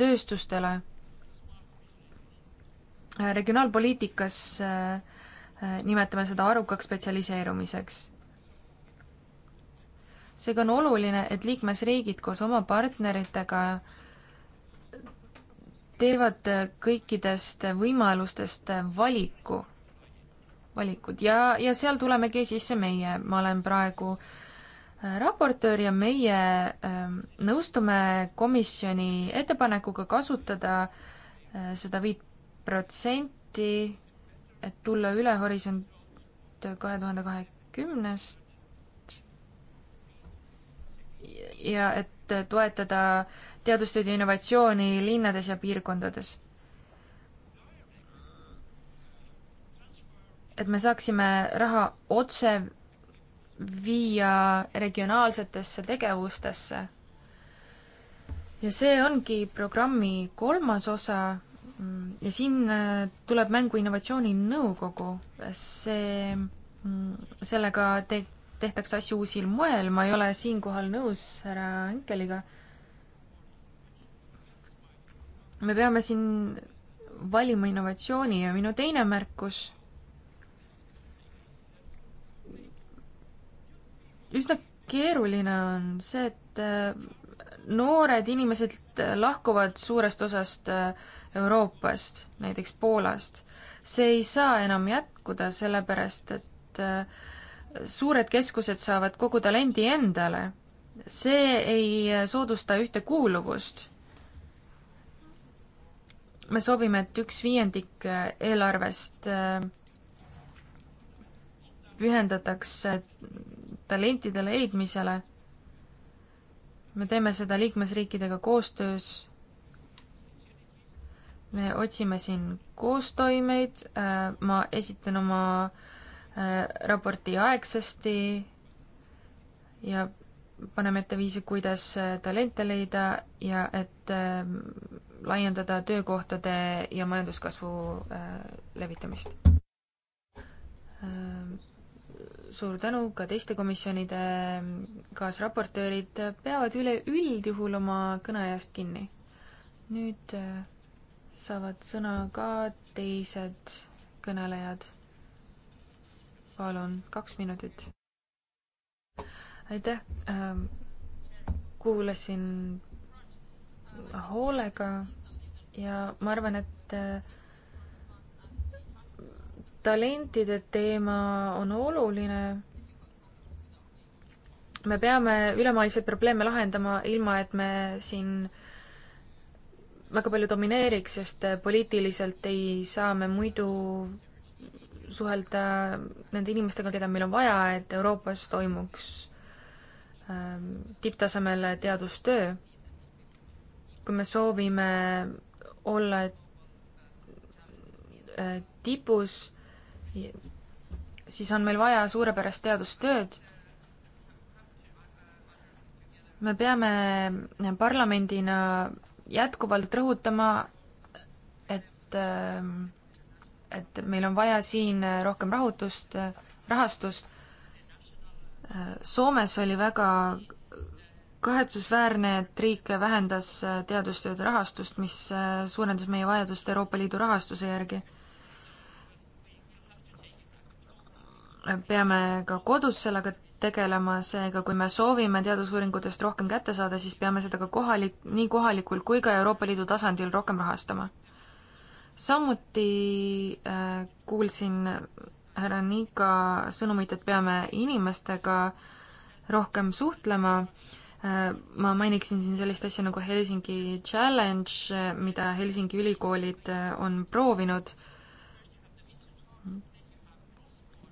tööstustele. regionaalpoliitikas nimetame seda arukaks spetsialiseerumiseks seega on oluline, et liikmesriigid koos oma partneritega äh, teevad kõikidest võimalustest valiku, valikud ja, ja seal tulemegi sisse meie, ma olen praegu äh, raportöör ja meie ähm, nõustume komisjoni ettepanekuga kasutada äh, seda viit protsenti, et tulla üle horisont kahe tuhande kahekümnest ja et toetada äh, teadustööd ja innovatsiooni linnades ja piirkondades. et me saaksime raha otse viia regionaalsetesse tegevustesse. ja see ongi programmi kolmas osa ja siin äh, tuleb mängu innovatsiooninõukogu. see, mm, sellega te-, tehtakse asju uusil moel, ma ei ole siinkohal nõus härra Henkeliga me peame siin valima innovatsiooni ja minu teine märkus üsna keeruline on see, et äh, noored inimesed lahkuvad suurest osast äh, Euroopast, näiteks Poolast. see ei saa enam jätkuda, sellepärast et äh, suured keskused saavad kogu talendi endale. see ei soodusta ühtekuuluvust me soovime, et üks viiendik äh, eelarvest äh, pühendatakse äh, talentide leidmisele. me teeme seda liikmesriikidega koostöös. me otsime siin koostoimeid, ma esitan oma raporti aegsasti ja paneme ette viisi, kuidas talente leida ja et laiendada töökohtade ja majanduskasvu äh, levitamist. Äh, suur tänu ka teiste komisjonide kaasraportöörid peavad üle üldjuhul oma kõneajast kinni. nüüd äh, saavad sõna ka teised kõnelejad. palun, kaks minutit. aitäh, kuulasin hoolega ja ma arvan, et äh, talentide teema on oluline. me peame ülemaailmseid probleeme lahendama, ilma et me siin väga palju domineeriks, sest äh, poliitiliselt ei saa me muidu suhelda nende inimestega, keda meil on vaja, et Euroopas toimuks ähm, tipptasemel teadustöö kui me soovime olla äh, tipus, siis on meil vaja suurepärast teadustööd. me peame parlamendina jätkuvalt rõhutama, et, äh, et meil on vaja siin rohkem rahutust, rahastust. Äh, Soomes oli väga kahetsusväärne, et riik vähendas äh, teadustööde rahastust, mis äh, suurendas meie vajadust Euroopa Liidu rahastuse järgi. peame ka kodus sellega tegelema, seega kui me soovime teadusuuringutest rohkem kätte saada, siis peame seda ka kohalik, nii kohalikul kui ka Euroopa Liidu tasandil rohkem rahastama. samuti äh, kuulsin härra Nika sõnumit, et peame inimestega rohkem suhtlema äh, Äh, ma mainiksin siin sellist asja nagu Helsingi Challenge, äh, mida Helsingi ülikoolid äh, on proovinud.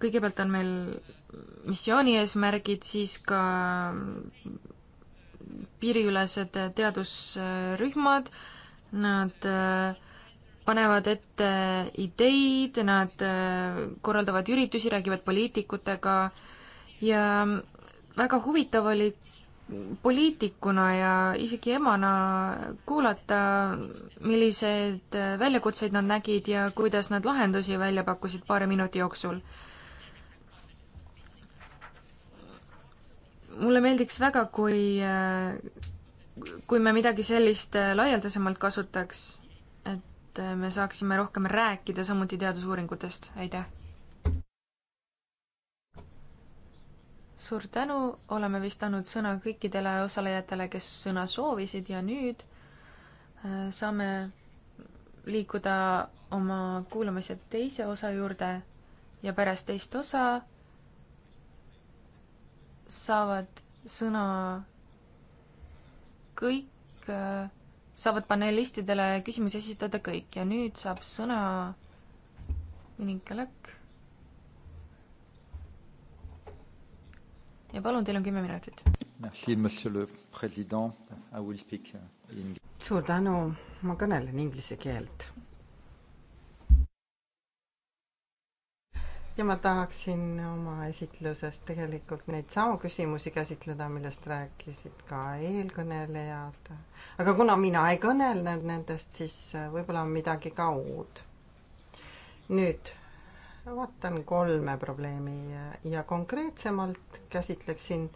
kõigepealt on meil missiooni eesmärgid, siis ka piiriülesed teadusrühmad, nad panevad ette ideid, nad korraldavad üritusi, räägivad poliitikutega ja väga huvitav oli poliitikuna ja isegi emana kuulata, milliseid väljakutseid nad nägid ja kuidas nad lahendusi välja pakkusid paari minuti jooksul. mulle meeldiks väga, kui, kui me midagi sellist laialdasemalt kasutaks, et me saaksime rohkem rääkida samuti teadusuuringutest, aitäh! suur tänu, oleme vist andnud sõna kõikidele osalejatele, kes sõna soovisid ja nüüd äh, saame liikuda oma kuulamise teise osa juurde ja pärast teist osa saavad sõna kõik, äh, saavad panelistidele küsimusi esitada kõik ja nüüd saab sõna Nikolak ja palun, teil on kümme minutit. Uh, suur tänu, ma kõnelen inglise keelt. ja ma tahaksin oma esitluses tegelikult neid samu küsimusi käsitleda, millest rääkisid ka eelkõnelejad. aga kuna mina ei kõnelenud nendest, siis uh, võib-olla on midagi ka uut. nüüd vaatan kolme probleemi ja konkreetsemalt käsitleksin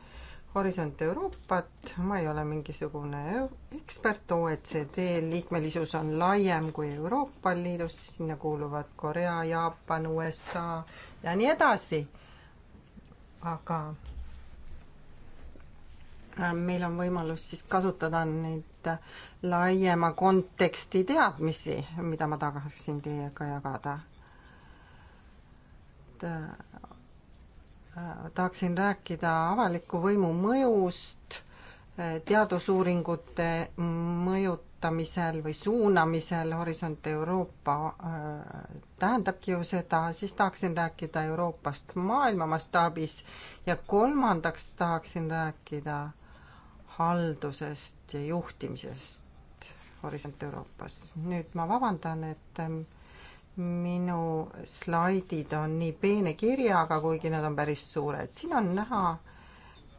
Horisont Euroopat, ma ei ole mingisugune ekspert, OECD liikmelisus on laiem kui Euroopa Liidus, sinna kuuluvad Korea, Jaapan, USA ja nii edasi. aga äh, meil on võimalus siis kasutada neid laiema konteksti teadmisi, mida ma tahaksin teiega jagada Äh, äh, tahaksin rääkida avaliku võimu mõjust äh, teadusuuringute mõjutamisel või suunamisel Horisont Euroopa tähendabki ju seda, siis tahaksin rääkida Euroopast maailma mastaabis ja kolmandaks tahaksin rääkida haldusest ja juhtimisest Horisont Euroopas. nüüd ma vabandan, et ähm, minu slaidid on nii peene kirjaga, kuigi nad on päris suured. siin on näha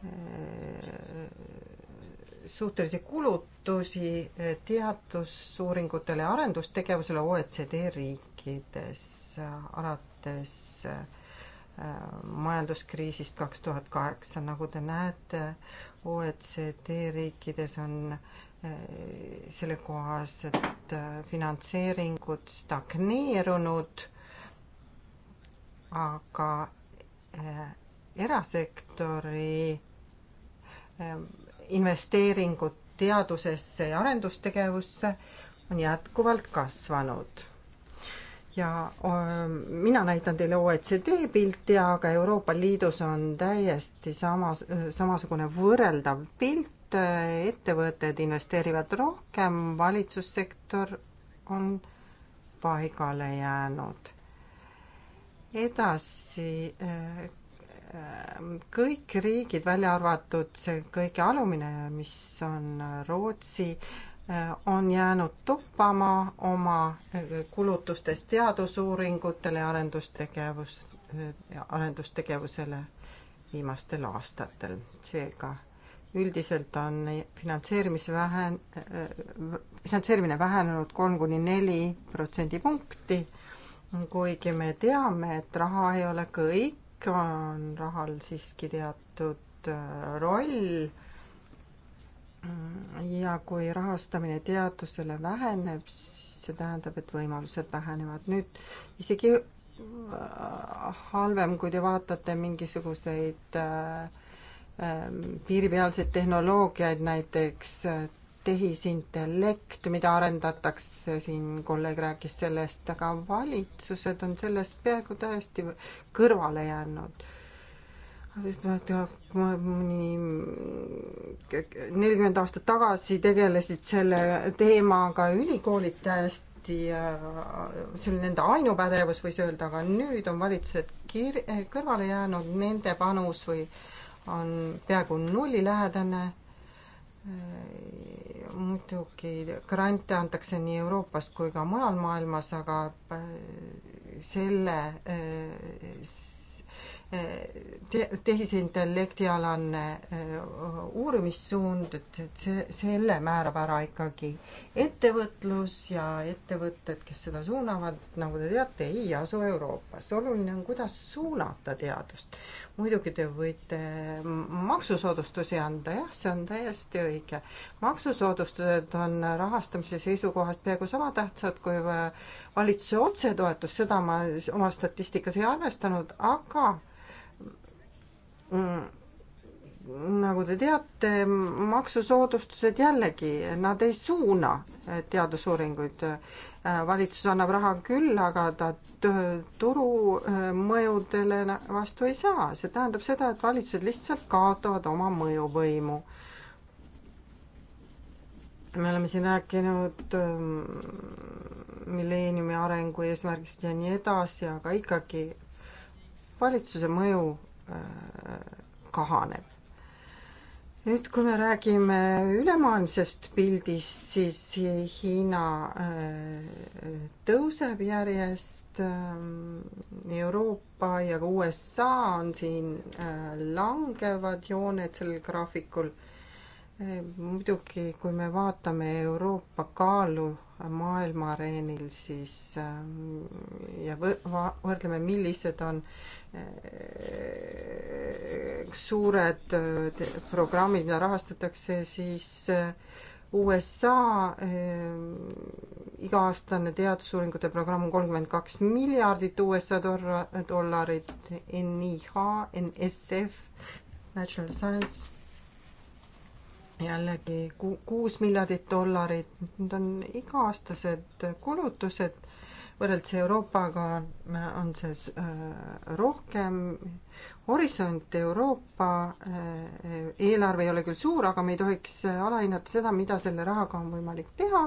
eh, suhtelisi kulutusi eh, teadusuuringutele ja arendustegevusele OECD riikides alates eh, majanduskriisist kaks tuhat kaheksa, nagu te näete, OECD riikides on Äh, sellekohased äh, finantseeringud stagneerunud, aga äh, erasektori ähm, investeeringud teadusesse ja arendustegevusse on jätkuvalt kasvanud. ja ähm, mina näitan teile OECD pilti, aga Euroopa Liidus on täiesti samas, samasugune võrreldav pilt, Äh, ettevõtted investeerivad rohkem, valitsussektor on paigale jäänud. edasi, äh, kõik riigid, välja arvatud see kõige alumine, mis on Rootsi, äh, on jäänud toppama oma kulutustes teadusuuringutele ja arendustegevus, arendustegevusele viimastel aastatel. seega üldiselt on finantseerimise vähen-, äh, finantseerimine vähenenud kolm kuni neli protsendipunkti, kuigi me teame, et raha ei ole kõik, on rahal siiski teatud äh, roll ja kui rahastamine teadusele väheneb, siis see tähendab, et võimalused vähenevad. nüüd isegi äh, halvem, kui te vaatate mingisuguseid äh, Ähm, piiripealseid tehnoloogiaid, näiteks äh, tehisintellekt, mida arendatakse, siin kolleeg rääkis sellest, aga valitsused on sellest peaaegu täiesti kõrvale jäänud. mõni nelikümmend aastat tagasi tegelesid selle teemaga ülikoolid täiesti, see oli nende ainupädevus, võis öelda, aga nüüd on valitsused kir-, kõrvale jäänud, nende panus või äh, on peaaegu nullilähedane. Äh, muidugi grante antakse nii Euroopas kui ka mujal maailmas, aga äh, selle äh, te-, tehisintellekti alane uurimissuund, et, et see, selle määrab ära ikkagi ettevõtlus ja ettevõtted, kes seda suunavad, nagu te teate, ei asu Euroopas. oluline on, kuidas suunata teadust muidugi te võite maksusoodustusi anda, jah, see on täiesti õige. maksusoodustused on rahastamise seisukohast peaaegu sama tähtsad kui valitsuse otsetoetus, seda ma oma statistikas ei arvestanud, aga mm, nagu te teate, maksusoodustused jällegi, nad ei suuna teadusuuringuid. valitsus annab raha küll, aga ta turu äh, mõjudele vastu ei saa. see tähendab seda, et valitsused lihtsalt kaotavad oma mõjuvõimu. me oleme siin rääkinud ähm, milleeniumi arengu eesmärgist ja nii edasi, aga ikkagi valitsuse mõju äh, kahaneb nüüd, kui me räägime ülemaailmsest pildist, siis Hiina äh, tõuseb järjest, ähm, Euroopa ja ka USA on siin äh, langevad jooned sellel graafikul. Äh, muidugi, kui me vaatame Euroopa kaalu maailma areenil, siis ähm, ja võ-, va-, võrdleme, millised on suured äh, programmid, mida rahastatakse, siis äh, USA äh, iga-aastane teadusuuringute programm on kolmkümmend kaks miljardit USA dollarit, NIH, NSF, Natural Science jällegi ku-, kuus miljardit dollarit, need on iga-aastased kulutused võrreldes Euroopaga on see äh, rohkem. Horisont Euroopa äh, eelarve ei ole küll suur, aga me ei tohiks äh, alahinnata seda, mida selle rahaga on võimalik teha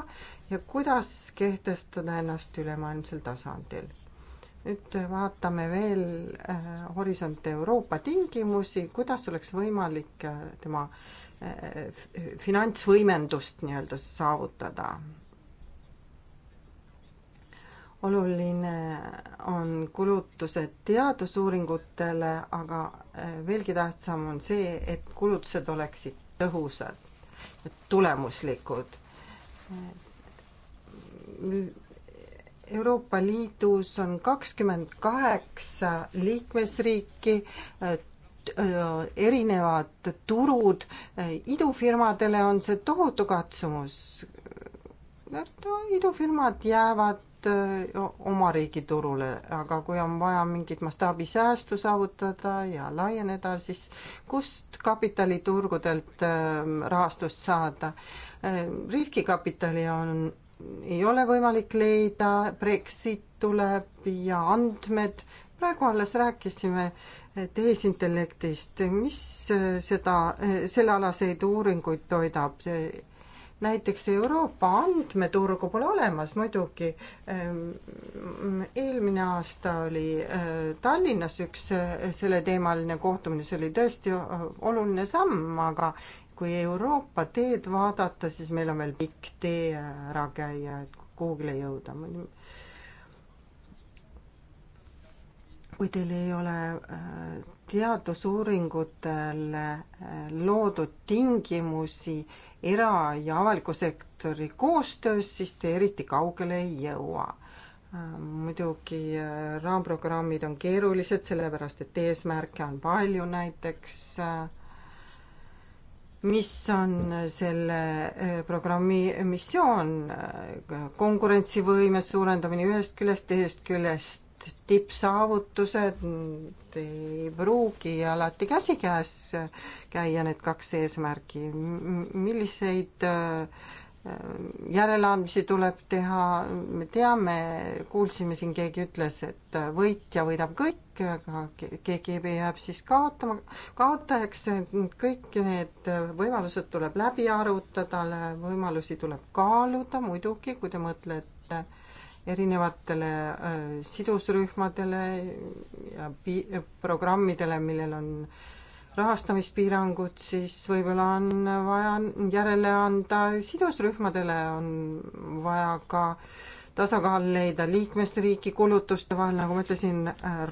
ja kuidas kehtestada ennast ülemaailmsel tasandil nüüd vaatame veel äh, Horisont Euroopa tingimusi, kuidas oleks võimalik äh, tema äh, finantsvõimendust nii-öelda saavutada oluline on kulutused teadusuuringutele, aga eh, veelgi tähtsam on see, et kulutused oleksid tõhusad, tulemuslikud. Euroopa Liidus on kakskümmend kaheksa liikmesriiki, eh, eh, erinevad turud, idufirmadele on see tohutu katsumus. idufirmad jäävad oma riigi turule, aga kui on vaja mingit mastaabisäästu saavutada ja laieneda, siis kust kapitaliturgudelt rahastust saada? riskikapitali on, ei ole võimalik leida, Brexit tuleb ja andmed, praegu alles rääkisime tehisintellektist, mis seda, sellealaseid uuringuid toidab, näiteks Euroopa andmeturgu pole olemas muidugi. Ehm, eelmine aasta oli ehm, Tallinnas üks ehm, selleteemaline kohtumine, see oli tõesti oluline samm, aga kui Euroopa teed vaadata, siis meil on veel pikk tee ära käia, et kuhugile jõuda. kui teil ei ole teadusuuringutele eh, loodud tingimusi era- ja avaliku sektori koostöös, siis te eriti kaugele ei jõua. Eh, muidugi eh, raamprogrammid on keerulised, sellepärast et eesmärke on palju, näiteks mis on selle programmi missioon, konkurentsivõime suurendamine ühest küljest, teisest küljest tippsaavutused ei pruugi alati käsikäes käia, need kaks eesmärgi. milliseid äh, järeleandmisi tuleb teha, me teame, kuulsime siin, keegi ütles, et võitja võidab kõik, aga keegi jääb siis kaotama, kaotajaks, kõik need võimalused tuleb läbi arutada, võimalusi tuleb kaaluda muidugi, kui te mõtlete äh, erinevatele äh, sidusrühmadele ja pi-, programmidele, millel on rahastamispiirangud, siis võib-olla on vaja järele anda sidusrühmadele, on vaja ka äh, tasakaal leida liikmesriiki kulutuste vahel, nagu ma ütlesin,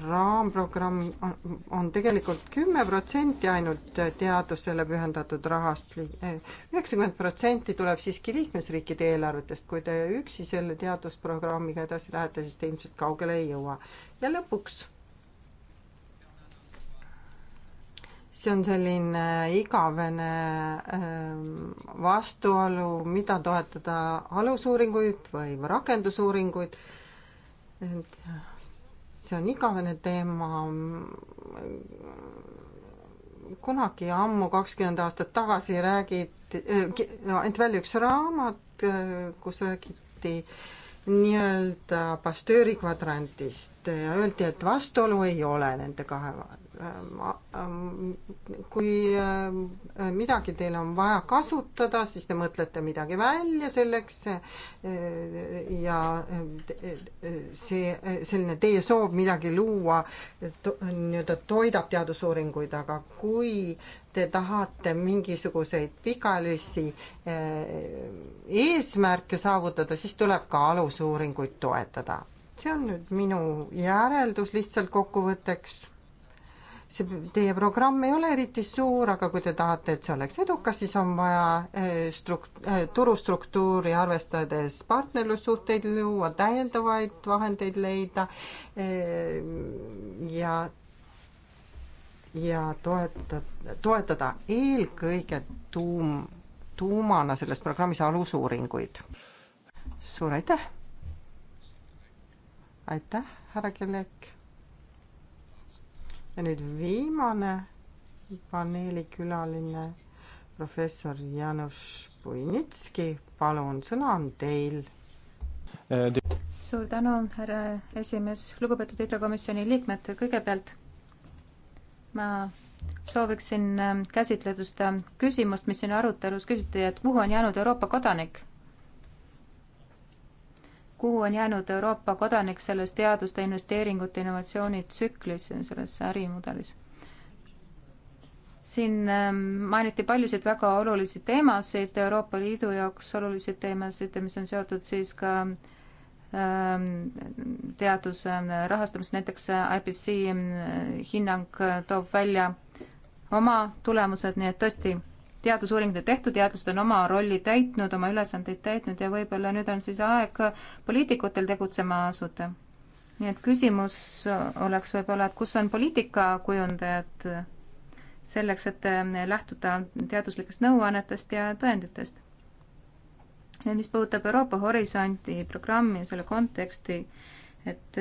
raamprogramm on, on tegelikult kümme protsenti ainult teadusele pühendatud rahast, üheksakümmend protsenti tuleb siiski liikmesriikide eelarvetest, kui te üksi selle teadusprogrammiga edasi lähete, siis te ilmselt kaugele ei jõua. ja lõpuks see on selline igavene ähm, vastuolu, mida toetada alusuuringuid või rakendusuuringuid. et see on igavene teema. kunagi ammu, kakskümmend aastat tagasi räägiti, äh, anti välja üks raamat, äh, kus räägiti nii-öelda pastööri kvadrandist ja öeldi, et vastuolu ei ole nende kahe vahel Ehm, ehm, kui ehm, midagi teil on vaja kasutada, siis te mõtlete midagi välja selleks ja see, selline teie soov midagi luua nii-öelda toidab teadusuuringuid, aga kui te tahate mingisuguseid pikaajalisi eesmärke saavutada, siis tuleb ka alusuuringuid toetada see on nüüd minu järeldus lihtsalt kokkuvõtteks see, teie programm ei ole eriti suur, aga kui te tahate, et see oleks edukas, siis on vaja eh, struk-, eh, turustruktuuri arvestades partnerlussuhteid luua, täiendavaid vahendeid leida eh, ja ja toetada, toetada eelkõige tuum, tuumana selles programmis alusuuringuid. suur aitäh! aitäh, härra Kellek! ja nüüd viimane paneelikülaline, professor Janusz Puinitski, palun, sõna on teil. suur tänu, härra esimees, lugupeetud hüdrokomisjoni liikmed, kõigepealt ma sooviksin ähm, käsitleda seda küsimust, mis siin arutelus küsiti, et kuhu on jäänud Euroopa kodanik kuhu on jäänud Euroopa kodanik selles teaduste investeeringute innovatsioonitsüklis, selles ärimudelis. siin ähm, mainiti paljusid väga olulisi teemasid, Euroopa Liidu jaoks olulisi teemasid, mis on seotud siis ka ähm, teaduse ähm, rahastamist, näiteks äh, IPC hinnang äh, toob välja oma tulemused, nii et tõesti teadusuuringuid on tehtud, teadlased on oma rolli täitnud, oma ülesandeid täitnud ja võib-olla nüüd on siis aeg poliitikutel tegutsema asuda. nii et küsimus oleks võib-olla, et kus on poliitikakujundajad selleks, et lähtuda teaduslikest nõuannetest ja tõenditest. nüüd, mis puudutab Euroopa Horisondi programmi ja selle konteksti, et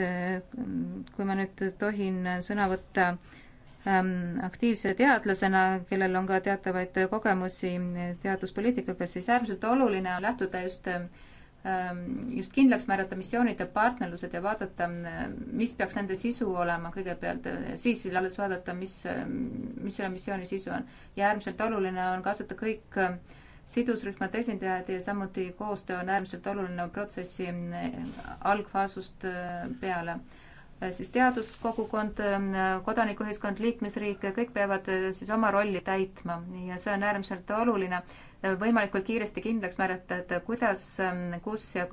kui ma nüüd tohin sõna võtta Ähm, aktiivse teadlasena, kellel on ka teatavaid kogemusi teaduspoliitikaga, siis äärmiselt oluline on lähtuda just, ähm, just kindlaks määrata missioonid ja partnerlused ja vaadata, mis peaks nende sisu olema kõigepealt, siis alles vaadata, mis, mis selle missiooni sisu on. ja äärmiselt oluline on kaasata kõik äh, sidusrühmade esindajad ja samuti koostöö on äärmiselt oluline protsessi äh, algfaasist äh, peale Äh, siis teaduskogukond, äh, kodanikuühiskond, liikmesriik, kõik peavad äh, siis oma rolli täitma ja see on äärmiselt oluline võimalikult kiiresti kindlaks määrata, et kuidas, ähm, kus ja,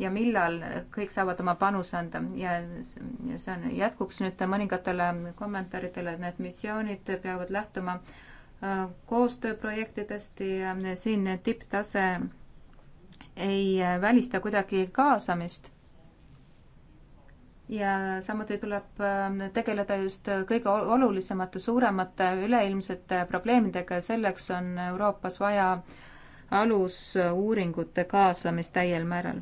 ja millal kõik saavad oma panuse anda ja, ja see on jätkuks nüüd mõningatele kommentaaridele, et need missioonid peavad lähtuma koostööprojektidest ja siin tipptase ei välista kuidagi kaasamist ja samuti tuleb ähm, tegeleda just kõige olulisemate, suuremate üleilmsete probleemidega ja selleks on Euroopas vaja alusuuringute kaaslamist täiel määral.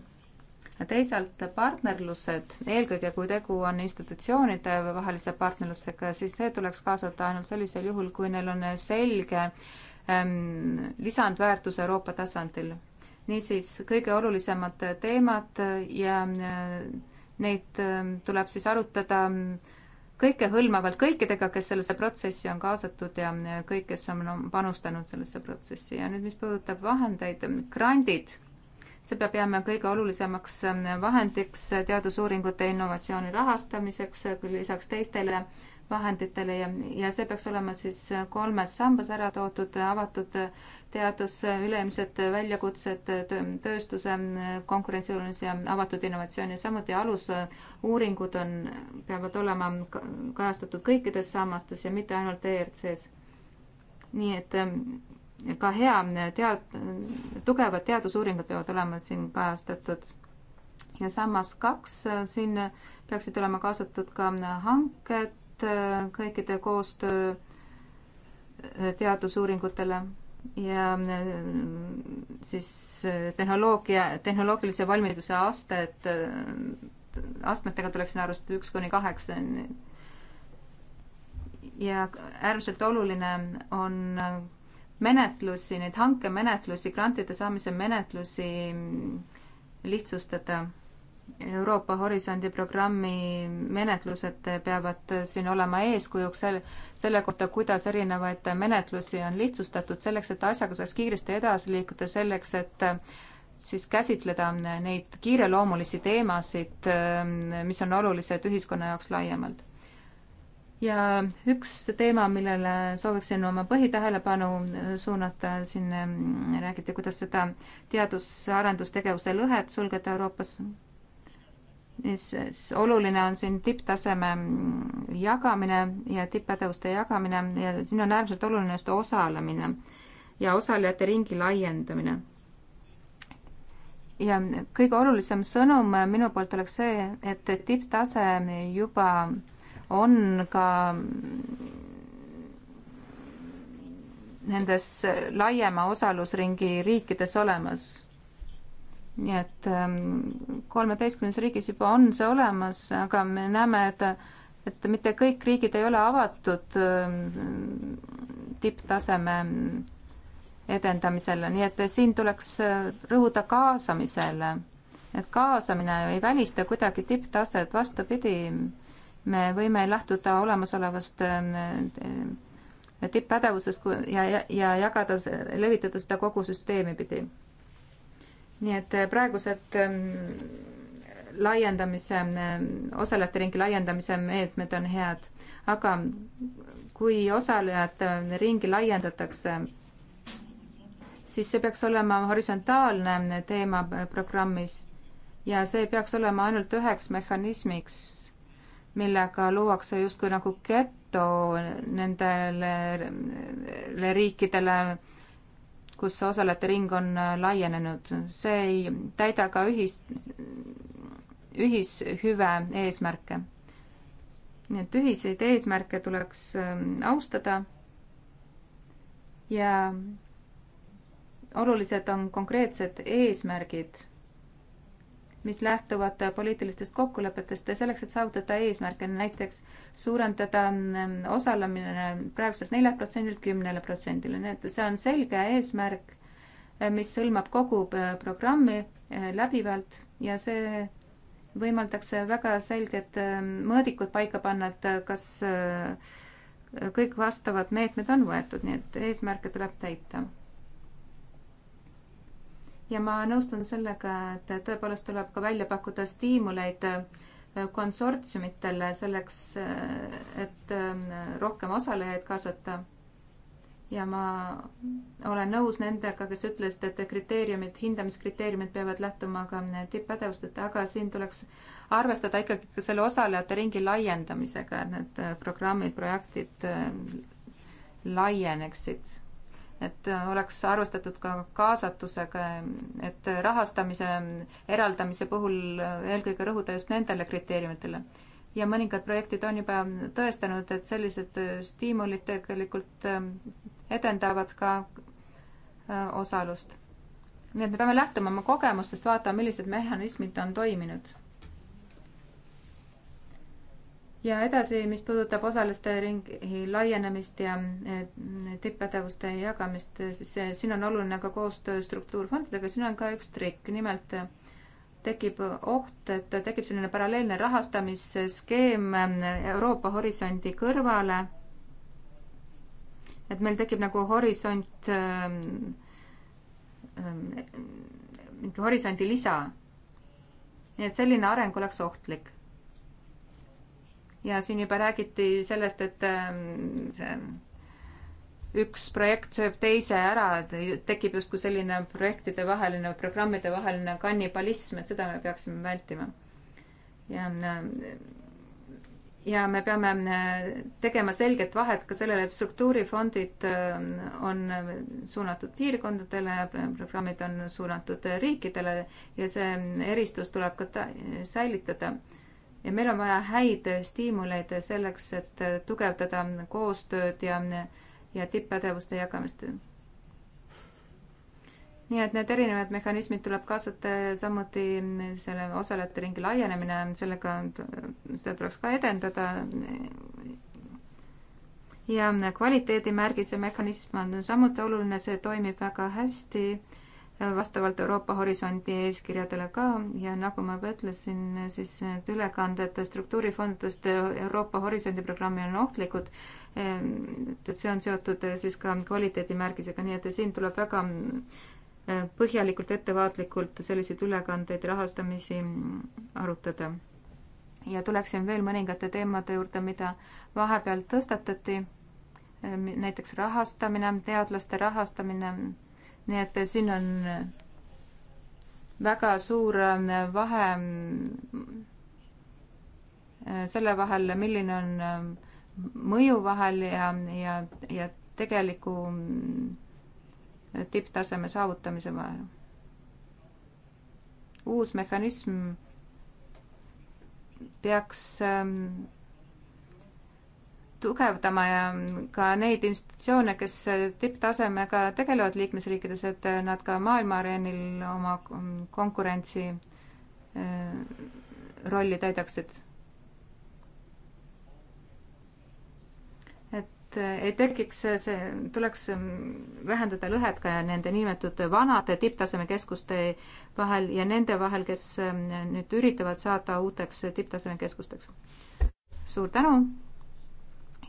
teisalt partnerlused, eelkõige kui tegu on institutsioonide vahelise partnerlusega, siis see tuleks kaasata ainult sellisel juhul, kui neil on selge ähm, lisandväärtus Euroopa tasandil niisiis kõige olulisemad teemad ja äh, Neid ähm, tuleb siis arutada ähm, kõikehõlmavalt kõikidega, kes sellesse protsessi on kaasatud ja kõik, kes on panustanud sellesse protsessi ja nüüd, mis puudutab vahendeid, ähm, grandid, see peab jääma kõige olulisemaks vahendiks äh, teadusuuringute innovatsiooni rahastamiseks, äh, küll lisaks teistele vahenditele ja, ja see peaks olema siis kolmes sambas ära toodud, avatud teadus, üleilmsed väljakutsed, tööstuse konkurentsiolulisus ja avatud innovatsioon ja samuti alusuuringud on, peavad olema kajastatud kõikides sammastes ja mitte ainult ERC-s. nii et ähm, ka hea tead-, tugevad teadusuuringud peavad olema siin kajastatud. ja sammas kaks, äh, siin peaksid olema kaasatud ka hanked, tuginevad äh, kõikide koostöö äh, teadusuuringutele ja äh, siis tehnoloogia, tehnoloogilise valmiduse aste, et astmetega tuleks siin arvestada üks kuni kaheksani. ja äärmiselt oluline on menetlusi, neid hankemenetlusi, grantide saamise menetlusi mm, lihtsustada Euroopa Horisondi programmi menetlused peavad siin olema eeskujuks selle, selle kohta, kuidas erinevaid menetlusi on lihtsustatud selleks, et asjaga saaks kiiresti edasi liikuda, selleks et siis käsitleda neid kiireloomulisi teemasid, mis on olulised ühiskonna jaoks laiemalt. ja üks teema, millele sooviksin oma põhitähelepanu suunata, siin räägiti, kuidas seda teadus-arendustegevuse lõhet sulgeda Euroopas siis oluline on siin tipptaseme jagamine ja tipppädevuste jagamine ja siin on äärmiselt oluline just osalemine ja osalejate ringi laiendamine. ja kõige olulisem sõnum minu poolt oleks see, et tipptase juba on ka nendes laiema osalusringi riikides olemas nii et ähm, kolmeteistkümnes riigis juba on see olemas, aga me näeme, et et mitte kõik riigid ei ole avatud ähm, tipptaseme edendamisele, nii et siin tuleks äh, rõhuda kaasamisele. et kaasamine ei välista kuidagi tipptaset, vastupidi, me võime lähtuda olemasolevast ähm, äh, tipppädevusest ja, ja, ja jagada, levitada seda kogu süsteemi pidi nii et äh, praegused ähm, laiendamise, ähm, osalejate ringi laiendamise meetmed on head, aga kui osalejate ähm, ringi laiendatakse, siis see peaks olema horisontaalne äh, teema äh, programmis ja see peaks olema ainult üheks mehhanismiks, millega luuakse justkui nagu geto nendele riikidele, kus osalejate ring on äh, laienenud. see ei täida ka ühis, ühishüve eesmärke. nii et ühiseid eesmärke tuleks ähm, austada ja olulised on konkreetsed eesmärgid mis lähtuvad poliitilistest kokkulepetest selleks, et saavutada eesmärke, näiteks suurendada mm, osalemine praeguselt neljalt protsendilt kümnele protsendile, nii et see on selge eesmärk, mis hõlmab kogu äh, programmi äh, läbivalt ja see võimaldaks väga selged äh, mõõdikud paika panna, et kas kõik vastavad meetmed on võetud, nii et eesmärke tuleb täita ja ma nõustun sellega, et tõepoolest tuleb ka välja pakkuda stiimuleid äh, konsortsiumitele selleks, äh, et ähm, rohkem osalejaid kaasata. ja ma olen nõus nendega, kes ütlesid, et kriteeriumid, hindamiskriteeriumid peavad lähtuma ka äh, tipppädevustelt, aga siin tuleks arvestada ikkagi ka selle osalejate ringi laiendamisega, et need programmid, projektid laieneksid et oleks arvestatud ka kaasatusega, et rahastamise eraldamise puhul eelkõige rõhuda just nendele kriteeriumitele. ja mõningad projektid on juba tõestanud, et sellised stiimulid tegelikult edendavad ka äh, osalust. nii et me peame lähtuma oma kogemustest, vaatama, millised mehhanismid on toiminud ja edasi, mis puudutab osaliste ringi laienemist ja eh, tipppädevuste jagamist, siis eh, siin on oluline ka koostöö struktuurfondidega, siin on ka üks trikk, nimelt eh, tekib oht, et tekib selline paralleelne rahastamisskeem Euroopa Horisondi kõrvale. et meil tekib nagu horisont ähm,, mingi horisondi lisa. nii et selline areng oleks ohtlik ja siin juba räägiti sellest, et ähm, see üks projekt sööb teise ära, et tekib justkui selline projektidevaheline, programmidevaheline kannibalism, et seda me peaksime vältima. ja ja me peame äh, tegema selget vahet ka sellele, et struktuurifondid äh, on suunatud piirkondadele, programmid on suunatud riikidele ja see eristus tuleb ka säilitada ja meil on vaja häid stiimuleid selleks, et tugevdada koostööd ja, ja tipppädevuste jagamist. nii et need erinevad mehhanismid tuleb kaasata ja samuti selle osalejate ringi laienemine, sellega, seda tuleks ka edendada. ja kvaliteedimärgise mehhanism on samuti oluline, see toimib väga hästi vastavalt Euroopa Horisondi eeskirjadele ka ja nagu ma juba ütlesin, siis need ülekanded struktuurifondidest Euroopa Horisondi programmi on ohtlikud. et see on seotud siis ka kvaliteedimärgisega, nii et siin tuleb väga eh, põhjalikult, ettevaatlikult selliseid ülekandeid, rahastamisi arutada. ja tuleksin veel mõningate teemade juurde, mida vahepeal tõstatati, eh, näiteks rahastamine, teadlaste rahastamine nii et siin on väga suur äh, vahe äh, selle vahel, milline on äh, mõju vahel ja, ja, ja tegeliku tipptaseme saavutamise vahel. uus mehhanism peaks ähm, tugevdama ja ka neid institutsioone, kes tipptasemega tegelevad liikmesriikides, et nad ka maailma areenil oma konkurentsi äh, rolli täidaksid. et ei tekiks see, tuleks vähendada lõhet ka nende niinimetatud vanade tipptasemekeskuste vahel ja nende vahel, kes äh, nüüd üritavad saada uuteks tipptasemekeskusteks. suur tänu!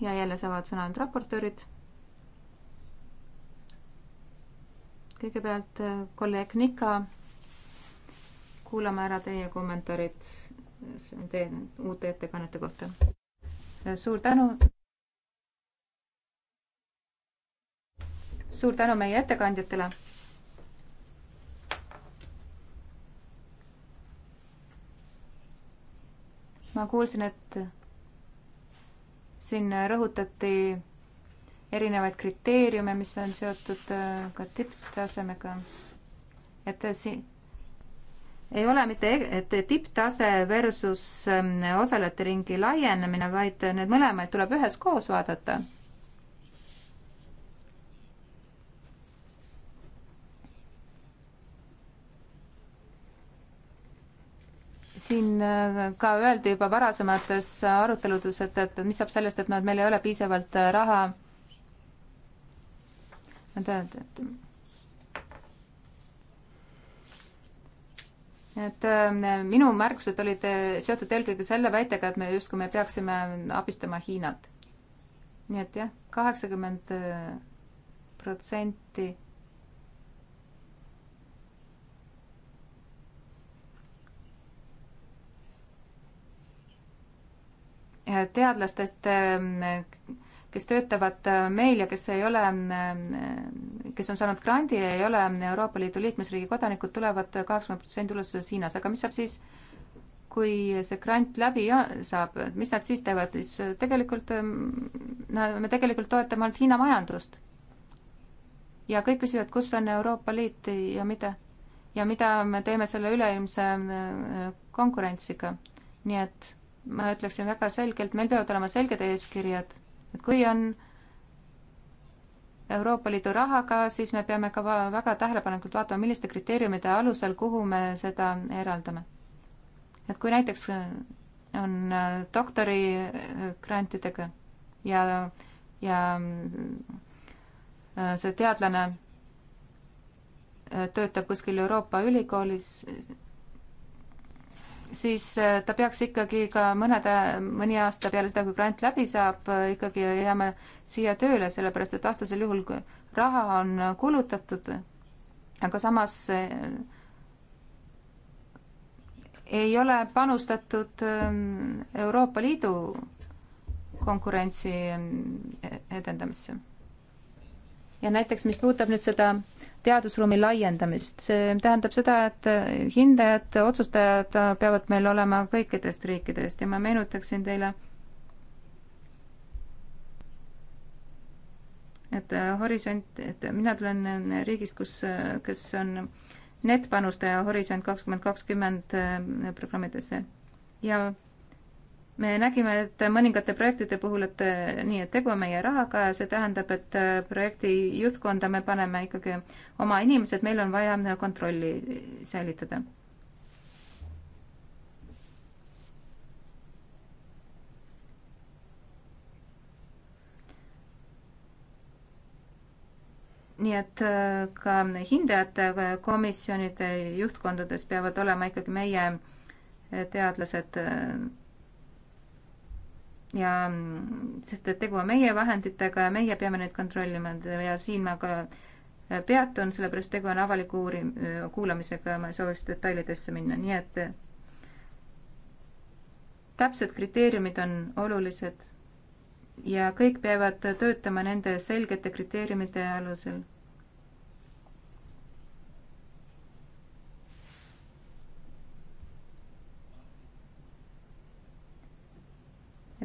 ja jälle saavad sõna ainult raportöörid. kõigepealt äh, kolleeg Nika, kuulame ära teie kommentaarid teie uute ettekannete kohta. Äh, suur tänu. suur tänu meie ettekandjatele ma kuulsin, et siin rõhutati erinevaid kriteeriume, mis on seotud äh, ka tipptasemega. et siin ei ole mitte, e-, et tipptase versus ähm, osalejate ringi laienemine, vaid need mõlemaid tuleb üheskoos vaadata siin äh, ka öeldi juba varasemates aruteludes, et, et mis saab sellest, et noh, et meil ei ole piisavalt äh, raha. ma tean, et, et et äh, minu märkused olid seotud eelkõige selle väitega, et me justkui me peaksime abistama Hiinat. nii et jah, kaheksakümmend protsenti teadlastest, ähm, kes töötavad äh, meil ja kes ei ole, ähm, äh, kes on saanud grandi ja ei ole ähm, Euroopa Liidu liikmesriigi kodanikud tulevad, tulevad kaheksakümmend protsenti ulatuses Hiinas, aga mis saab siis, kui see grant läbi saab, mis nad siis teevad, siis äh, tegelikult no me tegelikult toetame ainult Hiina majandust. ja kõik küsivad, kus on Euroopa Liit ja mida, ja mida me teeme selle üleilmse konkurentsiga. nii et ma ütleksin väga selgelt, meil peavad olema selged eeskirjad, et kui on Euroopa Liidu rahaga, siis me peame ka väga tähelepanelikult vaatama, milliste kriteeriumide alusel, kuhu me seda eraldame. et kui näiteks äh, on äh, doktorigrantidega äh, ja, ja see teadlane töötab kuskil Euroopa ülikoolis, siis äh, ta peaks ikkagi ka mõnede, mõni aasta peale seda, kui grant läbi saab, äh, ikkagi jääma siia tööle, sellepärast et vastasel juhul raha on kulutatud, aga samas äh, ei ole panustatud ähm, Euroopa Liidu konkurentsi ähm, edendamisse. ja näiteks, mis puudutab nüüd seda teadusruumi laiendamist. see tähendab seda, et hindajad, otsustajad peavad meil olema kõikidest riikidest ja ma meenutaksin teile, et horisont, et mina tulen riigist, kus, kes on netpanustaja Horisont kakskümmend kakskümmend programmidesse ja me nägime, et mõningate projektide puhul, et eh, nii, et tegu on meie rahaga ja see tähendab, et eh, projekti juhtkonda me paneme ikkagi oma inimesed, meil on vaja kontrolli säilitada. nii et eh, ka hindajate komisjonide juhtkondades peavad olema ikkagi meie teadlased ja mm, sest, et tegu on meie vahenditega ja meie peame neid kontrollima ja siin ma ka äh, peatun, sellepärast tegu on avaliku uurim-, äh, kuulamisega ja ma ei sooviks detailidesse minna, nii et äh, täpsed kriteeriumid on olulised ja kõik peavad töötama nende selgete kriteeriumide alusel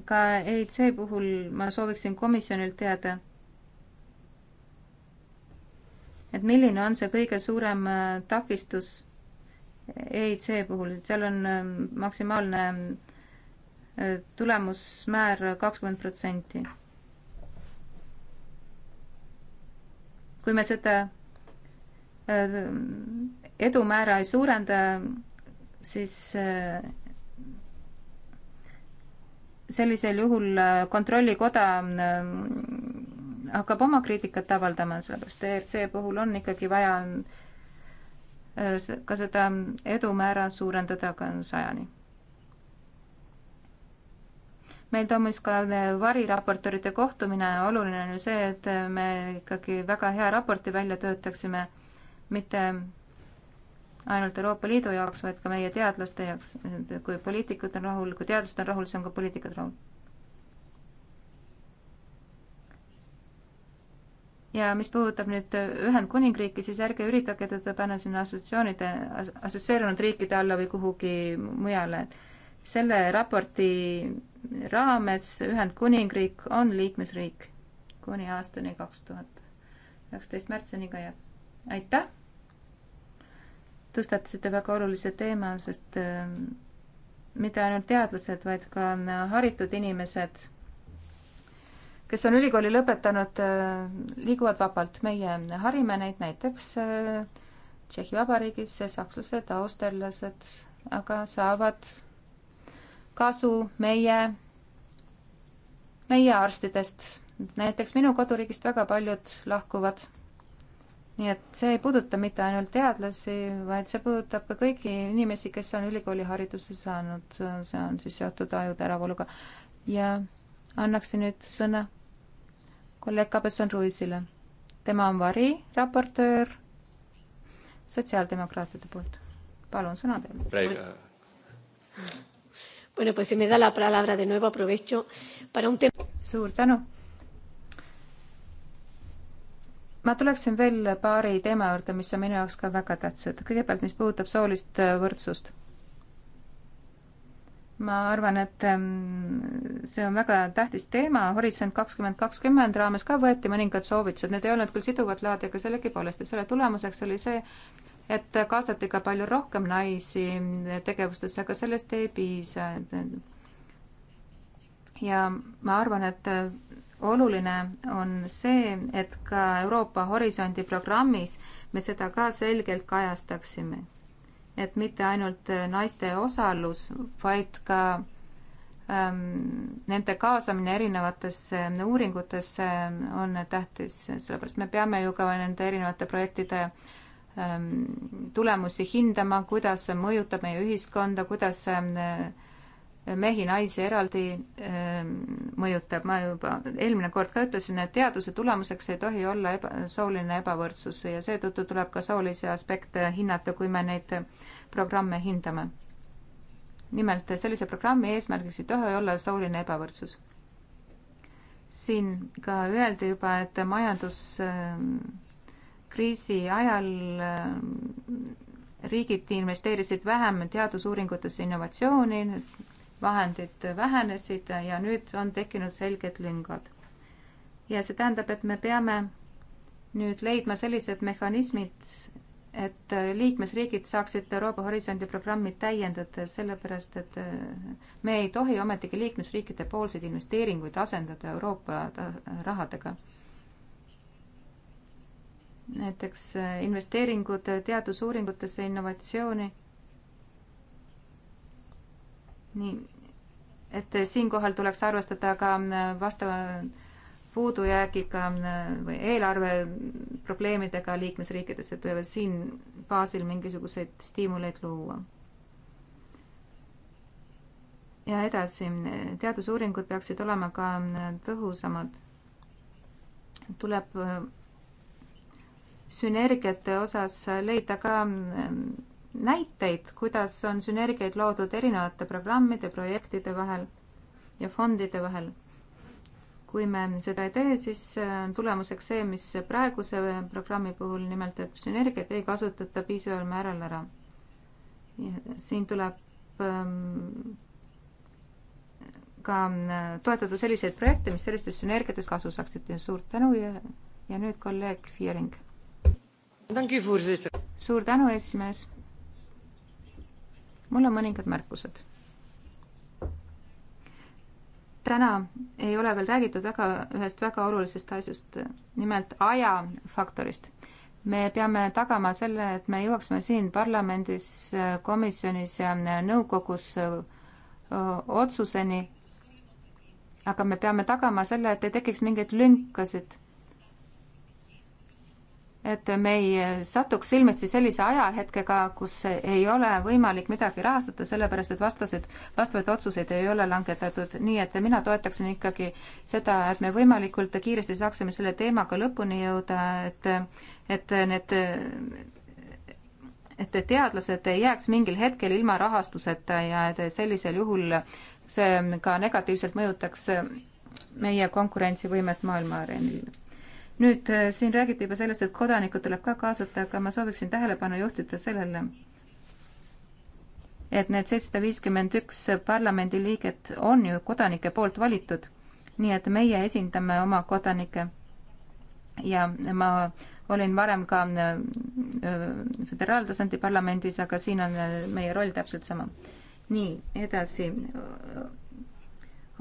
ka EIC puhul ma sooviksin komisjonilt teada, et milline on see kõige suurem äh, takistus EIC puhul, et seal on ähm, maksimaalne äh, tulemusmäär kakskümmend protsenti. kui me seda äh, edumäära ei suurenda, siis sellisel juhul äh, Kontrollikoda mm, äh, hakkab oma kriitikat avaldama, sellepärast ERC puhul on ikkagi vaja äh, ka seda edumäära suurendada ka sajani. meil toimus ka variraportorite kohtumine, oluline on ju see, et me ikkagi väga hea raporti välja töötaksime, mitte ainult Euroopa Liidu jaoks, vaid ka meie teadlaste jaoks. kui poliitikud on rahul, kui teadlased on rahul, siis on ka poliitikud rahul. ja mis puudutab nüüd Ühendkuningriiki, siis ärge üritage teda panna sinna assotsiatsioonide, assotsieerunud riikide alla või kuhugi mujale. selle raporti raames Ühendkuningriik on liikmesriik kuni aastani kaks tuhat üheksateist märtsini ka jah. aitäh! tõstatasite väga olulise teema, sest ehm, mitte ainult teadlased, vaid ka ehm, haritud inimesed, kes on ülikooli lõpetanud, ehm, liiguvad vabalt. meie harime neid näiteks Tšehhi Vabariigis, sakslased, austerlased, aga saavad kasu meie, meie arstidest. näiteks minu koduriigist väga paljud lahkuvad nii et see ei puuduta mitte ainult teadlasi, vaid see puudutab ka kõiki inimesi, kes on ülikoolihariduse saanud, see on siis seotud ajude äravooluga. ja annaksin nüüd sõna kolleeg Kabesson-Ruisile. tema on variraportöör sotsiaaldemokraatide poolt. palun, sõna teile. Bueno, pues si me da la palabra de nuevo aprovecho para un tema. Suur tänu ma tuleksin veel paari teema juurde, mis on minu jaoks ka väga tähtsad. kõigepealt, mis puudutab soolist äh, võrdsust. ma arvan, et ähm, see on väga tähtis teema, Horisont kakskümmend kakskümmend raames ka võeti mõningad soovitused, need ei olnud küll siduvat laadi, aga sellegipoolest ja selle tulemuseks oli see, et kaasati ka palju rohkem naisi äh, tegevustesse, aga sellest ei piisa. ja ma arvan, et äh, oluline on see, et ka Euroopa Horisondi programmis me seda ka selgelt kajastaksime. et mitte ainult naiste osalus, vaid ka ähm, nende kaasamine erinevatesse uuringutesse on tähtis, sellepärast me peame ju ka nende erinevate projektide ähm, tulemusi hindama, kuidas see mõjutab meie ühiskonda, kuidas see ähm, mehi, naisi eraldi ehm, mõjutab, ma juba eelmine kord ka ütlesin, et teaduse tulemuseks ei tohi olla eba, sooline ebavõrdsus ja seetõttu tuleb ka soolisi aspekte hinnata, kui me neid programme hindame. nimelt sellise programmi eesmärgiks ei tohi olla sooline ebavõrdsus. siin ka öeldi juba, et majanduskriisi ehm, ajal ehm, riigid investeerisid vähem teadusuuringutesse innovatsiooni, vahendid vähenesid ja nüüd on tekkinud selged lüngad. ja see tähendab, et me peame nüüd leidma sellised mehhanismid, et liikmesriigid saaksid Euroopa Horisondi programmi täiendada, sellepärast et me ei tohi ometigi liikmesriikide poolseid investeeringuid asendada Euroopa rahadega. näiteks investeeringud teadusuuringutesse, innovatsiooni nii, et siinkohal tuleks arvestada ka äh, vastava puudujäägiga äh, või eelarve probleemidega liikmesriikides, et äh, siin baasil mingisuguseid stiimuleid luua. ja edasi, teadusuuringud peaksid olema ka tõhusamad. tuleb sünergiate osas leida ka näiteid, kuidas on sünergiaid loodud erinevate programmide, projektide vahel ja fondide vahel. kui me seda ei tee, siis äh, on tulemuseks see, mis praeguse äh, programmi puhul nimelt, et sünergiat ei kasutata piisaval määral ära. siin tuleb ähm, ka äh, toetada selliseid projekte, mis sellistest sünergiatest kasu saaksid. suur tänu ja, ja nüüd kolleeg Fiering. suur tänu, esimees mul on mõningad märkused. täna ei ole veel räägitud väga, ühest väga olulisest asjast, nimelt ajafaktorist. me peame tagama selle, et me jõuaksime siin parlamendis, komisjonis ja nõukogus otsuseni, aga me peame tagama selle, et ei tekiks mingeid lünkasid et me ei satuks silmitsi sellise ajahetkega, kus ei ole võimalik midagi rahastada, sellepärast et vastased, vastavaid otsuseid ei ole langetatud, nii et mina toetaksin ikkagi seda, et me võimalikult kiiresti saaksime selle teemaga lõpuni jõuda, et, et need, et teadlased ei jääks mingil hetkel ilma rahastuseta ja et sellisel juhul see ka negatiivselt mõjutaks meie konkurentsivõimet maailma areenil nüüd äh, siin räägiti juba sellest, et kodanikud tuleb ka kaasata, aga ma sooviksin tähelepanu juhtida sellele, et need seitsesada viiskümmend üks parlamendiliiget on ju kodanike poolt valitud, nii et meie esindame oma kodanikke. ja ma olin varem ka äh, äh, föderaaltasandi parlamendis, aga siin on meie roll täpselt sama. nii, edasi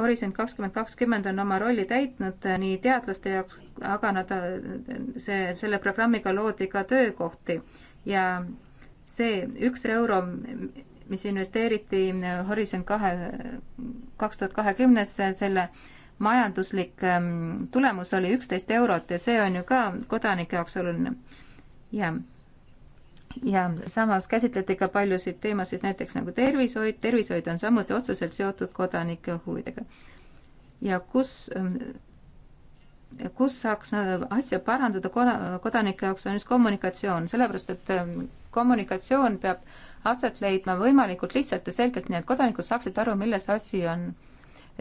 Horisont kakskümmend kakskümmend on oma rolli täitnud eh, nii teadlaste jaoks, aga nad, eh, see, selle programmiga loodi ka töökohti ja see üks euro, mis investeeriti eh, Horisont kahe, kaks tuhat kahekümnesse, selle majanduslik ehm, tulemus oli üksteist eurot ja see on ju ka kodanike jaoks oluline. jah ja samas käsitleti ka paljusid teemasid, näiteks nagu tervishoid, tervishoid on samuti otseselt seotud kodanike huvidega. ja kus, ähm, kus saaks asja parandada kodanike jaoks, on just kommunikatsioon, sellepärast et ähm, kommunikatsioon peab aset leidma võimalikult lihtsalt ja selgelt, nii et kodanikud saaksid aru, milles asi on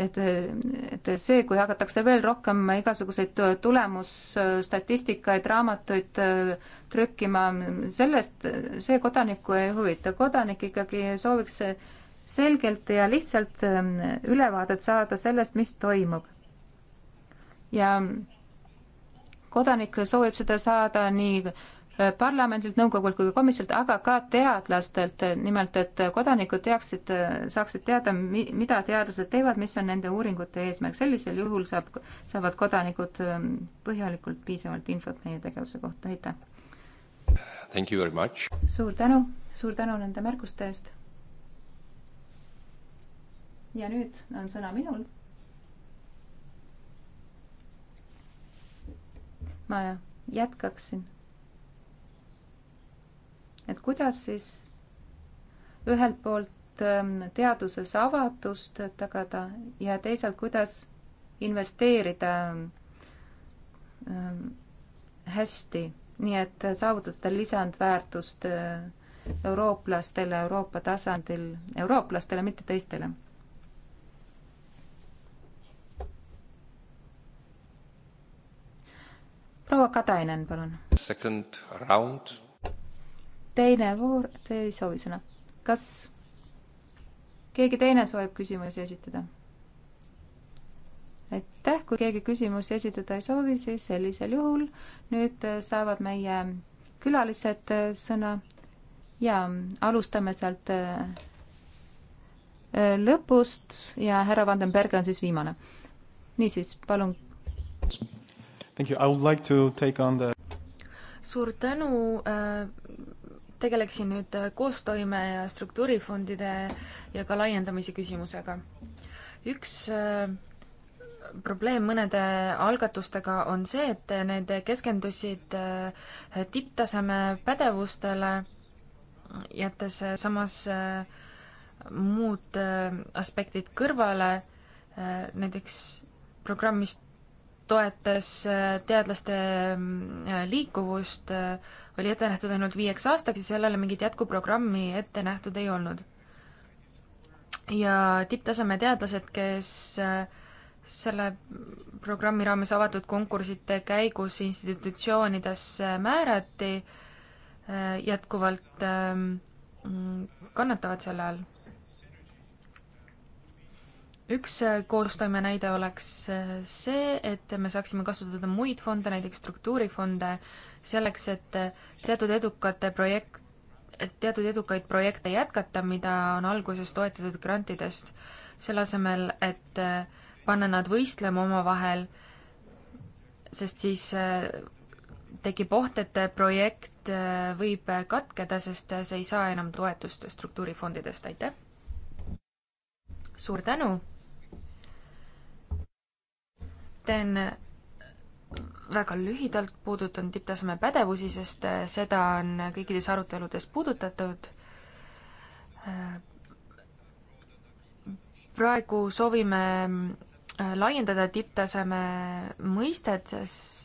et, et see, kui hakatakse veel rohkem igasuguseid tulemusstatistikaid, raamatuid äh, trükkima, sellest, see kodanikku ei huvita. kodanik ikkagi sooviks selgelt ja lihtsalt ähm, ülevaadet saada sellest, mis toimub. ja kodanik soovib seda saada nii Äh, parlamendilt, nõukogult kui ka komisjonilt, aga ka teadlastelt, nimelt et kodanikud teaksid, äh, saaksid teada, mida teadlased teevad, mis on nende uuringute eesmärk, sellisel juhul saab, saavad kodanikud ähm, põhjalikult piisavalt infot meie tegevuse kohta, aitäh! suur tänu, suur tänu nende märkuste eest! ja nüüd on sõna minul. ma jätkaksin et kuidas siis ühelt poolt ähm, teaduses avatust tagada ja teisalt, kuidas investeerida ähm, hästi, nii et saavutada seda lisandväärtust äh, eurooplastele Euroopa tasandil, eurooplastele, mitte teistele proua Katainen, palun. Second round teine voor, te ei soovi sõna. kas keegi teine soovib küsimusi esitada? aitäh, kui keegi küsimusi esitada ei soovi, siis sellisel juhul nüüd äh, saavad meie külalised äh, sõna ja mm, alustame sealt äh, lõpust ja härra Vandenberg on siis viimane. niisiis, palun. Thank you, I would like to take on the suur tänu äh tegeleksin nüüd äh, koostoime ja struktuurifondide ja ka laiendamise küsimusega. üks äh, probleem mõnede algatustega on see, et need keskendusid äh, tipptaseme pädevustele, jättes samas muud aspektid kõrvale, näiteks programmist toetas äh, teadlaste mm, äh, liikuvust, äh, oli ette nähtud ainult viieks aastaks ja sellele mingit jätkuprogrammi ette nähtud ei olnud. ja tipptaseme teadlased, kes selle programmi raames avatud konkursside käigus institutsioonidesse määrati, jätkuvalt ähm, kannatavad selle all üks äh, koostoimenäide oleks äh, see, et me saaksime kasutada muid fonde, näiteks struktuurifonde, selleks, et äh, teatud edukate projekt, teatud edukaid projekte jätkata, mida on alguses toetatud grantidest, selle asemel, et panna nad võistlema omavahel, sest siis tekib oht, et projekt võib katkeda, sest see ei saa enam toetust struktuurifondidest, aitäh! suur tänu! teen väga lühidalt, puudutan tipptaseme pädevusi, sest äh, seda on kõikides aruteludes puudutatud. Äh, praegu soovime äh, laiendada tipptaseme mõistet, sest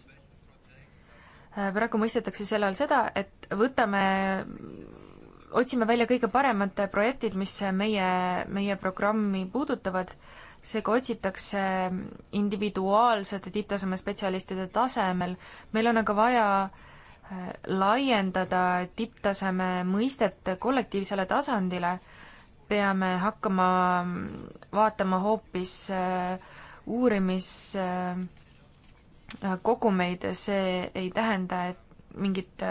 praegu mõistetakse selle all seda, et võtame, otsime välja kõige paremad projektid, mis meie, meie programmi puudutavad seega otsitakse individuaalsete tipptaseme spetsialistide tasemel, meil on aga vaja äh, laiendada tipptaseme mõistet kollektiivsele tasandile, peame hakkama mm, vaatama hoopis äh, uurimiskogumeid, äh, see ei tähenda, et mingit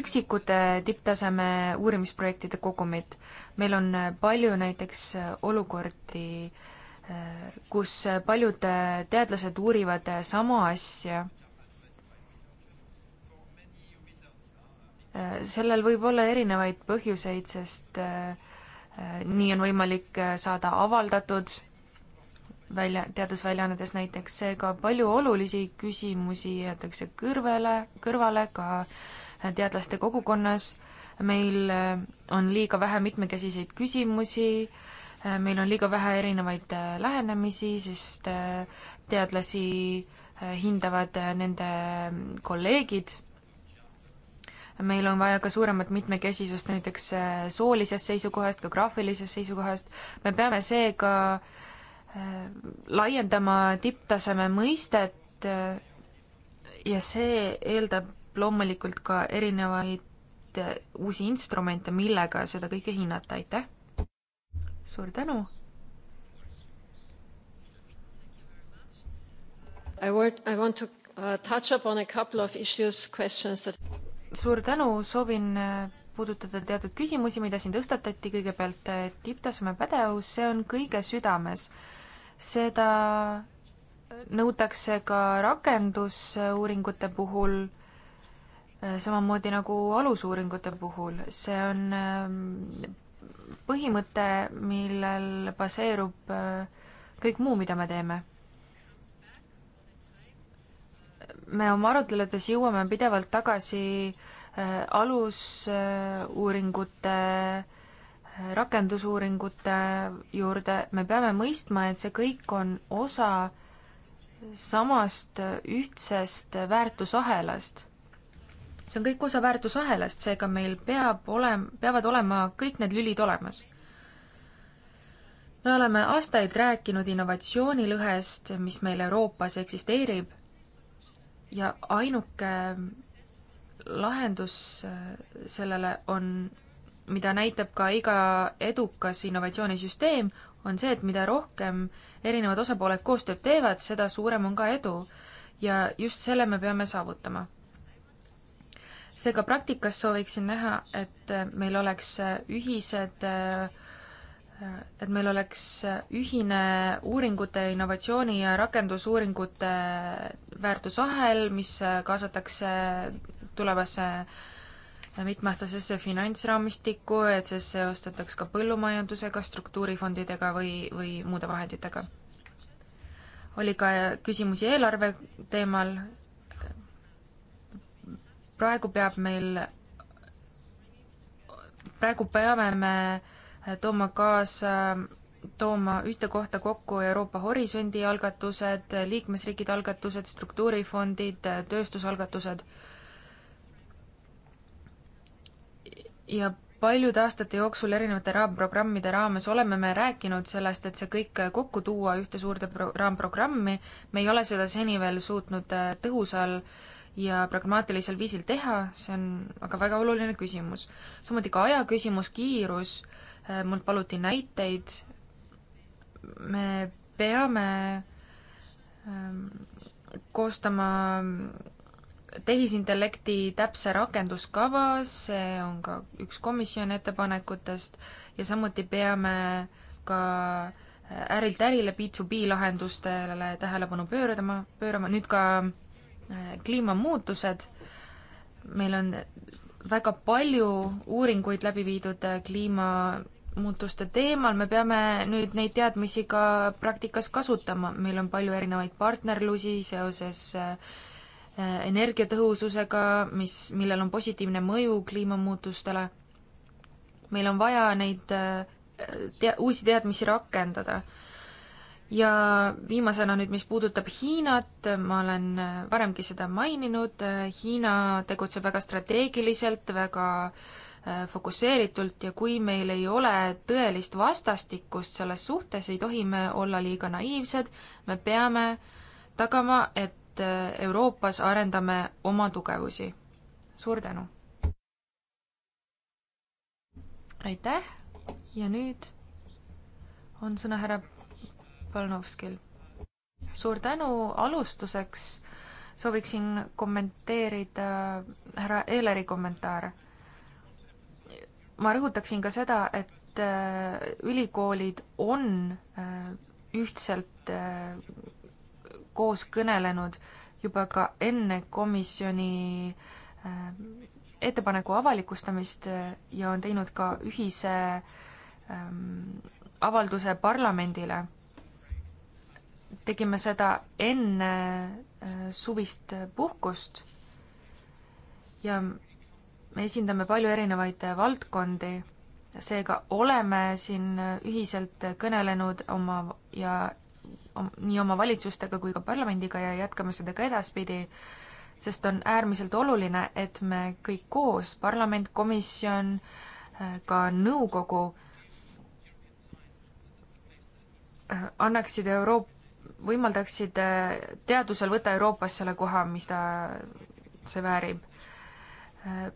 üksikute tipptaseme uurimisprojektide kogumit. meil on palju näiteks olukordi äh, kus paljud teadlased uurivad sama asja. sellel võib olla erinevaid põhjuseid, sest äh, nii on võimalik saada avaldatud välja, teadusväljaannetes näiteks, seega palju olulisi küsimusi jäetakse kõrvele, kõrvale ka teadlaste kogukonnas. meil äh, on liiga vähe mitmekesiseid küsimusi äh,, Äh, meil on liiga vähe erinevaid äh, lähenemisi, sest äh, teadlasi hindavad nende mm, kolleegid. meil on vaja ka suuremat mitmekesisust näiteks soolisest seisukohast, geograafilisest seisukohast. me peame seega laiendama tipptaseme mõistet ja see eeldab loomulikult ka erinevaid uusi instrumente, millega seda kõike hinnata, aitäh! suur tänu. I want, I want to uh, touch upon a couple of issues, questions that suur tänu, soovin uh, puudutada teatud küsimusi, mida siin tõstatati, kõigepealt tipptaseme uh, pädevus, see on kõige südames. seda nõutakse ka rakendusuuringute puhul, uh, samamoodi nagu alusuuringute puhul, see on um, põhimõte, millel baseerub äh, kõik muu, mida me teeme. me oma aruteludes jõuame pidevalt tagasi äh, alusuuringute, äh, rakendusuuringute juurde, me peame mõistma, et see kõik on osa samast ühtsest väärtusahelast see on kõik osa väärtusahelast, seega meil peab olema, peavad olema kõik need lülid olemas. me oleme aastaid rääkinud innovatsioonilõhest, mis meil Euroopas eksisteerib ja ainuke lahendus äh, sellele on, mida näitab ka iga edukas innovatsioonisüsteem, on see, et mida rohkem erinevad osapooled koostööd teevad, seda suurem on ka edu. ja just selle me peame saavutama seega praktikas sooviksin näha, et äh, meil oleks äh, ühised, äh, et meil oleks ühine uuringute, innovatsiooni ja rakendusuuringute väärtusahel, mis kaasatakse tulevasse mitmeaastasesse finantsraamistikku, et see seostataks ka põllumajandusega, struktuurifondidega või, või muude vahenditega. oli ka küsimusi eelarve teemal praegu peab meil, praegu peame me tooma kaasa, tooma ühte kohta kokku Euroopa Horisondi algatused, liikmesriikide algatused, struktuurifondid, tööstusalgatused. ja paljude aastate jooksul erinevate raamprogrammide raames oleme me rääkinud sellest, et see kõik kokku tuua ühte suurde pro-, raamprogrammi, me ei ole seda seni veel suutnud äh, tõhusal äh, ja pragmaatilisel viisil teha, see on aga väga oluline küsimus. samuti ka aja küsimus, kiirus, äh, mult paluti näiteid, me peame ähm, koostama tehisintellekti täpse rakenduskava, see on ka üks komisjoni ettepanekutest, ja samuti peame ka äh, ärilt ärile B2B lahendustele tähelepanu pöörama, pöörama, nüüd ka äh, kliimamuutused, meil on väga palju uuringuid läbi viidud äh, kliimamuutuste teemal, me peame nüüd neid teadmisi ka praktikas kasutama, meil on palju erinevaid partnerlusi seoses äh, äh, energiatõhususega, mis, millel on positiivne mõju kliimamuutustele. meil on vaja neid te-, uusi teadmisi rakendada ja viimasena nüüd, mis puudutab Hiinat, ma olen varemgi seda maininud, Hiina tegutseb väga strateegiliselt, väga äh, fokusseeritult ja kui meil ei ole tõelist vastastikust selles suhtes, ei tohi me olla liiga naiivsed, me peame tagama, et äh, Euroopas arendame oma tugevusi. suur tänu! aitäh ja nüüd on sõna härra Palnovskil. suur tänu, alustuseks sooviksin kommenteerida äh, härra Eeleri kommentaare. ma rõhutaksin ka seda, et äh, ülikoolid on äh, ühtselt koos kõnelenud juba ka enne komisjoni ettepaneku avalikustamist ja on teinud ka ühise ähm, avalduse parlamendile tegime seda enne äh, suvist puhkust ja me esindame palju erinevaid valdkondi, seega oleme siin ühiselt kõnelenud oma ja nii oma valitsustega kui ka parlamendiga ja jätkame seda ka edaspidi, sest on äärmiselt oluline, et me kõik koos, parlament, komisjon, äh, ka nõukogu, äh, annaksid Euroopa võimaldaksid äh, teadusel võtta Euroopas selle koha, mis ta, see väärib. Äh,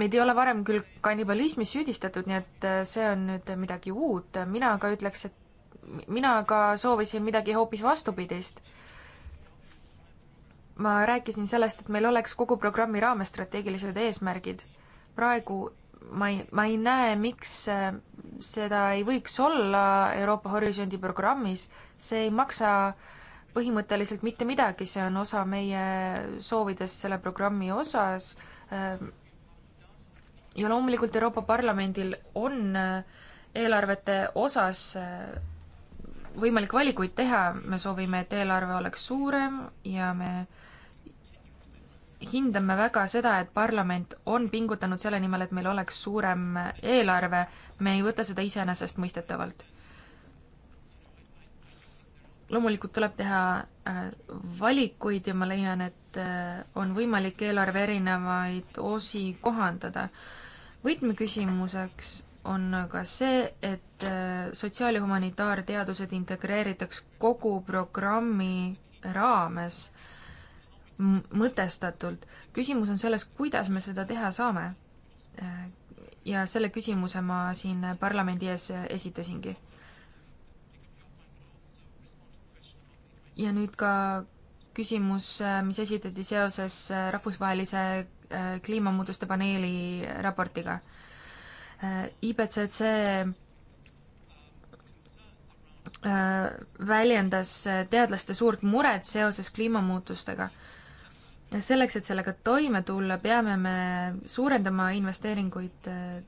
meid ei ole varem küll kannibalismis süüdistatud, nii et äh, see on nüüd midagi uut, mina aga ütleks, et mina aga soovisin midagi hoopis vastupidist. ma rääkisin sellest, et meil oleks kogu programmi raames strateegilised eesmärgid. praegu ma ei, ma ei näe, miks äh, seda ei võiks olla Euroopa Horisondi programmis, see ei maksa põhimõtteliselt mitte midagi, see on osa meie soovidest selle programmi osas. Ähm, ja loomulikult Euroopa Parlamendil on äh, eelarvete osas äh, võimalik valikuid teha, me soovime, et eelarve oleks suurem ja me äh, hindame väga seda, et parlament on pingutanud selle nimel, et meil oleks suurem eelarve, me ei võta seda iseenesestmõistetavalt. loomulikult tuleb teha äh, valikuid ja ma leian, et äh, on võimalik eelarve erinevaid osi kohandada. võtmeküsimuseks on aga see, et äh, sotsiaal- ja humanitaarteadused integreeritaks kogu programmi raames mõtestatult. küsimus on selles, kuidas me seda teha saame. ja selle küsimuse ma siin parlamendi ees esitasingi. ja nüüd ka küsimus, mis esitati seoses rahvusvahelise äh, kliimamuutuste paneeli raportiga. Äh, IPCC äh, väljendas teadlaste suurt muret seoses kliimamuutustega selleks, et sellega toime tulla, peame me suurendama investeeringuid äh,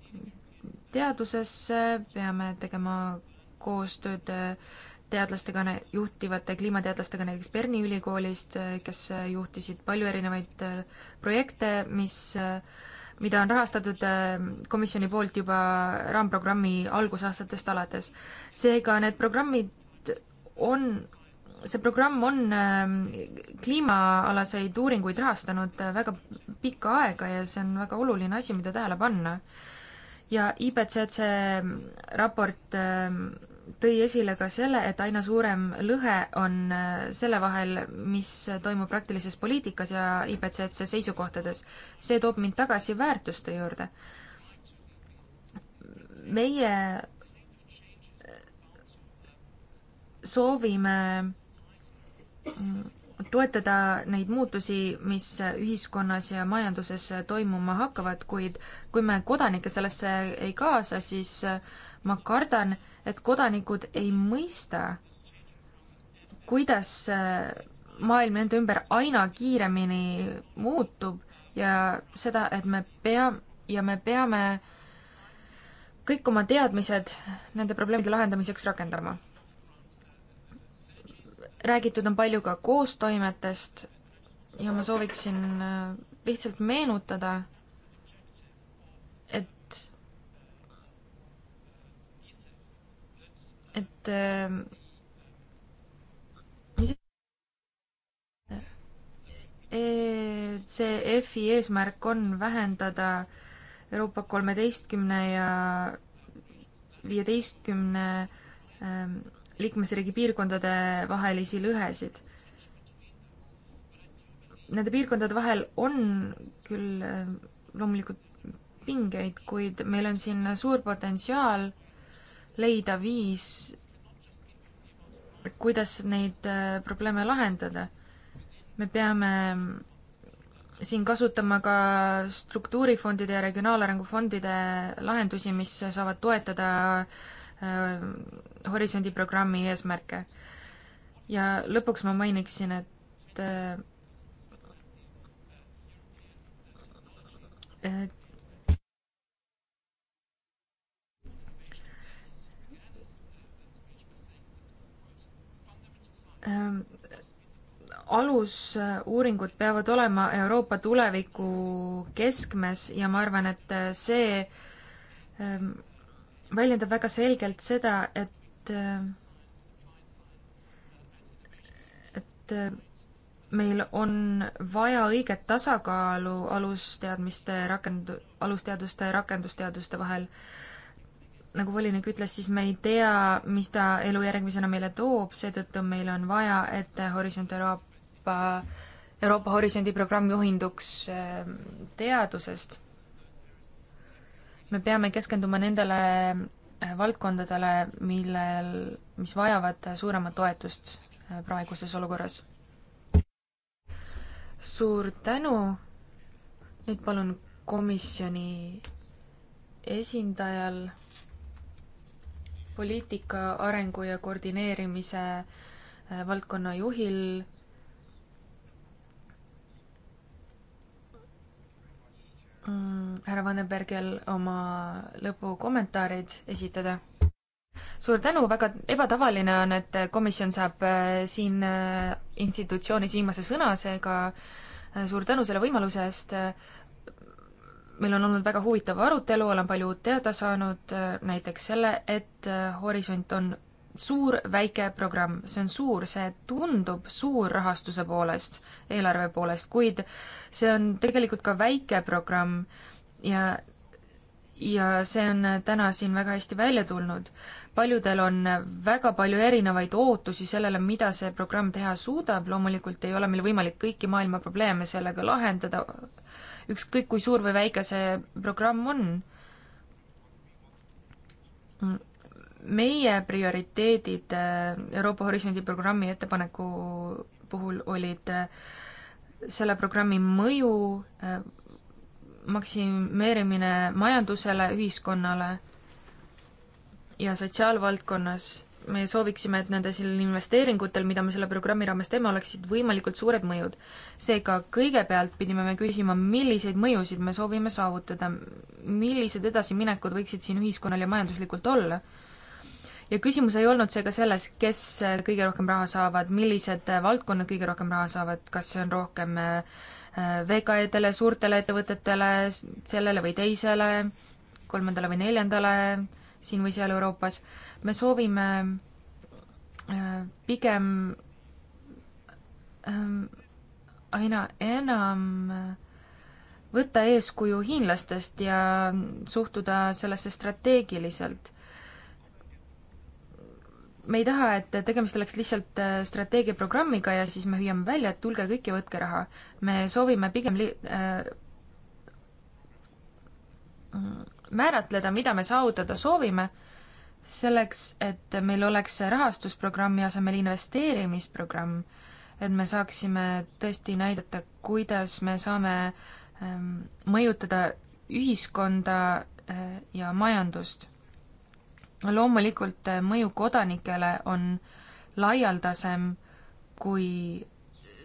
teadusesse, peame tegema koostööd äh, teadlastega, juhtivate kliimateadlastega näiteks Berni ülikoolist, äh, kes juhtisid palju erinevaid projekte, mis, mida on rahastatud komisjoni poolt juba raamprogrammi algusaastatest alates. seega need programmid on see programm on ähm, kliimaalaseid uuringuid rahastanud äh, väga pikka aega ja see on väga oluline asi, mida tähele panna. ja IPCC ähm, raport ähm, tõi esile ka selle, et aina suurem lõhe on äh, selle vahel, mis toimub praktilises poliitikas ja IPCC seisukohtades. see toob mind tagasi väärtuste juurde. meie äh, soovime toetada neid muutusi, mis ühiskonnas ja majanduses toimuma hakkavad, kuid kui me kodanikke sellesse ei kaasa, siis ma kardan, et kodanikud ei mõista, kuidas maailm nende ümber aina kiiremini muutub ja seda, et me pea- ja me peame kõik oma teadmised nende probleemide lahendamiseks rakendama räägitud on palju ka koostoimetest ja ma sooviksin äh, lihtsalt meenutada, et, et äh, see EFI eesmärk on vähendada Euroopa kolmeteistkümne ja viieteistkümne ähm, liikmesriigi piirkondade vahelisi lõhesid. Nende piirkondade vahel on küll äh, loomulikult pingeid, kuid meil on siin suur potentsiaal leida viis, kuidas neid äh, probleeme lahendada. me peame siin kasutama ka struktuurifondide ja regionaalarengu fondide lahendusi, mis saavad toetada äh, Äh, horisondi programmi eesmärke. ja lõpuks ma mainiksin, et äh, et äh, alusuuringud peavad olema Euroopa tuleviku keskmes ja ma arvan, et see väljendab väga selgelt seda, et, et meil on vaja õiget tasakaalu alusteadmiste rakend-, alusteaduste ja rakendusteaduste vahel. nagu volinik ütles, siis me ei tea, mis ta elu järgmisena meile toob, seetõttu meil on vaja, et Horisont Euroopa, Euroopa Horisondi programm juhinduks ehm, teadusest me peame keskenduma nendele äh, valdkondadele, millel, mis vajavad äh, suuremat toetust äh, praeguses olukorras. suur tänu, nüüd palun komisjoni esindajal poliitika arengu ja koordineerimise valdkonna juhil Mm, härra Vannebergel oma lõpukommentaarid esitada. suur tänu, väga ebatavaline on, et komisjon saab äh, siin äh, institutsioonis viimase sõna, seega äh, suur tänu selle võimaluse eest. meil on olnud väga huvitav arutelu, olen palju uut teada saanud, näiteks selle, et Horisont on suur, väike programm, see on suur, see tundub suur rahastuse poolest, eelarve poolest, kuid see on tegelikult ka väike programm ja, ja see on täna siin väga hästi välja tulnud. paljudel on väga palju erinevaid ootusi sellele, mida see programm teha suudab, loomulikult ei ole meil võimalik kõiki maailma probleeme sellega lahendada, ükskõik kui suur või väike see programm on meie prioriteedid äh, Euroopa Horisondi programmi ettepaneku puhul olid äh, selle programmi mõju äh, maksimeerimine majandusele, ühiskonnale ja sotsiaalvaldkonnas. me sooviksime, et nendel investeeringutel, mida me selle programmi raames teeme, oleksid võimalikult suured mõjud. seega kõigepealt pidime me küsima, milliseid mõjusid me soovime saavutada, millised edasiminekud võiksid siin ühiskonnal ja majanduslikult olla ja küsimus ei olnud seega selles, kes äh, kõige rohkem raha saavad, millised äh, valdkonnad kõige rohkem raha saavad, kas see on rohkem äh, VKE-dele, suurtele ettevõtetele, sellele või teisele, kolmandale või neljandale siin või seal Euroopas. me soovime pigem ähm, aina enam võtta eeskuju hiinlastest ja suhtuda sellesse strateegiliselt me ei taha, et tegemist oleks lihtsalt äh, strateegiaprogrammiga ja siis me hüüame välja, et tulge kõik ja võtke raha. me soovime pigem li-, äh, mm, määratleda, mida me saavutada soovime, selleks, et meil oleks rahastusprogrammi asemel investeerimisprogramm, et me saaksime tõesti näidata, kuidas me saame ähm, mõjutada ühiskonda äh, ja majandust loomulikult äh, mõju kodanikele on laialdasem kui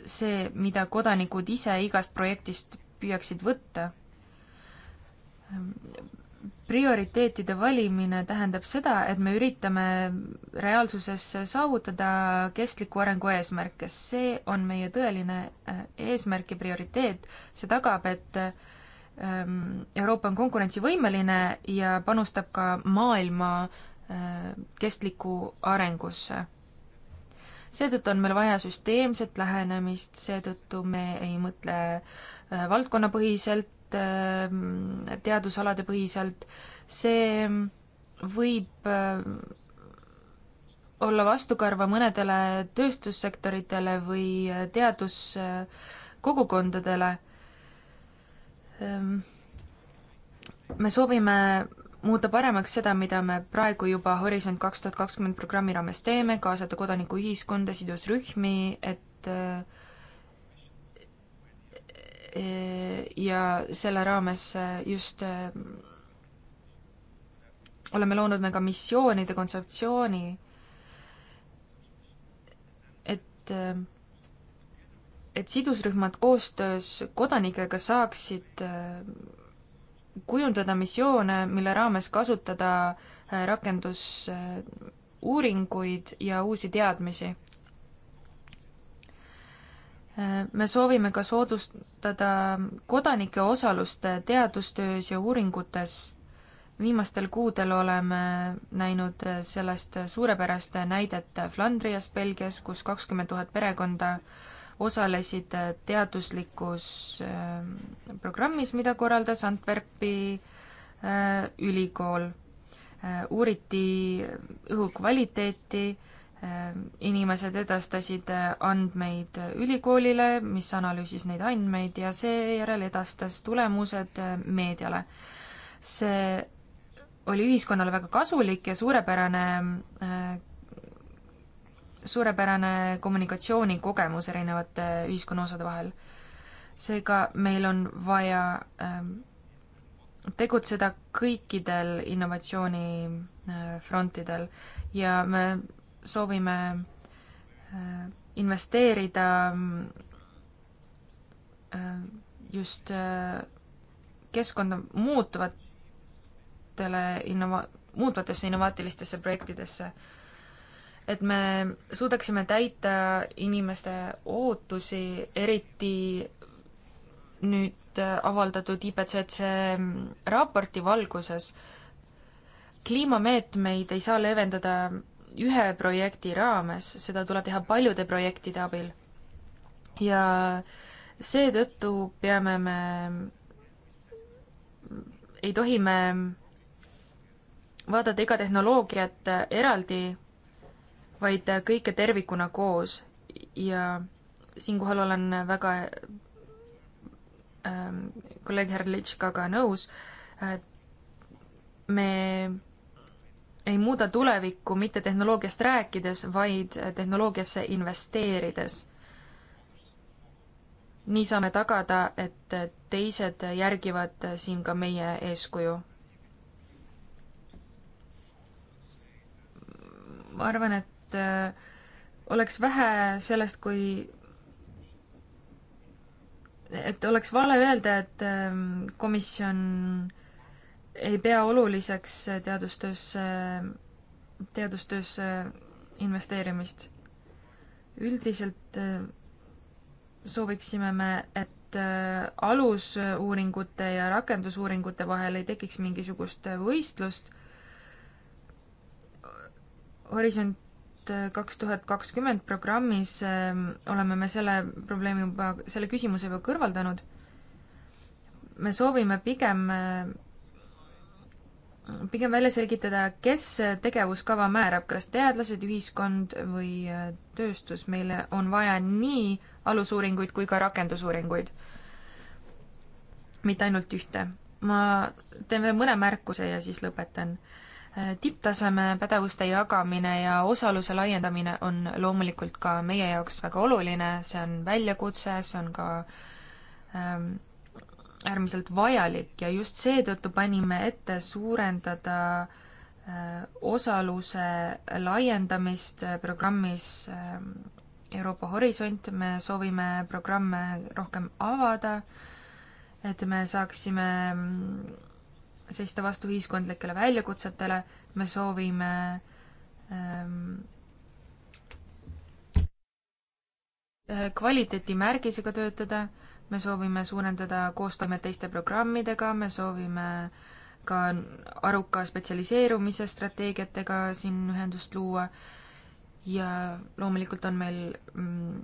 see, mida kodanikud ise igast projektist püüaksid võtta. prioriteetide valimine tähendab seda, et me üritame reaalsuses saavutada kestliku arengu eesmärke, see on meie tõeline äh, eesmärk ja prioriteet, see tagab, et Ehm, Euroopa on konkurentsivõimeline ja panustab ka maailma ehm, kestlikku arengusse. seetõttu on meil vaja süsteemset lähenemist, seetõttu me ei mõtle ehm, valdkonnapõhiselt, teadusalade põhiselt, see võib olla vastukarva mõnedele tööstussektoritele või teaduskogukondadele Ehm, me soovime muuta paremaks seda, mida me praegu juba Horisont kaks tuhat kakskümmend programmi raames teeme, kaasata kodanikuühiskonda, sidusrühmi, et eh, eh, ja selle raames eh, just oleme loonud me ka missioonide kontseptsiooni, et et sidusrühmad koostöös kodanikega saaksid äh, kujundada missioone, mille raames kasutada äh, rakendusuuringuid ja uusi teadmisi. Äh, me soovime ka soodustada kodanike osalust teadustöös ja uuringutes. viimastel kuudel oleme näinud sellest suurepärast näidet Flandrias, Belgias, kus kakskümmend tuhat perekonda osalesid äh, teaduslikus äh, programmis, mida korraldas Antwerpi äh, ülikool. uuriti õhukvaliteeti, inimesed edastasid andmeid ülikoolile, mis analüüsis neid andmeid ja seejärel edastas tulemused meediale. see oli ühiskonnale väga kasulik ja suurepärane suurepärane kommunikatsioonikogemus erinevate ühiskonnaosade vahel. seega meil on vaja ähm, tegutseda kõikidel innovatsiooni äh, frontidel ja me soovime äh, investeerida äh, just keskkonda muutuvatele innova-, muutuvatesse innovaatilistesse projektidesse et me suudaksime täita inimeste ootusi, eriti nüüd äh, avaldatud IPCC mm, raporti valguses. kliimameetmeid ei saa leevendada ühe projekti raames, seda tuleb teha paljude projektide abil. ja seetõttu peame me, ei tohi me vaadata iga tehnoloogiat eraldi vaid kõike tervikuna koos ja siinkohal olen väga ähm, kolleeg härra Litškaga nõus, me ei muuda tulevikku mitte tehnoloogiast rääkides, vaid tehnoloogiasse investeerides. nii saame tagada, et teised järgivad siin ka meie eeskuju. ma arvan, et et äh, oleks vähe sellest, kui et oleks vale öelda, et ähm, komisjon ei pea oluliseks teadustöösse, teadustöösse investeerimist. üldiselt äh, sooviksime me, et äh, alusuuringute ja rakendusuuringute vahel ei tekiks mingisugust võistlust. horisont Äh, kaks tuhat kakskümmend programmis ähm, oleme me selle probleemi juba, selle küsimuse juba kõrvaldanud. me soovime pigem, äh, pigem välja selgitada, kes tegevuskava määrab, kas teadlased, ühiskond või äh, tööstus. meile on vaja nii alusuuringuid kui ka rakendusuuringuid. mitte ainult ühte. ma teen veel mõne märkuse ja siis lõpetan Äh, tipptaseme pädevuste jagamine ja osaluse laiendamine on loomulikult ka meie jaoks väga oluline, see on väljakutse, see on ka ähm, äärmiselt vajalik ja just seetõttu panime ette suurendada äh, osaluse laiendamist äh, programmis äh, Euroopa Horisont, me soovime programme rohkem avada, et me saaksime äh, seista vastu ühiskondlikele väljakutsetele, me soovime ähm, äh, kvaliteetimärgisega töötada, me soovime suurendada koostoimet teiste programmidega, me soovime ka aruka spetsialiseerumise strateegiatega siin ühendust luua ja loomulikult on meil mm,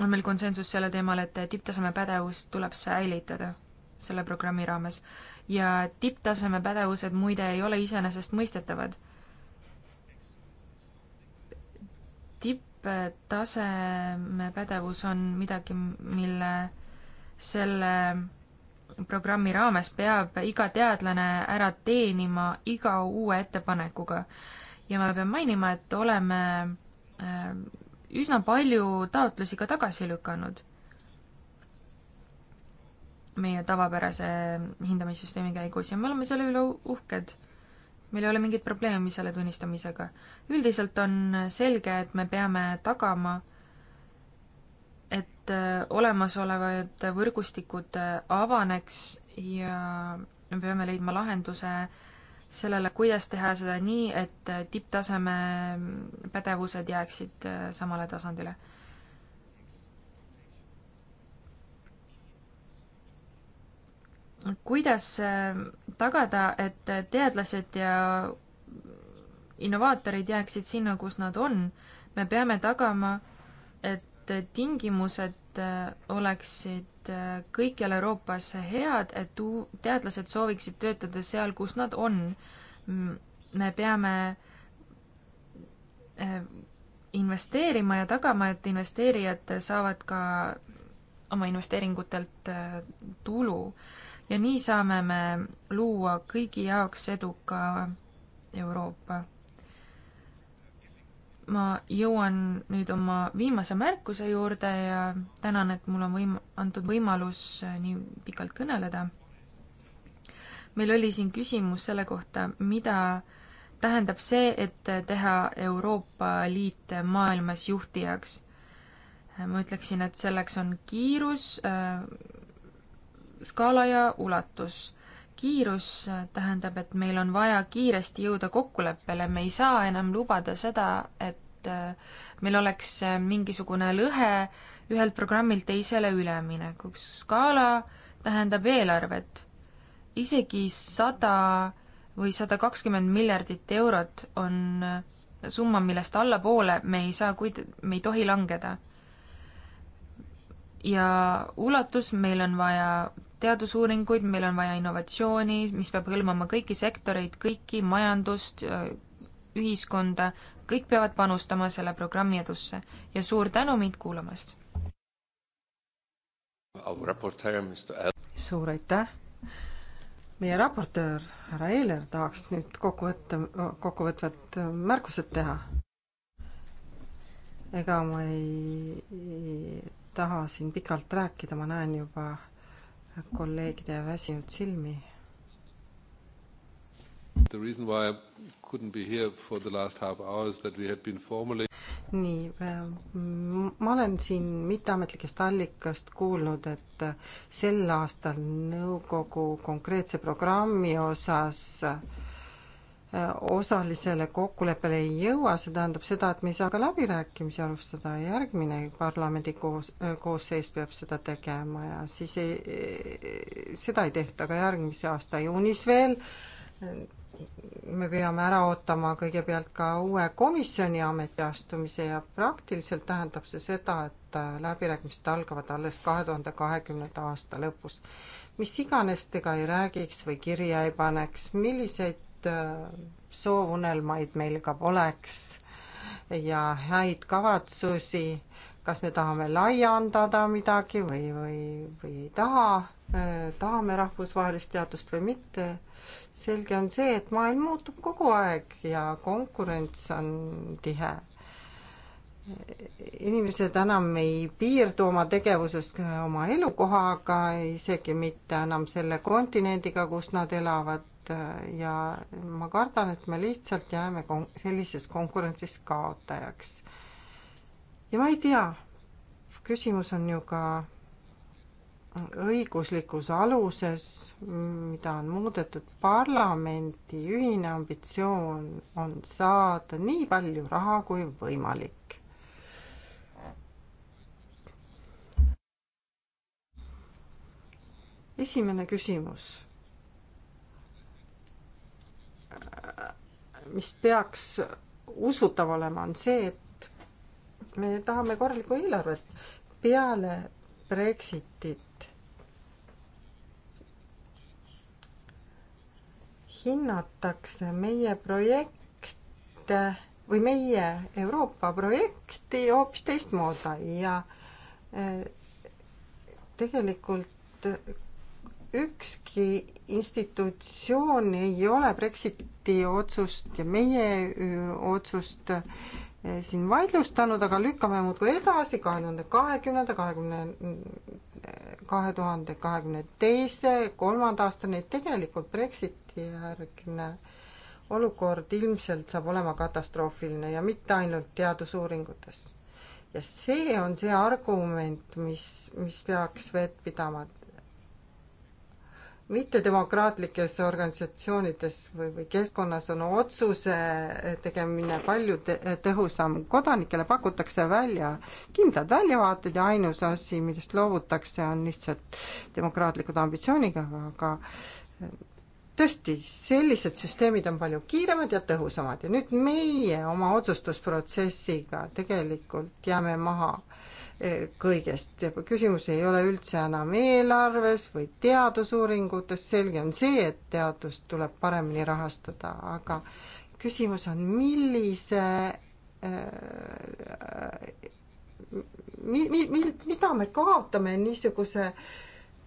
on meil konsensus selle teemal, et tipptaseme pädevus tuleb säilitada selle programmi raames ja tipptaseme pädevused muide ei ole iseenesestmõistetavad. tipptaseme pädevus on midagi, mille selle programmi raames peab iga teadlane ära teenima iga uue ettepanekuga. ja ma pean mainima, et oleme äh, üsna palju taotlusi ka tagasi lükanud meie tavapärase hindamissüsteemi käigus ja me oleme selle üle uhked. meil ei ole mingit probleemi selle tunnistamisega. üldiselt on selge, et me peame tagama, et äh, olemasolevad võrgustikud äh, avaneks ja me peame leidma lahenduse sellele, kuidas teha seda nii, et äh, tipptaseme pädevused jääksid samale tasandile kuidas äh, tagada, et teadlased ja innovaatorid jääksid sinna, kus nad on, me peame tagama, et tingimused äh, oleksid äh, kõikjal Euroopas head, et uu-, teadlased sooviksid töötada seal, kus nad on. me peame investeerima ja tagama, et investeerijad saavad ka oma investeeringutelt tulu ja nii saame me luua kõigi jaoks eduka Euroopa. ma jõuan nüüd oma viimase märkuse juurde ja tänan, et mul on võim-, antud võimalus äh, nii pikalt kõneleda. meil oli siin küsimus selle kohta, mida tähendab see, et teha Euroopa Liit maailmas juhtijaks. Äh, ma ütleksin, et selleks on kiirus, äh, skaala ja ulatus kiirus tähendab, et meil on vaja kiiresti jõuda kokkuleppele, me ei saa enam lubada seda, et äh, meil oleks äh, mingisugune lõhe ühelt programmilt teisele üleminekuks. skaala tähendab eelarvet. isegi sada või sada kakskümmend miljardit eurot on äh, summa, millest allapoole me ei saa kuid-, me ei tohi langeda. ja ulatus, meil on vaja teadusuuringuid, meil on vaja innovatsiooni, mis peab hõlmama kõiki sektoreid, kõiki majandust, ühiskonda, kõik peavad panustama selle programmi edusse ja suur tänu mind kuulamast! suur aitäh! meie raportöör härra Eiler tahaks nüüd kokkuvõtte, kokkuvõtvad märkused teha. ega ma ei, ei taha siin pikalt rääkida, ma näen juba, kolleegide väsinud silmi. The reason why I couldn't be here for the last half hour is that we had been formally nii, äh, ma olen siin mitteametlikest allikast kuulnud, et äh, sel aastal nõukogu konkreetse programmi osas äh, Äh, osalisele kokkuleppele ei jõua, see tähendab seda, et me ei saa ka läbirääkimisi alustada, järgmine parlamendi koos, äh, koosseis peab seda tegema ja siis ei, äh, seda ei tehta ka järgmise aasta juunis veel, me peame ära ootama kõigepealt ka uue komisjoni ametiastumise ja praktiliselt tähendab see seda, et läbirääkimised algavad alles kahe tuhande kahekümnenda aasta lõpus. mis iganes te ka ei räägiks või kirja ei paneks, milliseid Äh, soovunelmaid meil ka poleks ja häid kavatsusi, kas me tahame laiandada midagi või, või, või ei taha, äh, tahame rahvusvahelist teadust või mitte. selge on see, et maailm muutub kogu aeg ja konkurents on tihe inimesed enam ei piirdu oma tegevuses oma elukohaga, isegi mitte enam selle kontinendiga, kus nad elavad, Äh, ja ma kardan, et me lihtsalt jääme kon-, sellises konkurentsis kaotajaks. ja ma ei tea, küsimus on ju ka õiguslikus aluses, mida on muudetud, parlamendi ühine ambitsioon on saada nii palju raha kui võimalik. esimene küsimus mis peaks usutav olema, on see, et me tahame korralikku eelarvet. peale Brexitit hinnatakse meie projekte või meie Euroopa projekti hoopis teistmoodi ja eh, tegelikult ükski institutsioon ei ole Brexiti otsust ja meie otsust e, siin vaidlustanud, aga lükkame muudkui edasi kahe tuhande kahekümnenda, kahekümne, kahe tuhande kahekümne teise, kolmanda aastani, et tegelikult Brexiti järgne olukord ilmselt saab olema katastroofiline ja mitte ainult teadusuuringutes ja see on see argument, mis, mis peaks vett pidama mittedemokraatlikes organisatsioonides või, või keskkonnas on otsuse tegemine palju te tõhusam. kodanikele pakutakse välja kindlad väljavaated ja ainus asi, millest loovutakse, on lihtsalt demokraatlikud ambitsioonid, aga tõesti, sellised süsteemid on palju kiiremad ja tõhusamad ja nüüd meie oma otsustusprotsessiga tegelikult jääme maha kõigest. küsimus ei ole üldse enam eelarves või teadusuuringutes, selge on see, et teadust tuleb paremini rahastada, aga küsimus on, millise äh, mi-, mi-, mi-, mida me kaotame niisuguse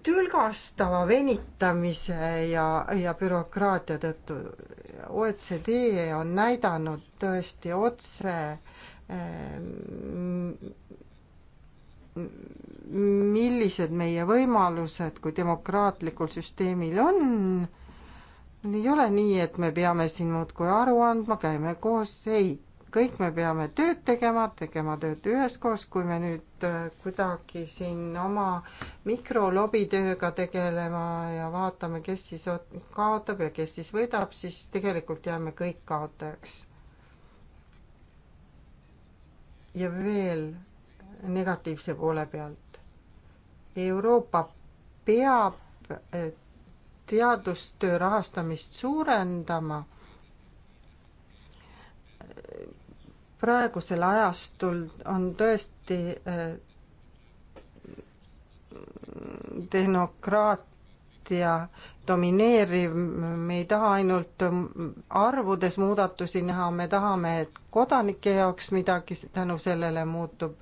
tülgastava venitamise ja, ja bürokraatia tõttu. OECD on näidanud tõesti otse äh, millised meie võimalused kui demokraatlikul süsteemil on. ei ole nii, et me peame siin muudkui aru andma, käime koos, ei, kõik me peame tööd tegema, tegema tööd üheskoos, kui me nüüd äh, kuidagi siin oma mikrolobitööga tegelema ja vaatame, kes siis kaotab ja kes siis võidab, siis tegelikult jääme kõik kaotajaks. ja veel negatiivse poole pealt. Euroopa peab eh, teadustöö rahastamist suurendama. praegusel ajastul on tõesti eh, tehnokraatia domineeriv, me ei taha ainult arvudes muudatusi näha, me tahame, et kodanike jaoks midagi tänu sellele muutub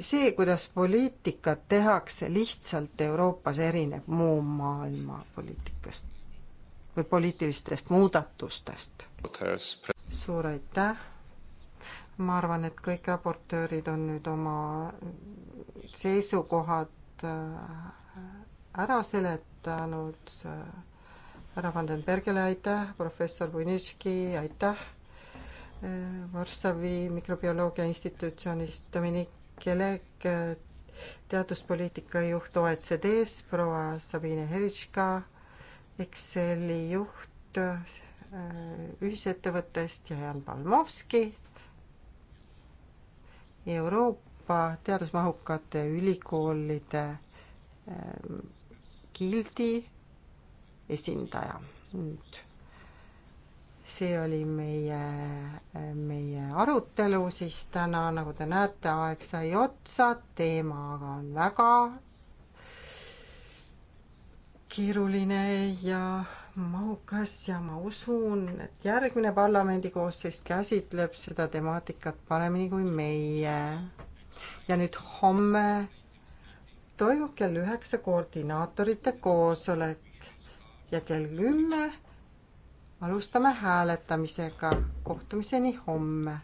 see, kuidas poliitikat tehakse, lihtsalt Euroopas erineb muu maailma poliitikast või poliitilistest muudatustest. suur aitäh! ma arvan, et kõik raportöörid on nüüd oma seisukohad äh, ära seletanud. härra Vandenbergile aitäh, professor Bunitski aitäh äh, Varssavi Mikrobioloogia Institutsioonist Dominik Kelek, äh, teaduspoliitika juht OECD-s, proua Sabine Heritška, Exceli juht äh, ühisettevõttest ja Jan Palmovski, Euroopa teadusmahukate ülikoolide äh, gildi esindaja nüüd see oli meie, meie arutelu siis täna, nagu te näete, aeg sai otsa, teema aga on väga keeruline ja mahukas ja ma usun, et järgmine parlamendikoosseis käsitleb seda temaatikat paremini kui meie. ja nüüd homme toimub kell üheksa koordinaatorite koosolek ja kell kümme 10 alustame hääletamisega. kohtumiseni homme!